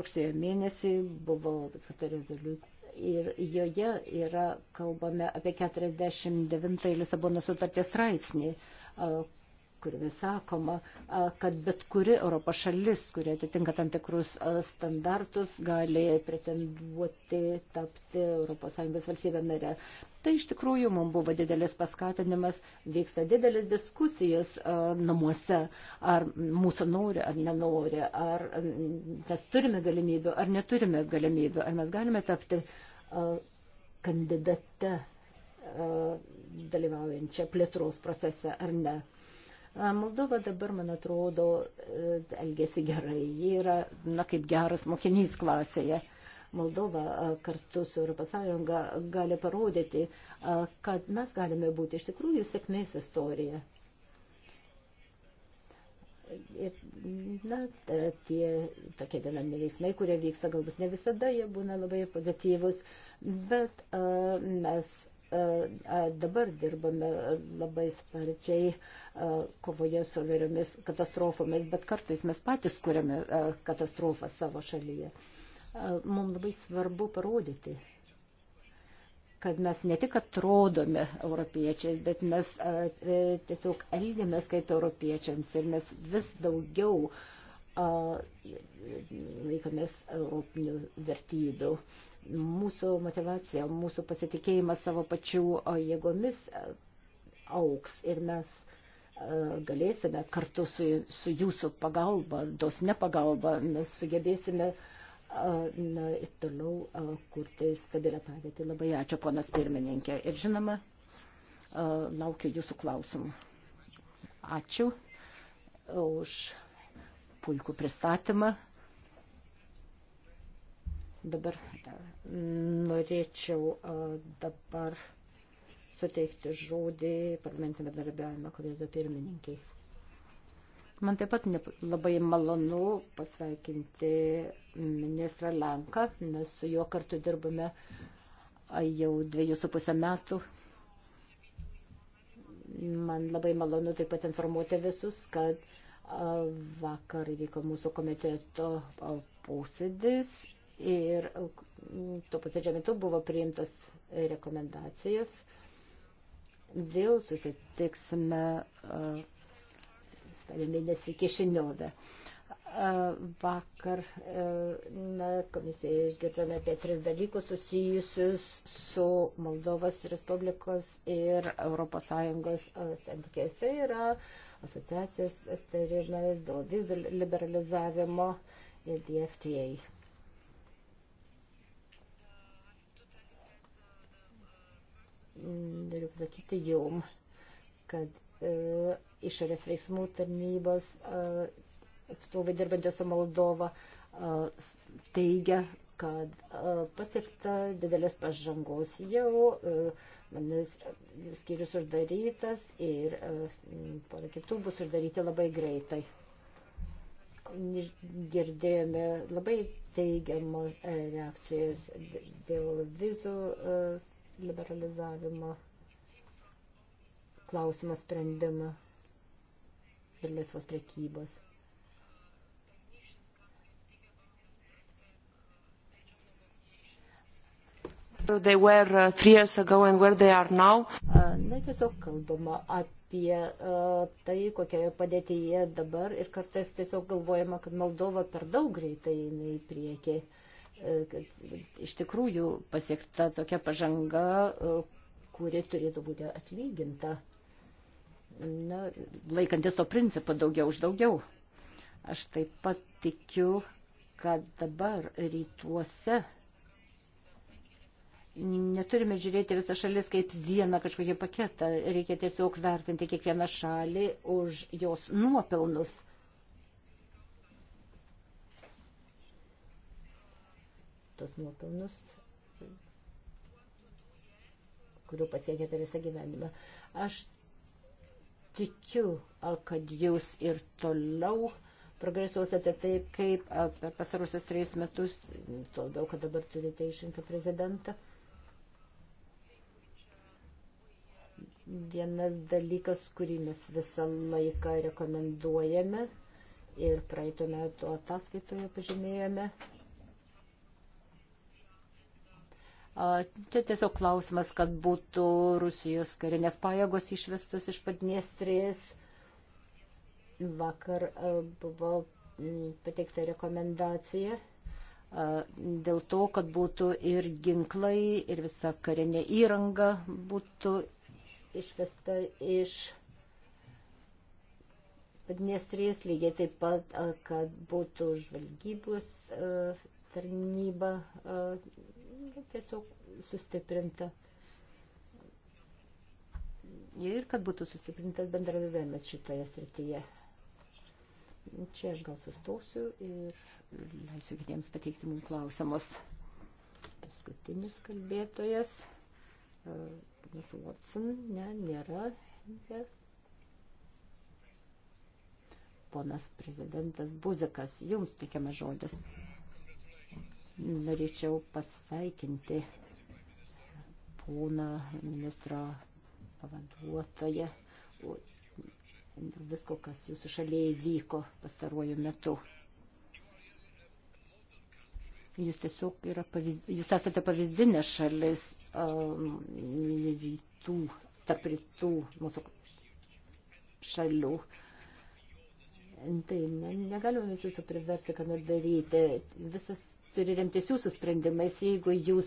rugsėjo mėnesį buvo paskata rezoliucija ir joje yra kalbame apie 49 Lisabono sutarties straipsnį, kuriame sakoma, kad bet kuri Europos šalis, kurie atitinka tam tikrus standartus, gali pretenduoti tapti ES valstybė narė. Tai iš tikrųjų mums buvo didelis paskatinimas, vyksta didelis diskusijos namuose, ar mūsų nori, ar nenori, ar mes turime galimybių, ar neturime galimybių, ar mes galime tapti kandidate dalyvaujančią plėtros procese ar ne. Moldova dabar, man atrodo, e, elgesi gerai. Ji yra, na, kaip geras mokinys klasėje. Moldova kartu su ES gali parodyti, kad mes galime būti iš tikrųjų sėkmės istorija ir, na, tie tokie dinaminiai veiksmai, kurie vyksta, galbūt ne visada jie būna labai pozityvus, bet a, mes E, dabar dirbame labai sparčiai e, kovoje su vairiomis katastrofomis, bet kartais mes patys kuriame e, katastrofą savo šalyje. Mums labai svarbu parodyti kad mes ne tik atrodome europiečiais, bet mes a, e, tiesiog elgiamės kaip europiečiams ir mes vis daugiau a, laikomės europinių vertybių. A, mūsų motivacija, mūsų pasitikėjimas savo pačių jėgomis e, auks ir mes e, galėsime kartu su, su jūsų pagalba, dosne pagalba, mes sugebėsime e, na, ir toliau kurti stabilę padėtį. Labai ačiū, ponas pirmininkė. Ir žinoma, laukiu jūsų klausimų. Ačiū už puikų pristatymą. Dabar e, norėčiau e, dabar suteikti žodį parlamentinio bendradarbiavimo komiteto pirmininkiai. Man taip pat ne, labai malonu pasveikinti ministrą Lenką, mes su juo kartu dirbame jau dviejus su pusę metų. Man labai malonu taip pat informuoti visus, kad vakar įvyko mūsų komiteto posėdis Ir mm, tuo posėdžio metu buvo priimtos rekomendacijos. Vėl susitiksime spalio mėnesį Kišiniovę. Vakar e, na, komisijoje išgirdome apie tris dalykus susijusius su Moldovos Respublikos ir ES santykiais. Tai yra asociacijos starimas dėl vizų liberalizavimo ir DFTA. galiu pasakyti jum, kad e, išorės veiksmų tarnybos e, atstovai dirbantys su Moldova e, teigia, kad e, pasiekta didelės pažangos jau, e, manis skyrius uždarytas ir e, pora kitų bus uždaryti labai greitai. Girdėjome labai teigiamos e, reakcijos dėl vizų. E, liberalizavimo klausimą sprendimą ir laisvos prekybos. They were uh, three years ago and where they are now. Na, tiesiog kalbama apie uh, tai, kokioje padėtyje dabar ir kartais tiesiog galvojama, kad Moldova per daug greitai eina į priekį. Uh, E, kad iš tikrųjų pasiekta tokia pažanga, e, kuri turėtų būti atlyginta, na, laikantis to principo daugiau už daugiau. Aš taip pat tikiu, kad dabar rytuose neturime žiūrėti visą šalis kaip vieną kažkokį paketą. Reikia tiesiog vertinti kiekvieną šalį už jos nuopelnus. tuos nuopelnus, kurių pasiekė per visą gyvenimą. Aš tikiu, kad jūs ir toliau progresuosite tai, kaip per pasarusios trejus metus, to labiau, kad dabar turite išrinktą prezidentą. Vienas dalykas, kurį mes visą laiką rekomenduojame ir praeito metų ataskaitoje pažymėjome, Čia tiesiog klausimas, kad būtų Rusijos karinės pajėgos išvestos iš Padniestrės. Vakar buvo pateikta rekomendacija dėl to, kad būtų ir ginklai, ir visa karinė įranga būtų išvesta iš Padniestrės, lygiai taip pat, kad būtų žvalgybos tarnyba tiesiog sustiprinta. Ir kad būtų sustiprintas bendradarbiavimas šitoje srityje. Čia aš gal sustosiu ir leisiu kitiems pateikti mums klausimus. Paskutinis kalbėtojas. E, Nes Watson, ne, nėra. Ne. Ponas prezidentas Buzikas, jums teikiamas žodis norėčiau pasveikinti pūną ministro pavaduotoje visko, kas jūsų šalyje įvyko pastaruoju metu. Jūs tiesiog yra pavyzdinė, jūs esate pavyzdinė šalis um, rytų, tarp rytų mūsų šalių. Tai ne, negalime visų priversti, ką nors daryti. Visas turi remtis jūsų sprendimais, jeigu jūs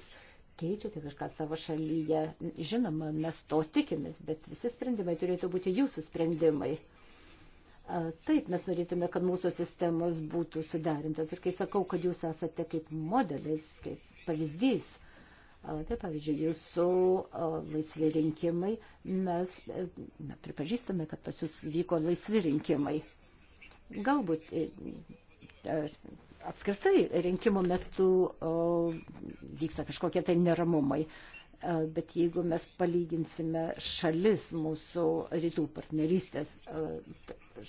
keičiate kažką savo šalyje. Žinoma, mes to tikimės, bet visi sprendimai turėtų būti jūsų sprendimai. Taip, mes norėtume, kad mūsų sistemos būtų sudarintos. Ir kai sakau, kad jūs esate kaip modelis, kaip pavyzdys, tai pavyzdžiui, jūsų laisvi rinkimai, mes e, na, pripažįstame, kad pas jūs vyko laisvi rinkimai. Galbūt e, e, apskritai rinkimų metu vyksta kažkokie tai neramumai. E, bet jeigu mes palyginsime šalis mūsų rytų partnerystės e,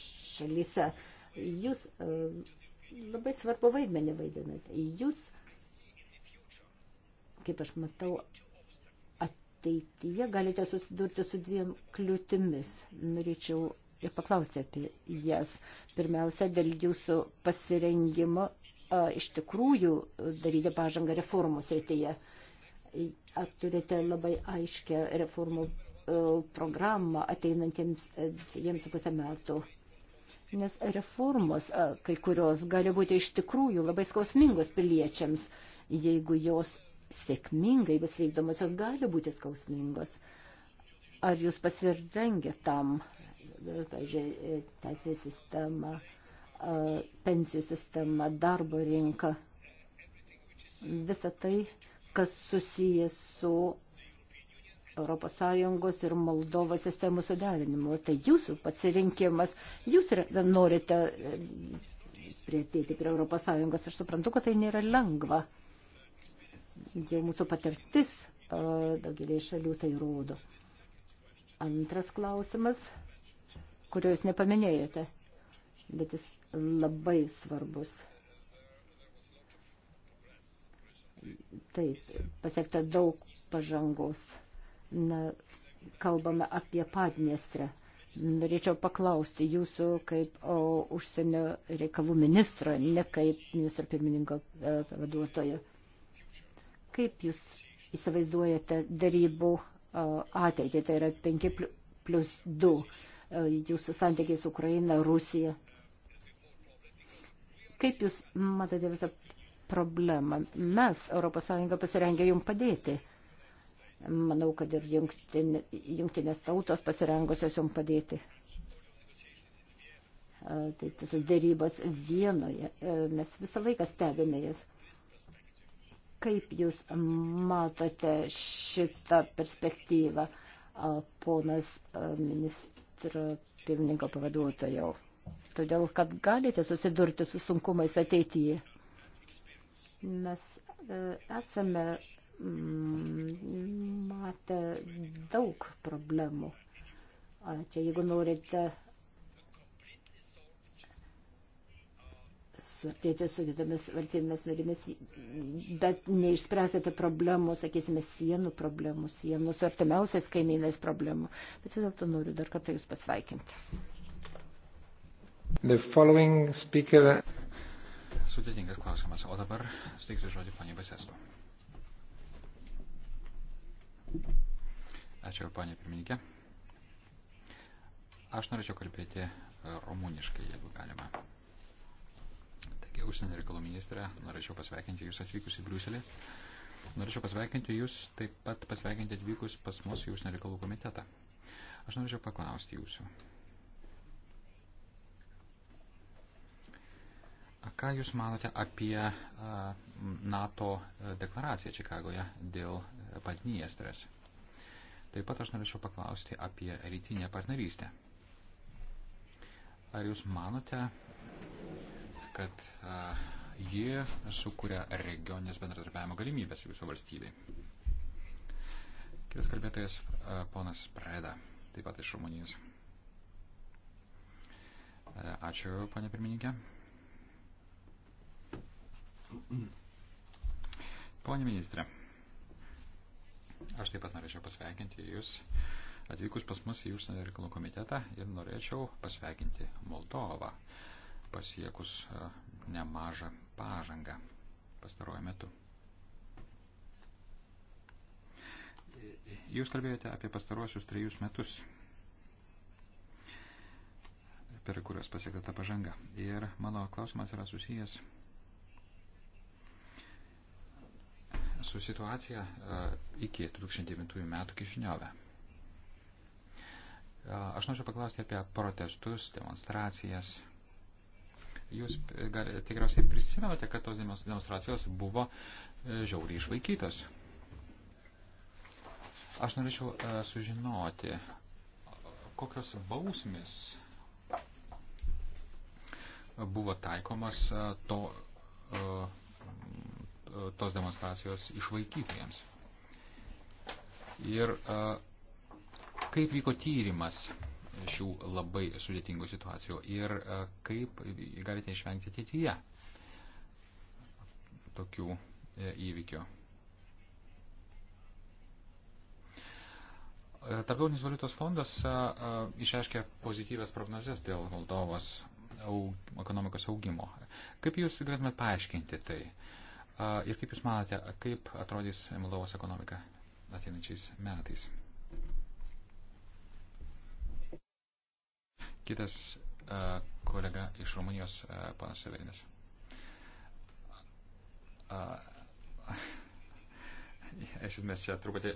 šalyse, jūs e, labai svarbu vaidmenį vaidinate. Jūs, kaip aš matau, ateityje galite susidurti su dviem kliūtimis. Norėčiau ir paklausti apie jas. Pirmiausia, dėl jūsų pasirengimo iš tikrųjų daryti pažangą reformų srityje. Ar turite labai aiškę reformų programą ateinantiems dviems su pusę metų? Nes reformos kai kurios gali būti iš tikrųjų labai skausmingos piliečiams, jeigu jos sėkmingai bus vykdomos, jos gali būti skausmingos. Ar jūs pasirengę tam, pažiūrėjau, teisinė sistema? pensijų sistema, darbo rinka, visa tai, kas susijęs su ES ir Moldovo sistemų suderinimu. Tai jūsų pasirinkimas, jūs norite prieartėti prie ES. Aš suprantu, kad tai nėra lengva. Jau mūsų patirtis daugelį šalių tai rodo. Antras klausimas, kurio jūs nepaminėjote bet jis labai svarbus. Taip, pasiekta daug pažangos. Na, kalbame apie Padniestrę. Norėčiau paklausti jūsų kaip o, užsienio reikalų ministro, ne kaip ministro pirmininko e, pavaduotojo. Kaip jūs įsivaizduojate darybų e, ateitį, tai yra 5 plus 2, e, jūsų santykiai su Ukraina, Rusija, Kaip Jūs matote visą problemą? Mes, ES, pasirengę Jums padėti. Manau, kad ir jungtinė, jungtinės tautos pasirengusios Jums padėti. Tai tiesiog dėrybos vienoje. Mes visą laiką stebime jas. Kaip Jūs matote šitą perspektyvą, ponas ministro pirmininko pavaduotojau? todėl kad galite susidurti su sunkumais ateityje. Mes e, esame mm, matę daug problemų. Čia jeigu norite suartėti su kitomis valstybėmis narimis, bet neišspręsite problemų, sakysime, sienų problemų, sienų su artimiausiais kaimynais problemų. Bet vis dėlto noriu dar kartą Jūs pasveikinti. Speaker... Sudėtingas klausimas, o dabar suteiksiu žodį poniai Basesko. Ačiū, ponė pirmininkė. Aš norėčiau kalbėti e, rumuniškai, jeigu galima. Taigi, užsienio reikalų ministrė, norėčiau pasveikinti Jūs atvykus į Briuselį. Norėčiau pasveikinti Jūs, taip pat pasveikinti atvykus pas mus į užsienio reikalų komitetą. Aš norėčiau paklausti Jūsų. Ką Jūs manote apie NATO e, deklaraciją Čikagoje dėl e, Padniestrės? Taip pat aš norėčiau paklausti apie rytinę partnerystę. Ar Jūs manote, kad ji sukuria regioninės bendradarbiavimo galimybės Jūsų valstybei? Kitas kalbėtojas ponas Preda, taip pat iš Rumunijos. E, ačiū, panė pirmininkė. Pone ministrė, aš taip pat norėčiau pasveikinti Jūs atvykus pas mus į užsienio reikalų komitetą ir norėčiau pasveikinti Moldovą pasiekus e, nemažą pažangą pastaruoju metu. Jūs kalbėjote apie pastaruosius trejus metus, per kuriuos pasiekta ta pažanga. Ir mano klausimas yra susijęs su situacija e, iki 2009 metų Kišiniove. E, aš noriu paklausti apie protestus, demonstracijas. Jūs e, gal, tikriausiai prisimenate, kad tos demonstracijos buvo žiauriai išvaikytos. Aš norėčiau sužinoti, kokios bausmės buvo taikomas to tos demonstracijos išvaikytojams. Ir kaip vyko tyrimas šių labai sudėtingų situacijų ir kaip galite išvengti ateityje tokių e, įvykių. E, Tarptautinis valiutos fondas išreiškė pozityvės prognozes dėl Moldovos ekonomikos augimo. Kaip Jūs galėtumėte paaiškinti tai? Ir kaip Jūs manote, kaip atrodys Moldovos ekonomika ateinančiais metais? Kitas kolega iš Rumunijos, panas Severinas. Iš esmės čia truputį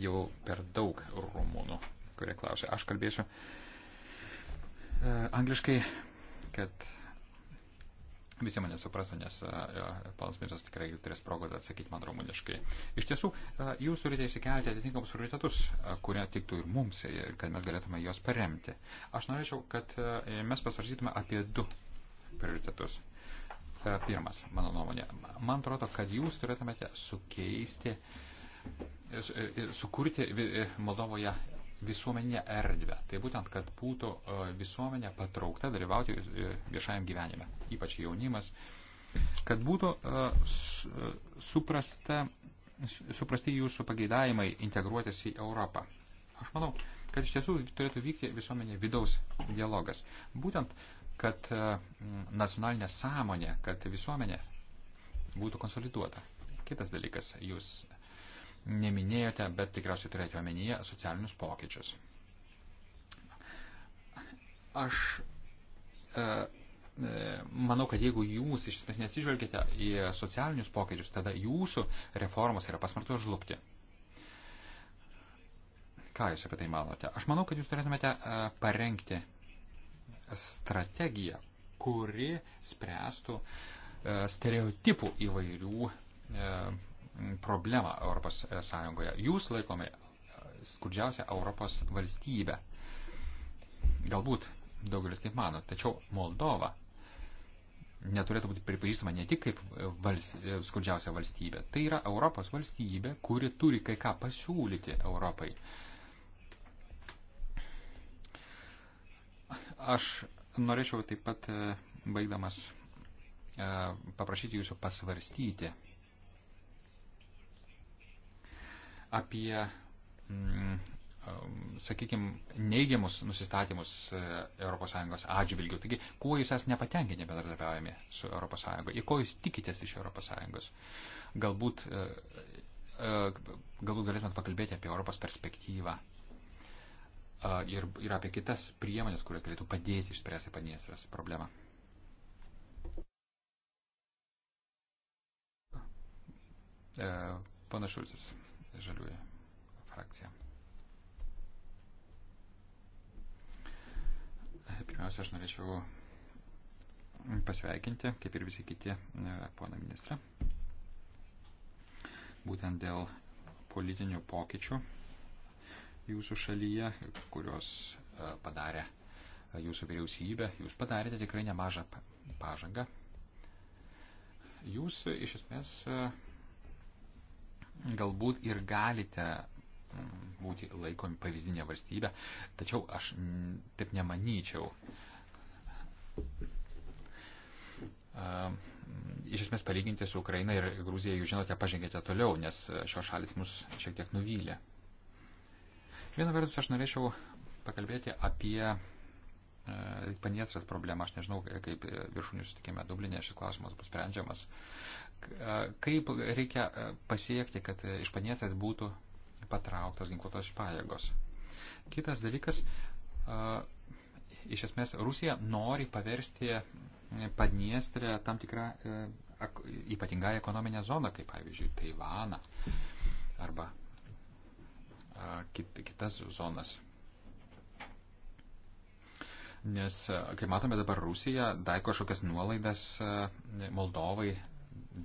jau per daug rumunų, kurie klausia. Aš kalbėsiu angliškai, kad Visi mane suprastų, nes e, e, panas ministras tikrai turės progą atsakyti man rumuniškai. Iš tiesų, e, jūs turite įsikelti atitinkamus prioritetus, kurie tiktų ir mums, ir kad mes galėtume juos paremti. Aš norėčiau, kad mes pasvarsytume apie du prioritetus. Pirmas, mano nuomonė. Man atrodo, kad jūs turėtumėte sukeisti, sukurti Moldovoje visuomeninę erdvę. Tai būtent, kad būtų e, visuomenė patraukta dalyvauti e, viešajam gyvenime, ypač jaunimas, kad būtų e, suprasta, suprasti jūsų pageidavimai integruotis į Europą. Aš manau, kad iš tiesų turėtų vykti visuomenė vidaus dialogas. Būtent, kad nacionalinė sąmonė, kad visuomenė būtų konsoliduota. Kitas dalykas, jūs neminėjote, bet tikriausiai turėjote omenyje socialinius pokyčius. Aš e, e manau, kad jeigu jūs iš esmės nesižvelgite į socialinius pokyčius, tada jūsų reformos yra pasmartos žlugti. Ką jūs apie tai manote? Aš manau, kad jūs turėtumėte e, parengti strategiją, kuri spręstų e, stereotipų įvairių problemą Europos Sąjungoje. Jūs laikomi skurdžiausia Europos valstybė. Galbūt daugelis taip mano, tačiau Moldova neturėtų būti pripažįstama ne tik kaip vals, skurdžiausia valstybė. Tai yra Europos valstybė, kuri turi kai ką pasiūlyti Europai. Aš norėčiau taip pat e, baigdamas e, paprašyti jūsų pasvarstyti apie, mm, um, sakykime, neigiamus nusistatymus ES atžvilgių. Taigi, kuo jūs esate nepatenkinti bendradarbiavami su ES ir ko jūs tikitės iš ES? Galbūt, e, e, galbūt galėtumėt pakalbėti apie Europos perspektyvą e, ir, ir apie kitas priemonės, kurios galėtų padėti išspręsti Padniestrės problemą. Panašulis žaliųjų frakcija. Pirmiausia, aš norėčiau pasveikinti, kaip ir visi kiti, e, poną ministrą. Būtent dėl politinių pokyčių jūsų šalyje, kurios e, padarė e, jūsų vyriausybė. Jūs padarėte tikrai nemažą pažangą. Jūs iš esmės galbūt ir galite mm, būti laikomi pavyzdinė valstybė, tačiau aš mm, taip nemanyčiau. Mm, iš esmės palyginti su Ukraina ir Gruzija, jūs žinote, pažengėte toliau, nes šios šalis mus šiek tiek nuvylė. Viena vertus, aš norėčiau pakalbėti apie E, Paniestras problema, aš nežinau, kaip viršūnių sutikime Dublinė šis klausimas bus sprendžiamas. E, kaip reikia e, pasiekti, kad iš Paniestras būtų patrauktos ginkluotos pajėgos. Kitas dalykas, iš esmės Rusija nori paversti Padniestrę tam tikrą ypatingą ekonominę zoną, kaip pavyzdžiui Taivaną arba kitas zonas Nes, e, kaip matome dabar, Rusija daiko kažkokias nuolaidas e, Moldovai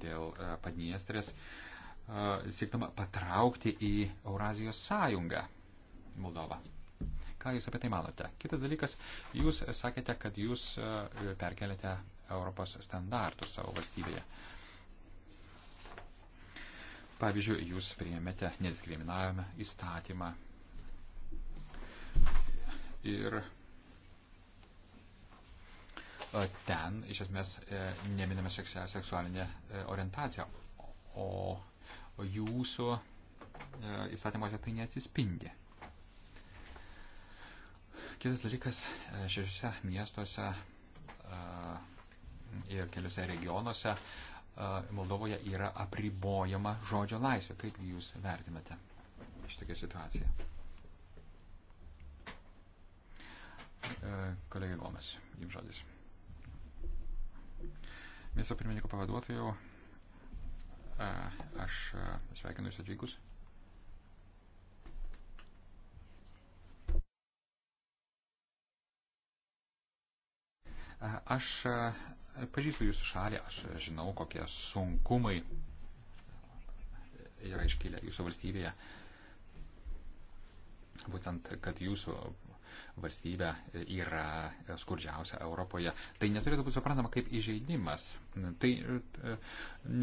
dėl e, Padniestrės, siektama patraukti į Eurazijos sąjungą Moldovą. Ką Jūs apie tai manote? Kitas dalykas, Jūs sakėte, kad Jūs perkeliate Europos standartus savo valstybėje. Pavyzdžiui, Jūs priėmėte nediskriminavimą įstatymą. Ir ten iš esmės e, neminime seksualinę e, orientaciją, o jūsų e, įstatymuose tai neatsispindi. Kitas dalykas, šešiuose miestuose ir keliuose regionuose Moldovoje yra apribojama žodžio laisvė. Kaip jūs vertinate šitokią situaciją? Kolegė Gomes, jums žodis. Viso pirmininko pavaduotojų, e, aš e, sveikinu Jūs atvykus. E, aš pažįstu Jūsų šalį, aš žinau, kokie sunkumai yra iškilę Jūsų valstybėje. Būtent, kad Jūsų valstybę yra skurdžiausia Europoje. Tai neturėtų būti suprantama kaip įžeidimas. Tai e,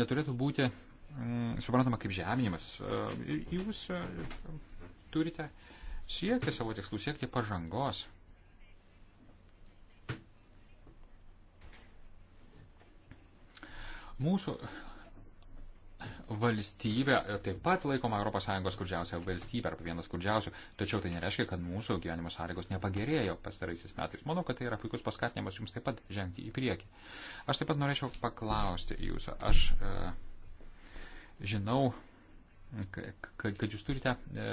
neturėtų būti mm, suprantama kaip žeminimas. E, jūs e, turite siekti savo tikslų, siekti pažangos. Mūsų valstybė taip pat laikoma ES skurdžiausia valstybė arba vienas skurdžiausių, tačiau tai nereiškia, kad mūsų gyvenimo sąlygos nepagerėjo pastaraisiais metais. Manau, kad tai yra puikus paskatinimas jums taip pat žengti į priekį. Aš taip pat norėčiau paklausti jūsų. Aš e, žinau, kad, kad jūs turite e,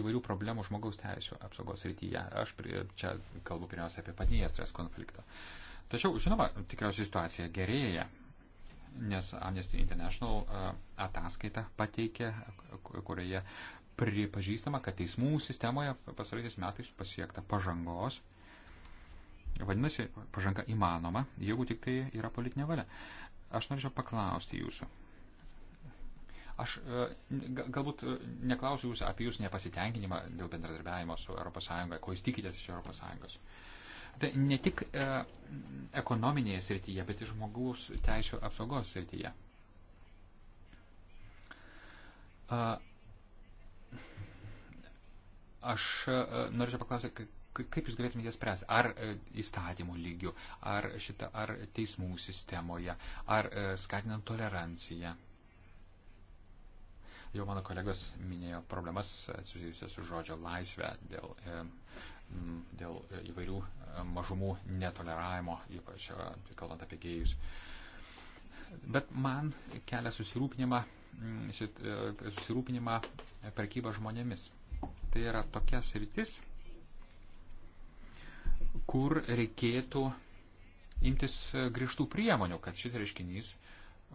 įvairių problemų žmogaus teisų apsaugos rytyje. Aš prie, čia kalbu pirmiausia apie Padniestrės konfliktą. Tačiau, žinoma, tikriausiai situacija gerėja nes Amnesty International e, ataskaita pateikė, kurioje pripažįstama, kad teismų sistemoje pasaraisiais metais pasiekta pažangos. Vadinasi, pažanga įmanoma, jeigu tik tai yra politinė valia. Aš norėčiau paklausti jūsų. Aš e, galbūt e, neklausiu jūsų apie jūsų nepasitenkinimą dėl bendradarbiavimo su ES, ko jūs tikitės iš ES. Tai ne tik e, ekonominėje srityje, bet ir žmogaus teisų apsaugos srityje. E, aš e, norėčiau paklausyti, kaip jūs galėtumėte spręsti? Ar e, įstatymų lygių, ar, šita, ar teismų sistemoje, ar e, skatinant toleranciją? Jau mano kolegos minėjo problemas e, susijusias su žodžio laisvę dėl dėl e, įvairių e, mažumų netoleravimo, ypač e, kalbant apie gėjus. Bet man kelia susirūpinimą, susirūpinimą prekyba žmonėmis. Tai yra tokia sritis, kur reikėtų imtis griežtų priemonių, kad šis reiškinys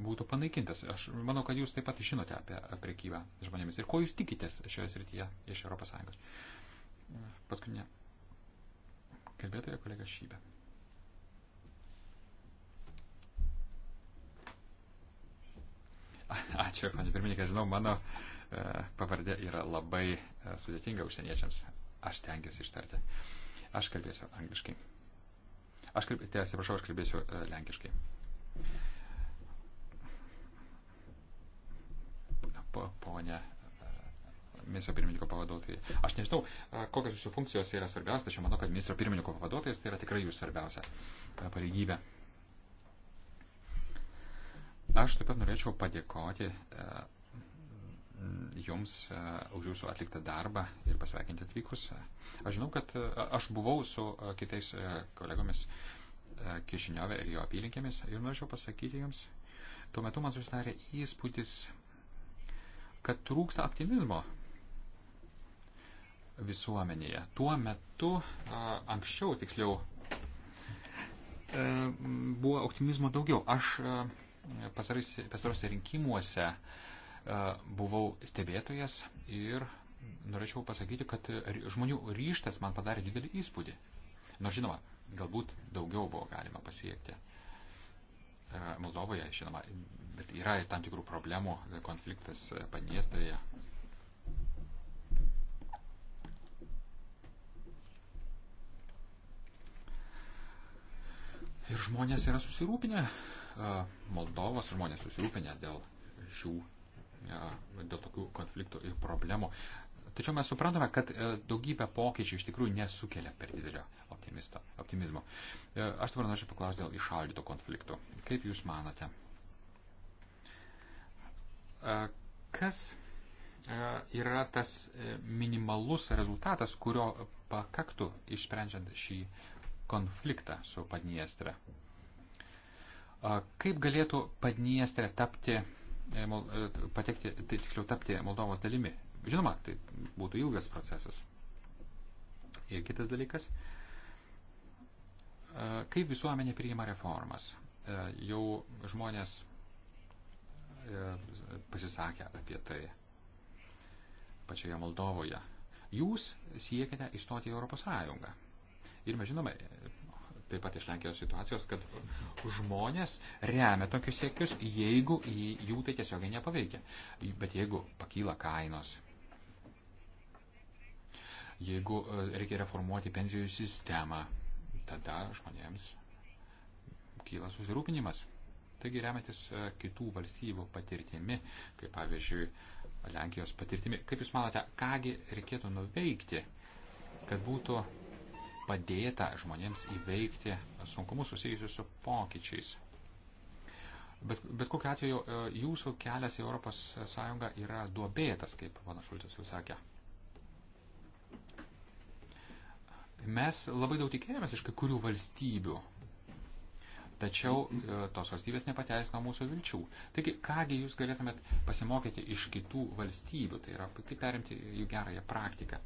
būtų panaikintas. Aš manau, kad jūs taip pat žinote apie prekybą žmonėmis ir ko jūs tikitės šioje srityje iš ES. Paskutinė Kalbėtoja kolega Šybė. Ačiū, man pirmininkė, žinau, mano e, pavardė yra labai e, sudėtinga užsieniečiams. Aš tengiuosi ištarti. Aš kalbėsiu angliškai. Aš kalbėsiu, tai atsiprašau, aš kalbėsiu e, lenkiškai. Pone ministro pirmininko pavaduotojai. Aš nežinau, kokios jūsų funkcijos yra svarbiausia, tačiau manau, kad ministro pirmininko pavaduotojas tai yra tikrai jūsų svarbiausia pareigybė. Aš taip pat norėčiau padėkoti Jums už Jūsų atliktą darbą ir pasveikinti atvykus. Aš žinau, kad aš buvau su kitais kolegomis Kišiniove ir jo apylinkėmis ir norėčiau pasakyti Jums, tuo metu man susidarė įspūdis, kad trūksta optimizmo visuomenėje. Tuo metu, anksčiau tiksliau, e, buvo optimizmo daugiau. Aš pastarosiuose rinkimuose buvau stebėtojas ir norėčiau pasakyti, kad žmonių ryštas man padarė didelį įspūdį. Nors žinoma, galbūt daugiau buvo galima pasiekti. Moldovoje, žinoma, bet yra tam tikrų problemų, konfliktas Padniestrėje, Ir žmonės yra susirūpinę, Moldovos žmonės susirūpinę dėl šių, dėl tokių konfliktų ir problemų. Tačiau mes suprantame, kad e, daugybė pokyčių iš tikrųjų nesukelia per didelio optimizmo. E, aš dabar norėčiau paklausti dėl išaldyto konfliktų. Kaip Jūs manote? Kas yra tas e, minimalus rezultatas, kurio pakaktų išsprendžiant šį konfliktą su Padniestre. Kaip galėtų Padniestrė tapti, e, e, patekti, tai tiksliau tapti Moldovos dalimi? Žinoma, tai būtų ilgas procesas. Ir kitas dalykas, kaip visuomenė priima reformas. E, jau žmonės pasisakė apie tai pačioje Moldovoje. Jūs siekiate įstoti į Europos Sąjungą. Ir mes žinome, taip pat iš Lenkijos situacijos, kad žmonės remia tokius siekius, jeigu jų tai tiesiogiai nepaveikia. Bet jeigu pakyla kainos, jeigu e, reikia reformuoti pensijų sistemą, tada žmonėms kyla susirūpinimas. Taigi remiantis e, kitų valstybių patirtimi, kaip pavyzdžiui Lenkijos patirtimi, kaip Jūs manote, kągi reikėtų nuveikti, kad būtų padėta žmonėms įveikti sunkumus susijusius su pokyčiais. Bet, bet kokiu atveju e, jūsų kelias į ES yra duobėtas, kaip panašultis jūs sakė. Mes labai daug tikėjomės iš kai kurių valstybių, tačiau e, tos valstybės nepateisino mūsų vilčių. Taigi, kągi jūs galėtumėt pasimokyti iš kitų valstybių, tai yra kaip perimti jų gerąją praktiką.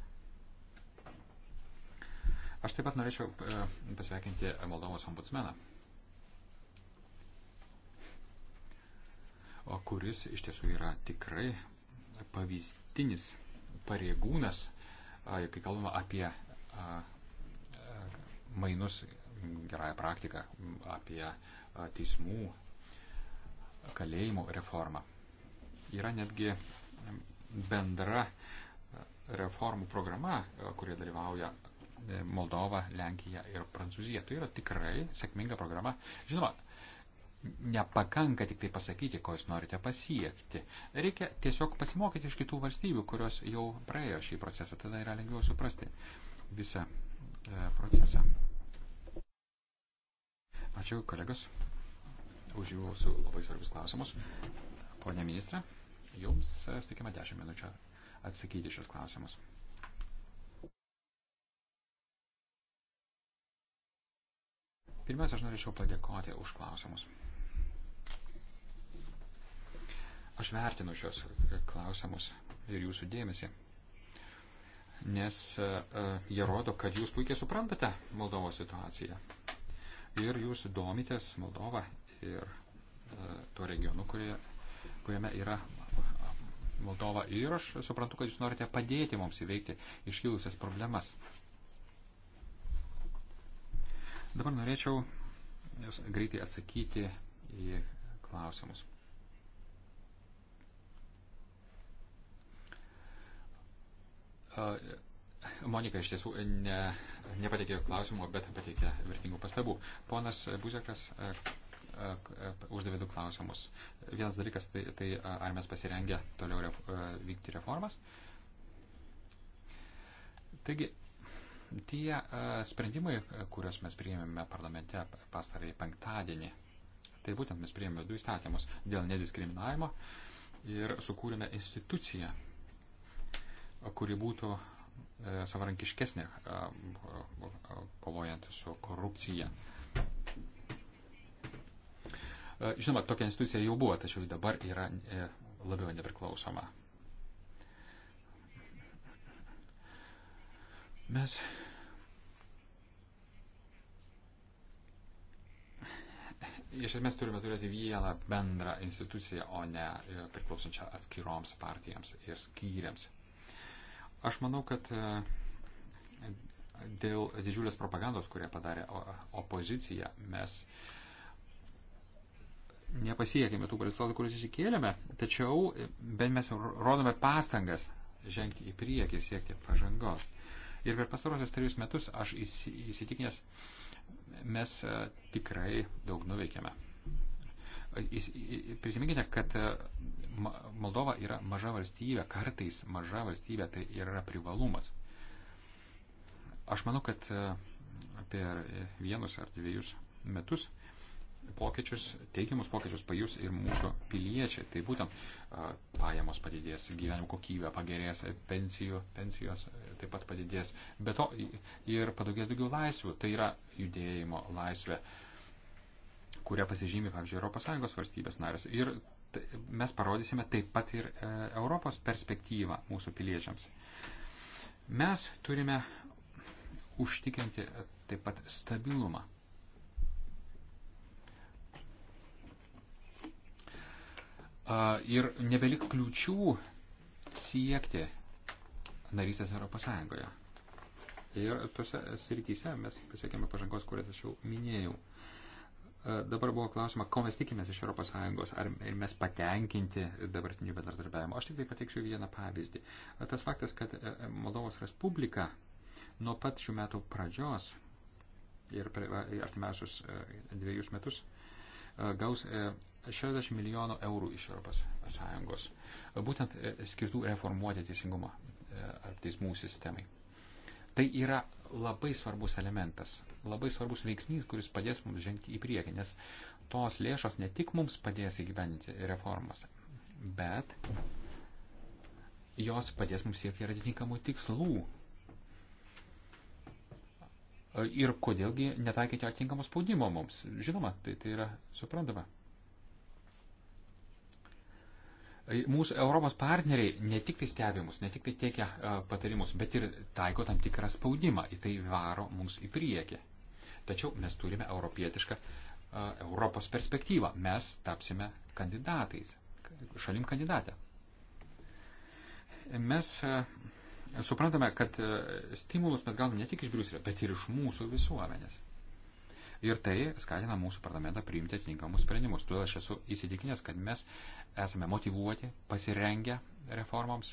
Aš taip pat norėčiau e, pasveikinti Moldovos ombudsmeną, kuris iš tiesų yra tikrai pavyzdinis pareigūnas, kai kalbama apie mainus gerąją praktiką, apie teismų kalėjimų reformą. Yra netgi bendra reformų programa, kurie dalyvauja E, Moldova, Lenkija ir Prancūzija. Tai yra tikrai sėkminga programa. Žinoma, nepakanka tik tai pasakyti, ko jūs norite pasiekti. Reikia tiesiog pasimokyti iš kitų valstybių, kurios jau praėjo šį procesą. Tada yra lengviau suprasti visą e, procesą. Ačiū, kolegos, už jūsų labai svarbius klausimus. Pone ministra, jums e, sutikime 10 minučių atsakyti šios klausimus. Pirmiausia, aš norėčiau padėkoti už klausimus. Aš vertinu šios klausimus ir jūsų dėmesį, nes e, e, jie rodo, kad jūs puikiai suprantate Moldovo situaciją ir jūs domitės Moldova ir e, tuo regionu, kurie, kuriame yra Moldova. Ir aš suprantu, kad jūs norite padėti mums įveikti iškilusias problemas. Dabar norėčiau greitai atsakyti į klausimus. Monika iš tiesų ne, nepateikė klausimo, bet pateikė vertingų pastabų. Ponas Buzekas uždavė du klausimus. Vienas dalykas, tai, tai ar mes pasirengę toliau ref, vykti reformas. Taigi, Tie e, sprendimai, kuriuos mes priėmėme parlamente pastarąjį penktadienį, tai būtent mes priėmėme du įstatymus dėl nediskriminavimo ir sukūrėme instituciją, kuri būtų e, savarankiškesnė e, kovojant su korupcija. Žinoma, tokia institucija jau buvo, tačiau dabar yra labiau nepriklausoma. Mes iš esmės turime turėti vieną bendrą instituciją, o ne e, priklausančią atskiroms partijams ir skyriams. Aš manau, kad e, dėl didžiulės propagandos, kurią padarė opozicija, mes nepasiekėme tų rezultatų, kuriuos įsikėlėme, tačiau e, bent mes rodome pastangas žengti į priekį, siekti pažangos. Ir per pastarosius trejus metus aš įsitikinęs, mes e, tikrai daug nuveikėme. Prisiminkite, kad e, Moldova yra maža valstybė, kartais maža valstybė tai yra privalumas. Aš manau, kad e, per vienus ar dviejus metus pokyčius, teigiamus pokyčius pajus ir mūsų piliečiai. Tai būtent pajamos padidės, gyvenimo kokybė pagerės, pensijų, pensijos e, taip pat padidės. Be to ir padaugės daugiau laisvių, tai yra judėjimo laisvė, kurią pasižymė, pavyzdžiui, ES valstybės narės. Ir mes parodysime taip pat ir e, Europos perspektyvą mūsų piliečiams. Mes turime užtikrinti e, taip pat stabilumą ir nebelik kliūčių siekti narystės Europos Sąjungoje. Ir tose srityse mes pasiekėme pažangos, kurias aš jau minėjau. Dabar buvo klausima, ko mes tikimės iš Europos Sąjungos, ar mes patenkinti dabartiniu bendradarbiavimu. Aš tik tai pateiksiu vieną pavyzdį. Tas faktas, kad e, e, Moldovos Respublika nuo pat šių metų pradžios ir artimiausius e, dviejus metus gaus 60 milijonų eurų iš ES, būtent e, skirtų reformuoti teisingumą e, ar teismų sistemai. Tai yra labai svarbus elementas, labai svarbus veiksnys, kuris padės mums žengti į priekį, nes tos lėšos ne tik mums padės įgyveninti reformas, bet jos padės mums siekti ir atitinkamų tikslų. E, ir kodėlgi netaikyti atitinkamo spaudimo mums. Žinoma, tai, tai yra suprantama. mūsų Europos partneriai ne tik tai stebimus, ne tik tai tiekia e, patarimus, bet ir taiko tam tikrą spaudimą, į tai varo mums į priekį. Tačiau mes turime europietišką e, Europos perspektyvą. Mes tapsime kandidatais, šalim kandidatę. Mes e, suprantame, kad stimulus mes gauname ne tik iš Briuselio, bet ir iš mūsų visuomenės. Ir tai skatina mūsų parlamentą priimti atitinkamus sprendimus. Todėl aš esu įsitikinęs, kad mes esame motivuoti, pasirengę reformoms.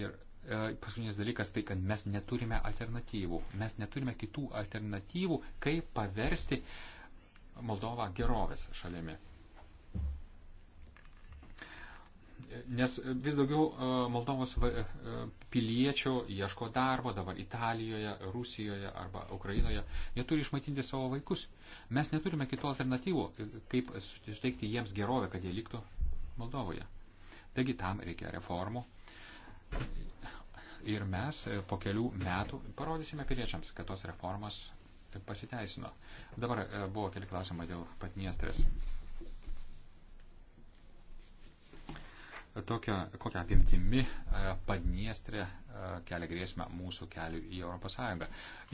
Ir e, paskutinis dalykas tai, kad mes neturime alternatyvų. Mes neturime kitų alternatyvų, kaip paversti Moldovą gerovės šalimi. nes vis daugiau e, Moldovos e, e, piliečių ieško darbo dabar Italijoje, Rusijoje arba Ukrainoje. Jie turi išmaitinti savo vaikus. Mes neturime kitų alternatyvų, kaip suteikti jiems gerovę, kad jie liktų Moldovoje. Taigi tam reikia reformų. Ir mes po kelių metų parodysime piliečiams, kad tos reformos pasiteisino. Dabar buvo keli klausimai dėl Patniestrės. tokia, kokia apimtimi e, Padniestrė e, kelia grėsmę mūsų keliu į ES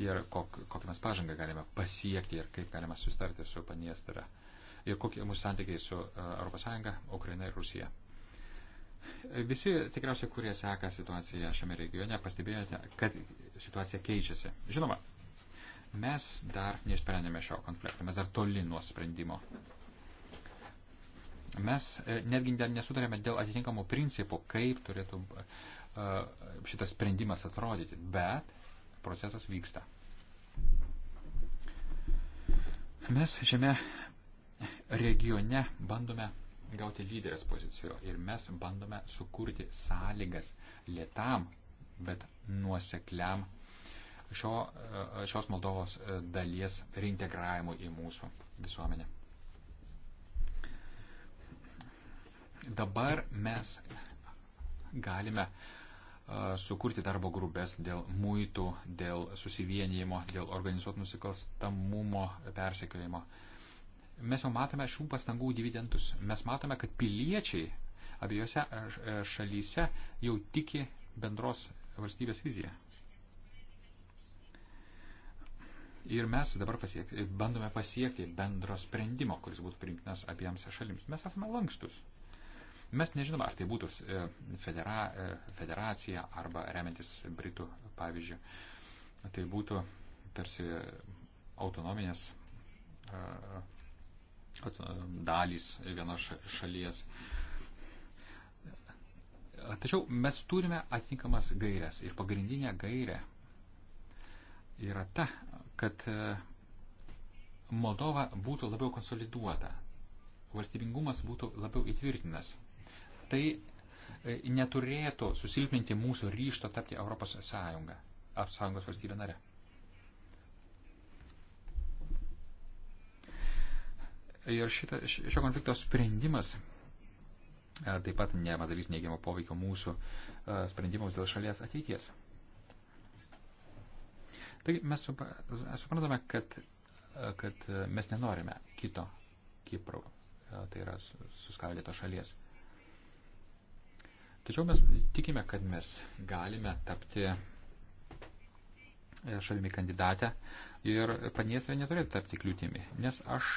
ir kok, kokią mes pažangą galime pasiekti ir kaip galime sustarti su Padniestrė ir kokie mūsų santykiai su ES, Ukraina ir Rusija. Visi tikriausiai, kurie seka situaciją šiame regione, pastebėjote, kad situacija keičiasi. Žinoma, mes dar neišsprendėme šio konflikto, mes dar toli nuo sprendimo mes e, netgi dar nesutarėme dėl atitinkamų principų, kaip turėtų e, šitas sprendimas atrodyti, bet procesas vyksta. Mes šiame regione bandome gauti lyderės pozicijų ir mes bandome sukurti sąlygas lietam, bet nuosekliam šio, e, šios Moldovos dalies reintegravimui į mūsų visuomenę. Dabar mes galime sukurti darbo grupės dėl muitų, dėl susivienijimo, dėl organizuotų nusikalstamumo persekiojimo. Mes jau matome šių pastangų dividendus. Mes matome, kad piliečiai abiejose šalyse jau tiki bendros valstybės viziją. Ir mes dabar pasiek, bandome pasiekti bendro sprendimo, kuris būtų priimtinas abiems šalims. Mes esame lankstus. Mes nežinome, ar tai būtų e, federa, e, federacija arba remiantis Britų pavyzdžių. Tai būtų tarsi autonominės e, dalys vienos šalies. Tačiau mes turime atitinkamas gairias ir pagrindinė gairė yra ta, kad Moldova būtų labiau konsoliduota, valstybingumas būtų labiau įtvirtinas tai e, neturėtų susilpninti mūsų ryšto tapti Europos Sąjunga, Sąjungos valstybė nare. Ir šita, šio konflikto sprendimas e, taip pat nepadarys neigiamo poveikio mūsų e, sprendimams dėl šalies ateities. Taigi mes suprantame, kad, kad mes nenorime kito Kipro, tai yra suskaldyto šalies. Tačiau mes tikime, kad mes galime tapti e, šalimi kandidatę ir Padniestrė neturėtų tapti kliūtimi, nes aš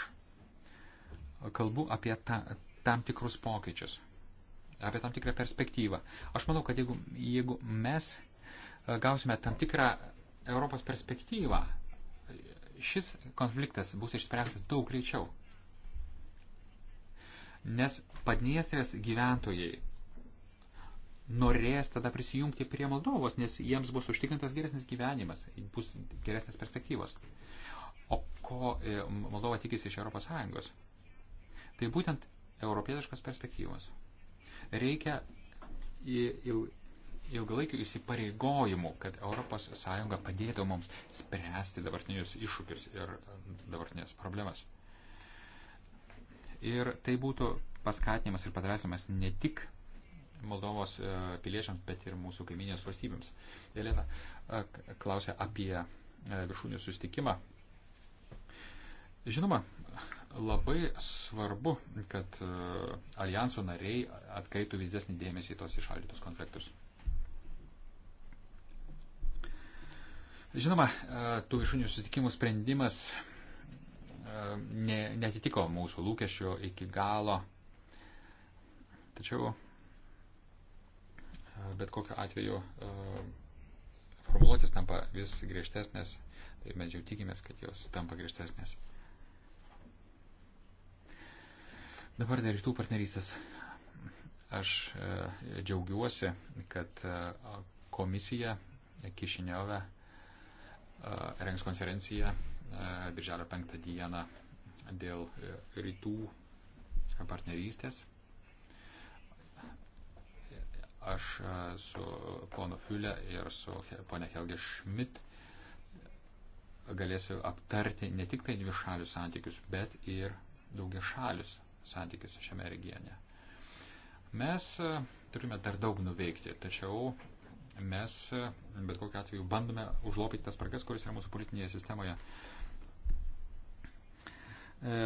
kalbu apie ta, tam tikrus pokyčius, apie tam tikrą perspektyvą. Aš manau, kad jeigu, jeigu mes e, gausime tam tikrą Europos perspektyvą, šis konfliktas bus išspręstas daug greičiau. Nes Padniestrės gyventojai norės tada prisijungti prie Moldovos, nes jiems bus užtikrintas geresnis gyvenimas, bus geresnės perspektyvos. O ko e, Moldova tikisi iš ES? Tai būtent europietiškos perspektyvos. Reikia ilgalaikių įsipareigojimų, kad ES padėtų mums spręsti dabartinius iššūkius ir e, dabartinės problemas. Ir tai būtų paskatinimas ir padrasimas ne tik Moldovos e, piliečiams, bet ir mūsų kaiminės valstybėms. Elena e, klausė apie e, viršūnių sustikimą. Žinoma, labai svarbu, kad alijanso nariai atkreiptų vis desnį dėmesį į tos išaldytus konfliktus. Žinoma, tų viršūnių susitikimų sprendimas ne, netitiko mūsų lūkesčio iki galo. Tačiau bet kokiu atveju e, formuluotės tampa vis griežtesnės, tai mes jau tikimės, kad jos tampa griežtesnės. Dabar dėl rytų partnerystės. Aš e, džiaugiuosi, kad e, komisija Kišiniove rengs konferenciją birželio penktą dieną dėl rytų partnerystės. Aš e, su ponu Fiulė ir su ponia Helge Schmidt galėsiu aptarti ne tik tai dvišalius santykius, bet ir daugiašalius santykius šiame regione. Mes e, turime dar daug nuveikti, tačiau mes e, bet kokiu atveju bandome užlopyti tas spragas, kuris yra mūsų politinėje sistemoje. E,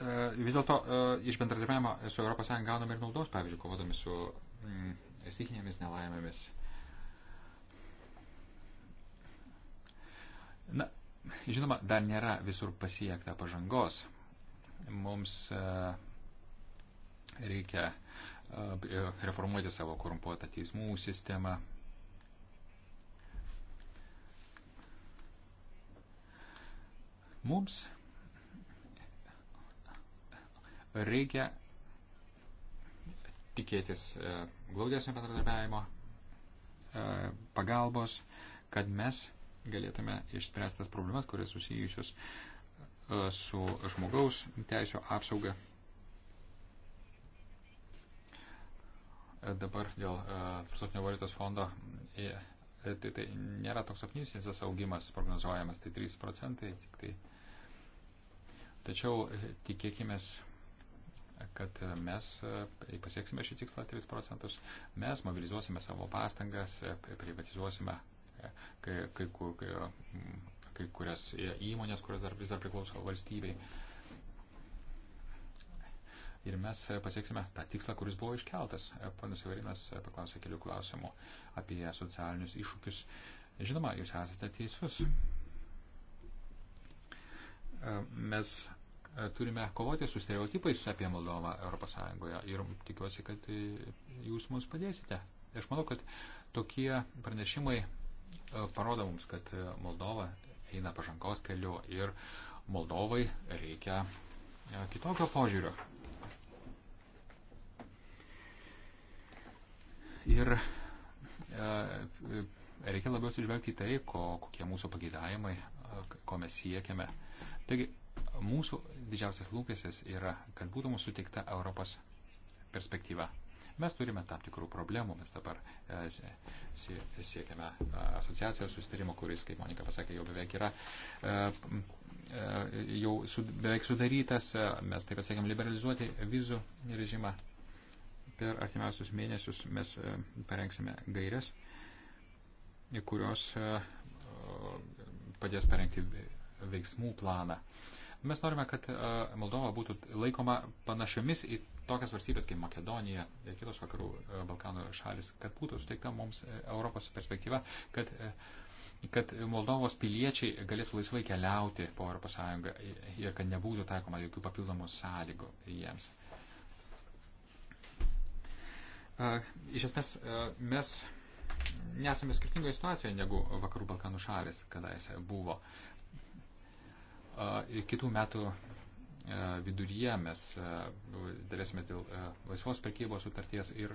E, vis dėlto e, iš bendradarbiavimo su ES gauname ir naudos, pavyzdžiui, kovodami su mm, stichinėmis nelaimėmis. Na, žinoma, dar nėra visur pasiekta pažangos. Mums e, reikia reformuoti savo korumpuotą teismų sistemą. Mums Reikia tikėtis e, glaudesnio bendradarbiavimo, e, pagalbos, kad mes galėtume išspręsti tas problemas, kurias susijusios e, su žmogaus teisio apsauga. Dabar dėl Tarptautinio valiutos fondo tai, tai nėra toks optimistinis augimas prognozuojamas, tai 3 procentai tik tai. Tačiau tikėkime, kad mes e, pasieksime šį tikslą 3 procentus, mes mobilizuosime savo pastangas, e, privatizuosime e, kai, kai, kai, kai kurias įmonės, kurios dar vis dar priklauso valstybei. Ir mes pasieksime tą tikslą, kuris buvo iškeltas. Panas Ivarinas paklausė kelių klausimų apie socialinius iššūkius. Žinoma, jūs esate teisus. Mes turime kovoti su stereotipais apie Moldovą ES ir tikiuosi, kad jūs mums padėsite. Aš manau, kad tokie pranešimai e, parodo mums, kad Moldova eina pažangos keliu ir Moldovai reikia e, kitokio požiūrio. Ir e, reikia labiau atsižvelgti į tai, ko, kokie mūsų pageidavimai, ko mes siekiame. Taigi, Mūsų didžiausias lūkestis yra, kad būtų mums suteikta Europos perspektyva. Mes turime tam tikrų problemų, mes dabar e, siekiame e, asociacijos sustarimo, kuris, kaip Monika pasakė, jau beveik yra e, jau su, beveik sudarytas, mes taip pat siekiam liberalizuoti vizų režimą. Per artimiausius mėnesius mes parengsime gairias, kurios padės parengti veiksmų planą. Uh, Mes norime, kad e, Moldova būtų laikoma panašiomis į tokias valstybės kaip Makedonija ir kitos vakarų e, Balkanų šalis, kad būtų suteikta mums e, Europos perspektyva, kad kad Moldovos piliečiai galėtų laisvai keliauti po ES ir kad nebūtų taikoma jokių papildomų sąlygų jiems. Iš esmės, mes nesame skirtingoje situacijoje negu Vakarų Balkanų šalis, kadaise buvo kitų metų viduryje mes dėlėsime dėl laisvos prekybos sutarties ir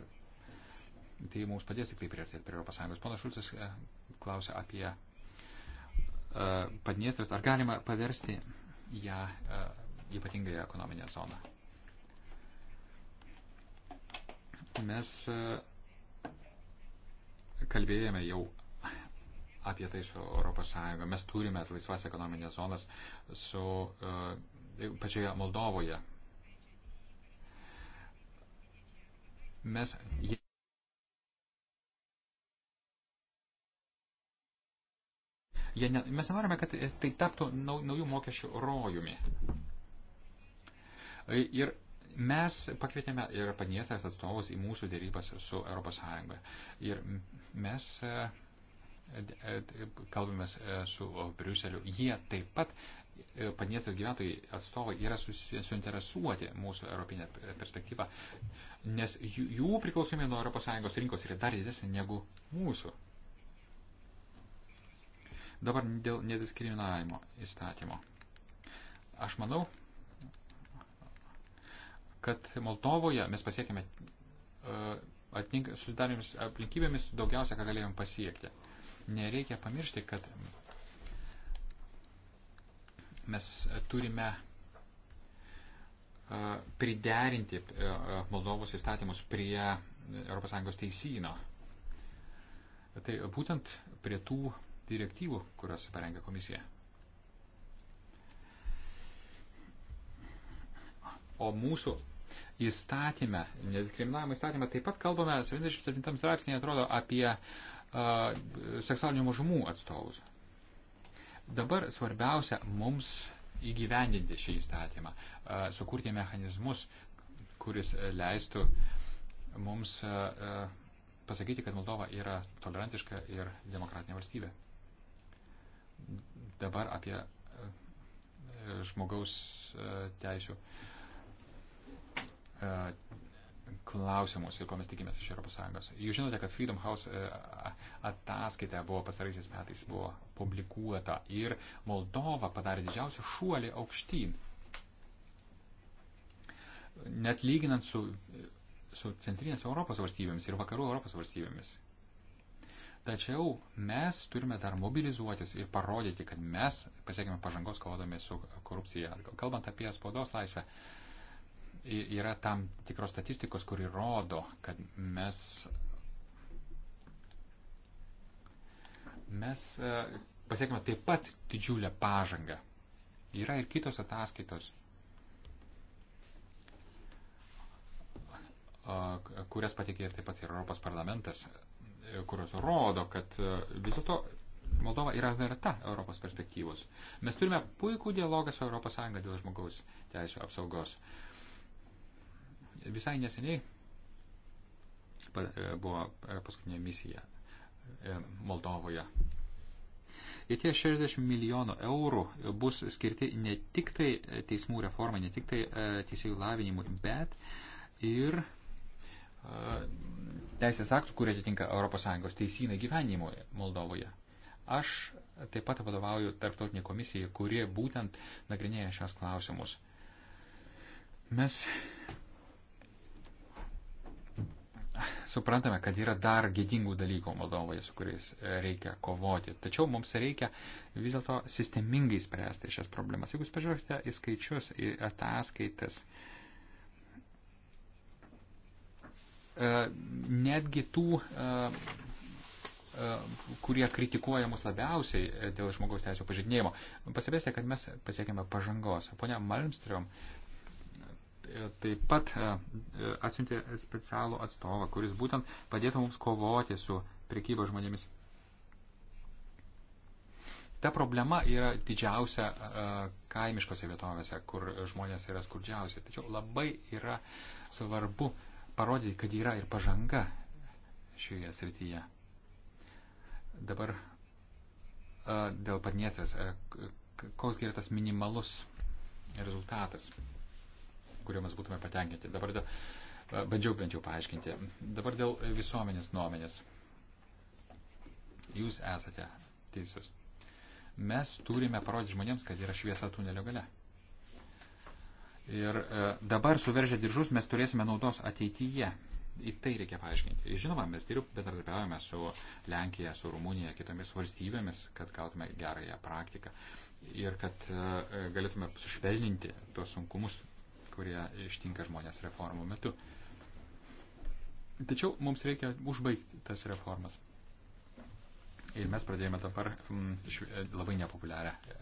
tai mums padės tik tai priartėti prie Europos Sąjungos. Ponas Šulcas klausė apie Padniestrės, ar galima paversti ją ypatingąją ekonominę zoną. Mes kalbėjome jau apie tai su ES. Mes turime laisvas ekonominės zonas su uh, pačioje Moldovoje. Mes. Jie ne, mes nenorime, kad tai taptų nau, naujų mokesčių rojumi. E, ir mes pakvietėme ir panietės atstovus į mūsų dėrybas su ES. Ir mes e, kalbame su Briuseliu, jie taip pat, e, padniestrės gyventojai atstovai, yra suinteresuoti mūsų europinę perspektyvą, nes jų priklausomybė nuo ES rinkos yra dar didesnė negu mūsų. Dabar dėl nediskriminavimo įstatymo. Aš manau, kad Moldovoje mes pasiekėme uh, susidarėmis aplinkybėmis daugiausia, ką galėjom pasiekti. Uh, Nereikia pamiršti, kad mes turime e, priderinti e, e, Moldovos įstatymus prie ES teisyno. Tai būtent prie tų direktyvų, kurias parengė komisija. O mūsų įstatymę, nediskriminavimo įstatymę, taip pat kalbame 77 straipsnėje, atrodo, apie seksualinių mažumų atstovus. Dabar svarbiausia mums įgyvendinti šį įstatymą, sukurti mechanizmus, kuris leistų mums pasakyti, kad Moldova yra tolerantiška ir demokratinė valstybė. Dabar apie žmogaus teisų klausimus ir ko mes tikimės iš ES. Jūs žinote, kad Freedom House e, ataskaita buvo pastaraisiais metais buvo publikuota ir Moldova padarė didžiausią šuolį aukštyn. Net lyginant su, su centrinės Europos valstybėmis ir vakarų Europos valstybėmis. Tačiau mes turime dar mobilizuotis ir parodyti, kad mes pasiekime pažangos kovodami su korupcija. Kalbant apie spaudos laisvę, uh, yra tam tikros statistikos, kuri rodo, kad mes, mes e, pasiekime taip pat didžiulę pažangą. Yra ir kitos ataskaitos, e, kurias patikė ir taip pat ir Europos parlamentas, e, kurios rodo, kad vis dėlto Moldova yra verta Europos perspektyvos. Mes turime puikų dialogą su ES dėl žmogaus teisų apsaugos. Uh, Visai neseniai e, buvo e, paskutinė misija e, Moldovoje. Ir tie 60 milijonų eurų bus skirti ne tik tai teismų reformai, ne tik tai teisėjų lavinimui, bet ir teisės aktų, kurie atitinka ES teisynai gyvenimui Moldovoje. Aš taip pat vadovauju tarptautinė komisija, kurie būtent nagrinėja šios klausimus. Mes suprantame, kad yra dar gėdingų dalykų Moldovoje, su kuriais e, reikia kovoti. Tačiau mums reikia vis dėlto sistemingai spręsti šias problemas. Jeigu jūs pažvelgsite į skaičius, į ataskaitas, e, netgi tų, e, kurie kritikuoja mus labiausiai dėl žmogaus teisų pažydinėjimo, pasibėsite, kad mes pasiekėme pažangos. Pone Malmström taip pat e, e, atsiuntė specialų atstovą, kuris būtent padėtų mums kovoti su prekyba žmonėmis. Ta problema yra didžiausia e, kaimiškose vietovėse, kur žmonės yra skurdžiausi. Tačiau labai yra svarbu parodyti, kad yra ir pažanga šioje srityje. Dabar dėl padniestrės, koks yra tas minimalus rezultatas kuriomis būtume patenkinti. Dabar dėl, e, bandžiau bent jau paaiškinti. Dabar dėl visuomenės nuomenės. Jūs esate teisus. Mes turime parodyti žmonėms, kad yra šviesa tunelio gale. Ir e, dabar suveržę diržus mes turėsime naudos ateityje. Į tai reikia paaiškinti. Žinoma, mes dirb, bendradarbiavame su Lenkija, su Rumunija, kitomis valstybėmis, kad gautume gerąją praktiką ir kad e, galėtume sušvelninti tuos sunkumus, kurie ištinka žmonės reformų metu. Tačiau mums reikia užbaigti tas reformas. Ir mes pradėjome dabar m, mm, šv labai nepopuliarią e,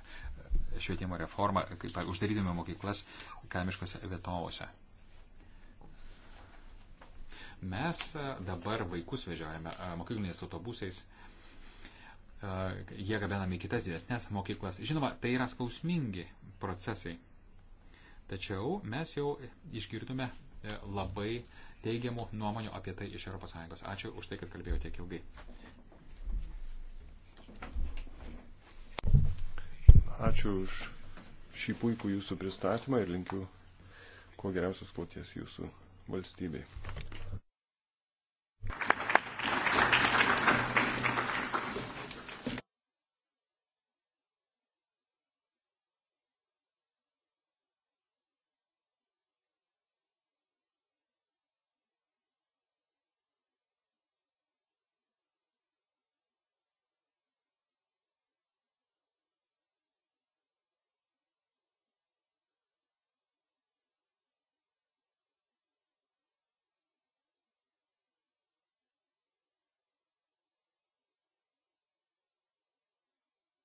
švietimo reformą, kaip e, uždarydami mokyklas kaimiškose vietovose. Mes e, dabar vaikus vežiojame mokykliniais autobusais, jie gabenami į kitas didesnės mokyklas. Žinoma, tai yra skausmingi procesai. Tačiau mes jau išgirdome e, labai teigiamų nuomonių apie tai iš ES. Ačiū už tai, kad kalbėjau tiek ilgai. Ačiū už šį puikų jūsų pristatymą ir linkiu kuo geriausios kloties jūsų valstybei.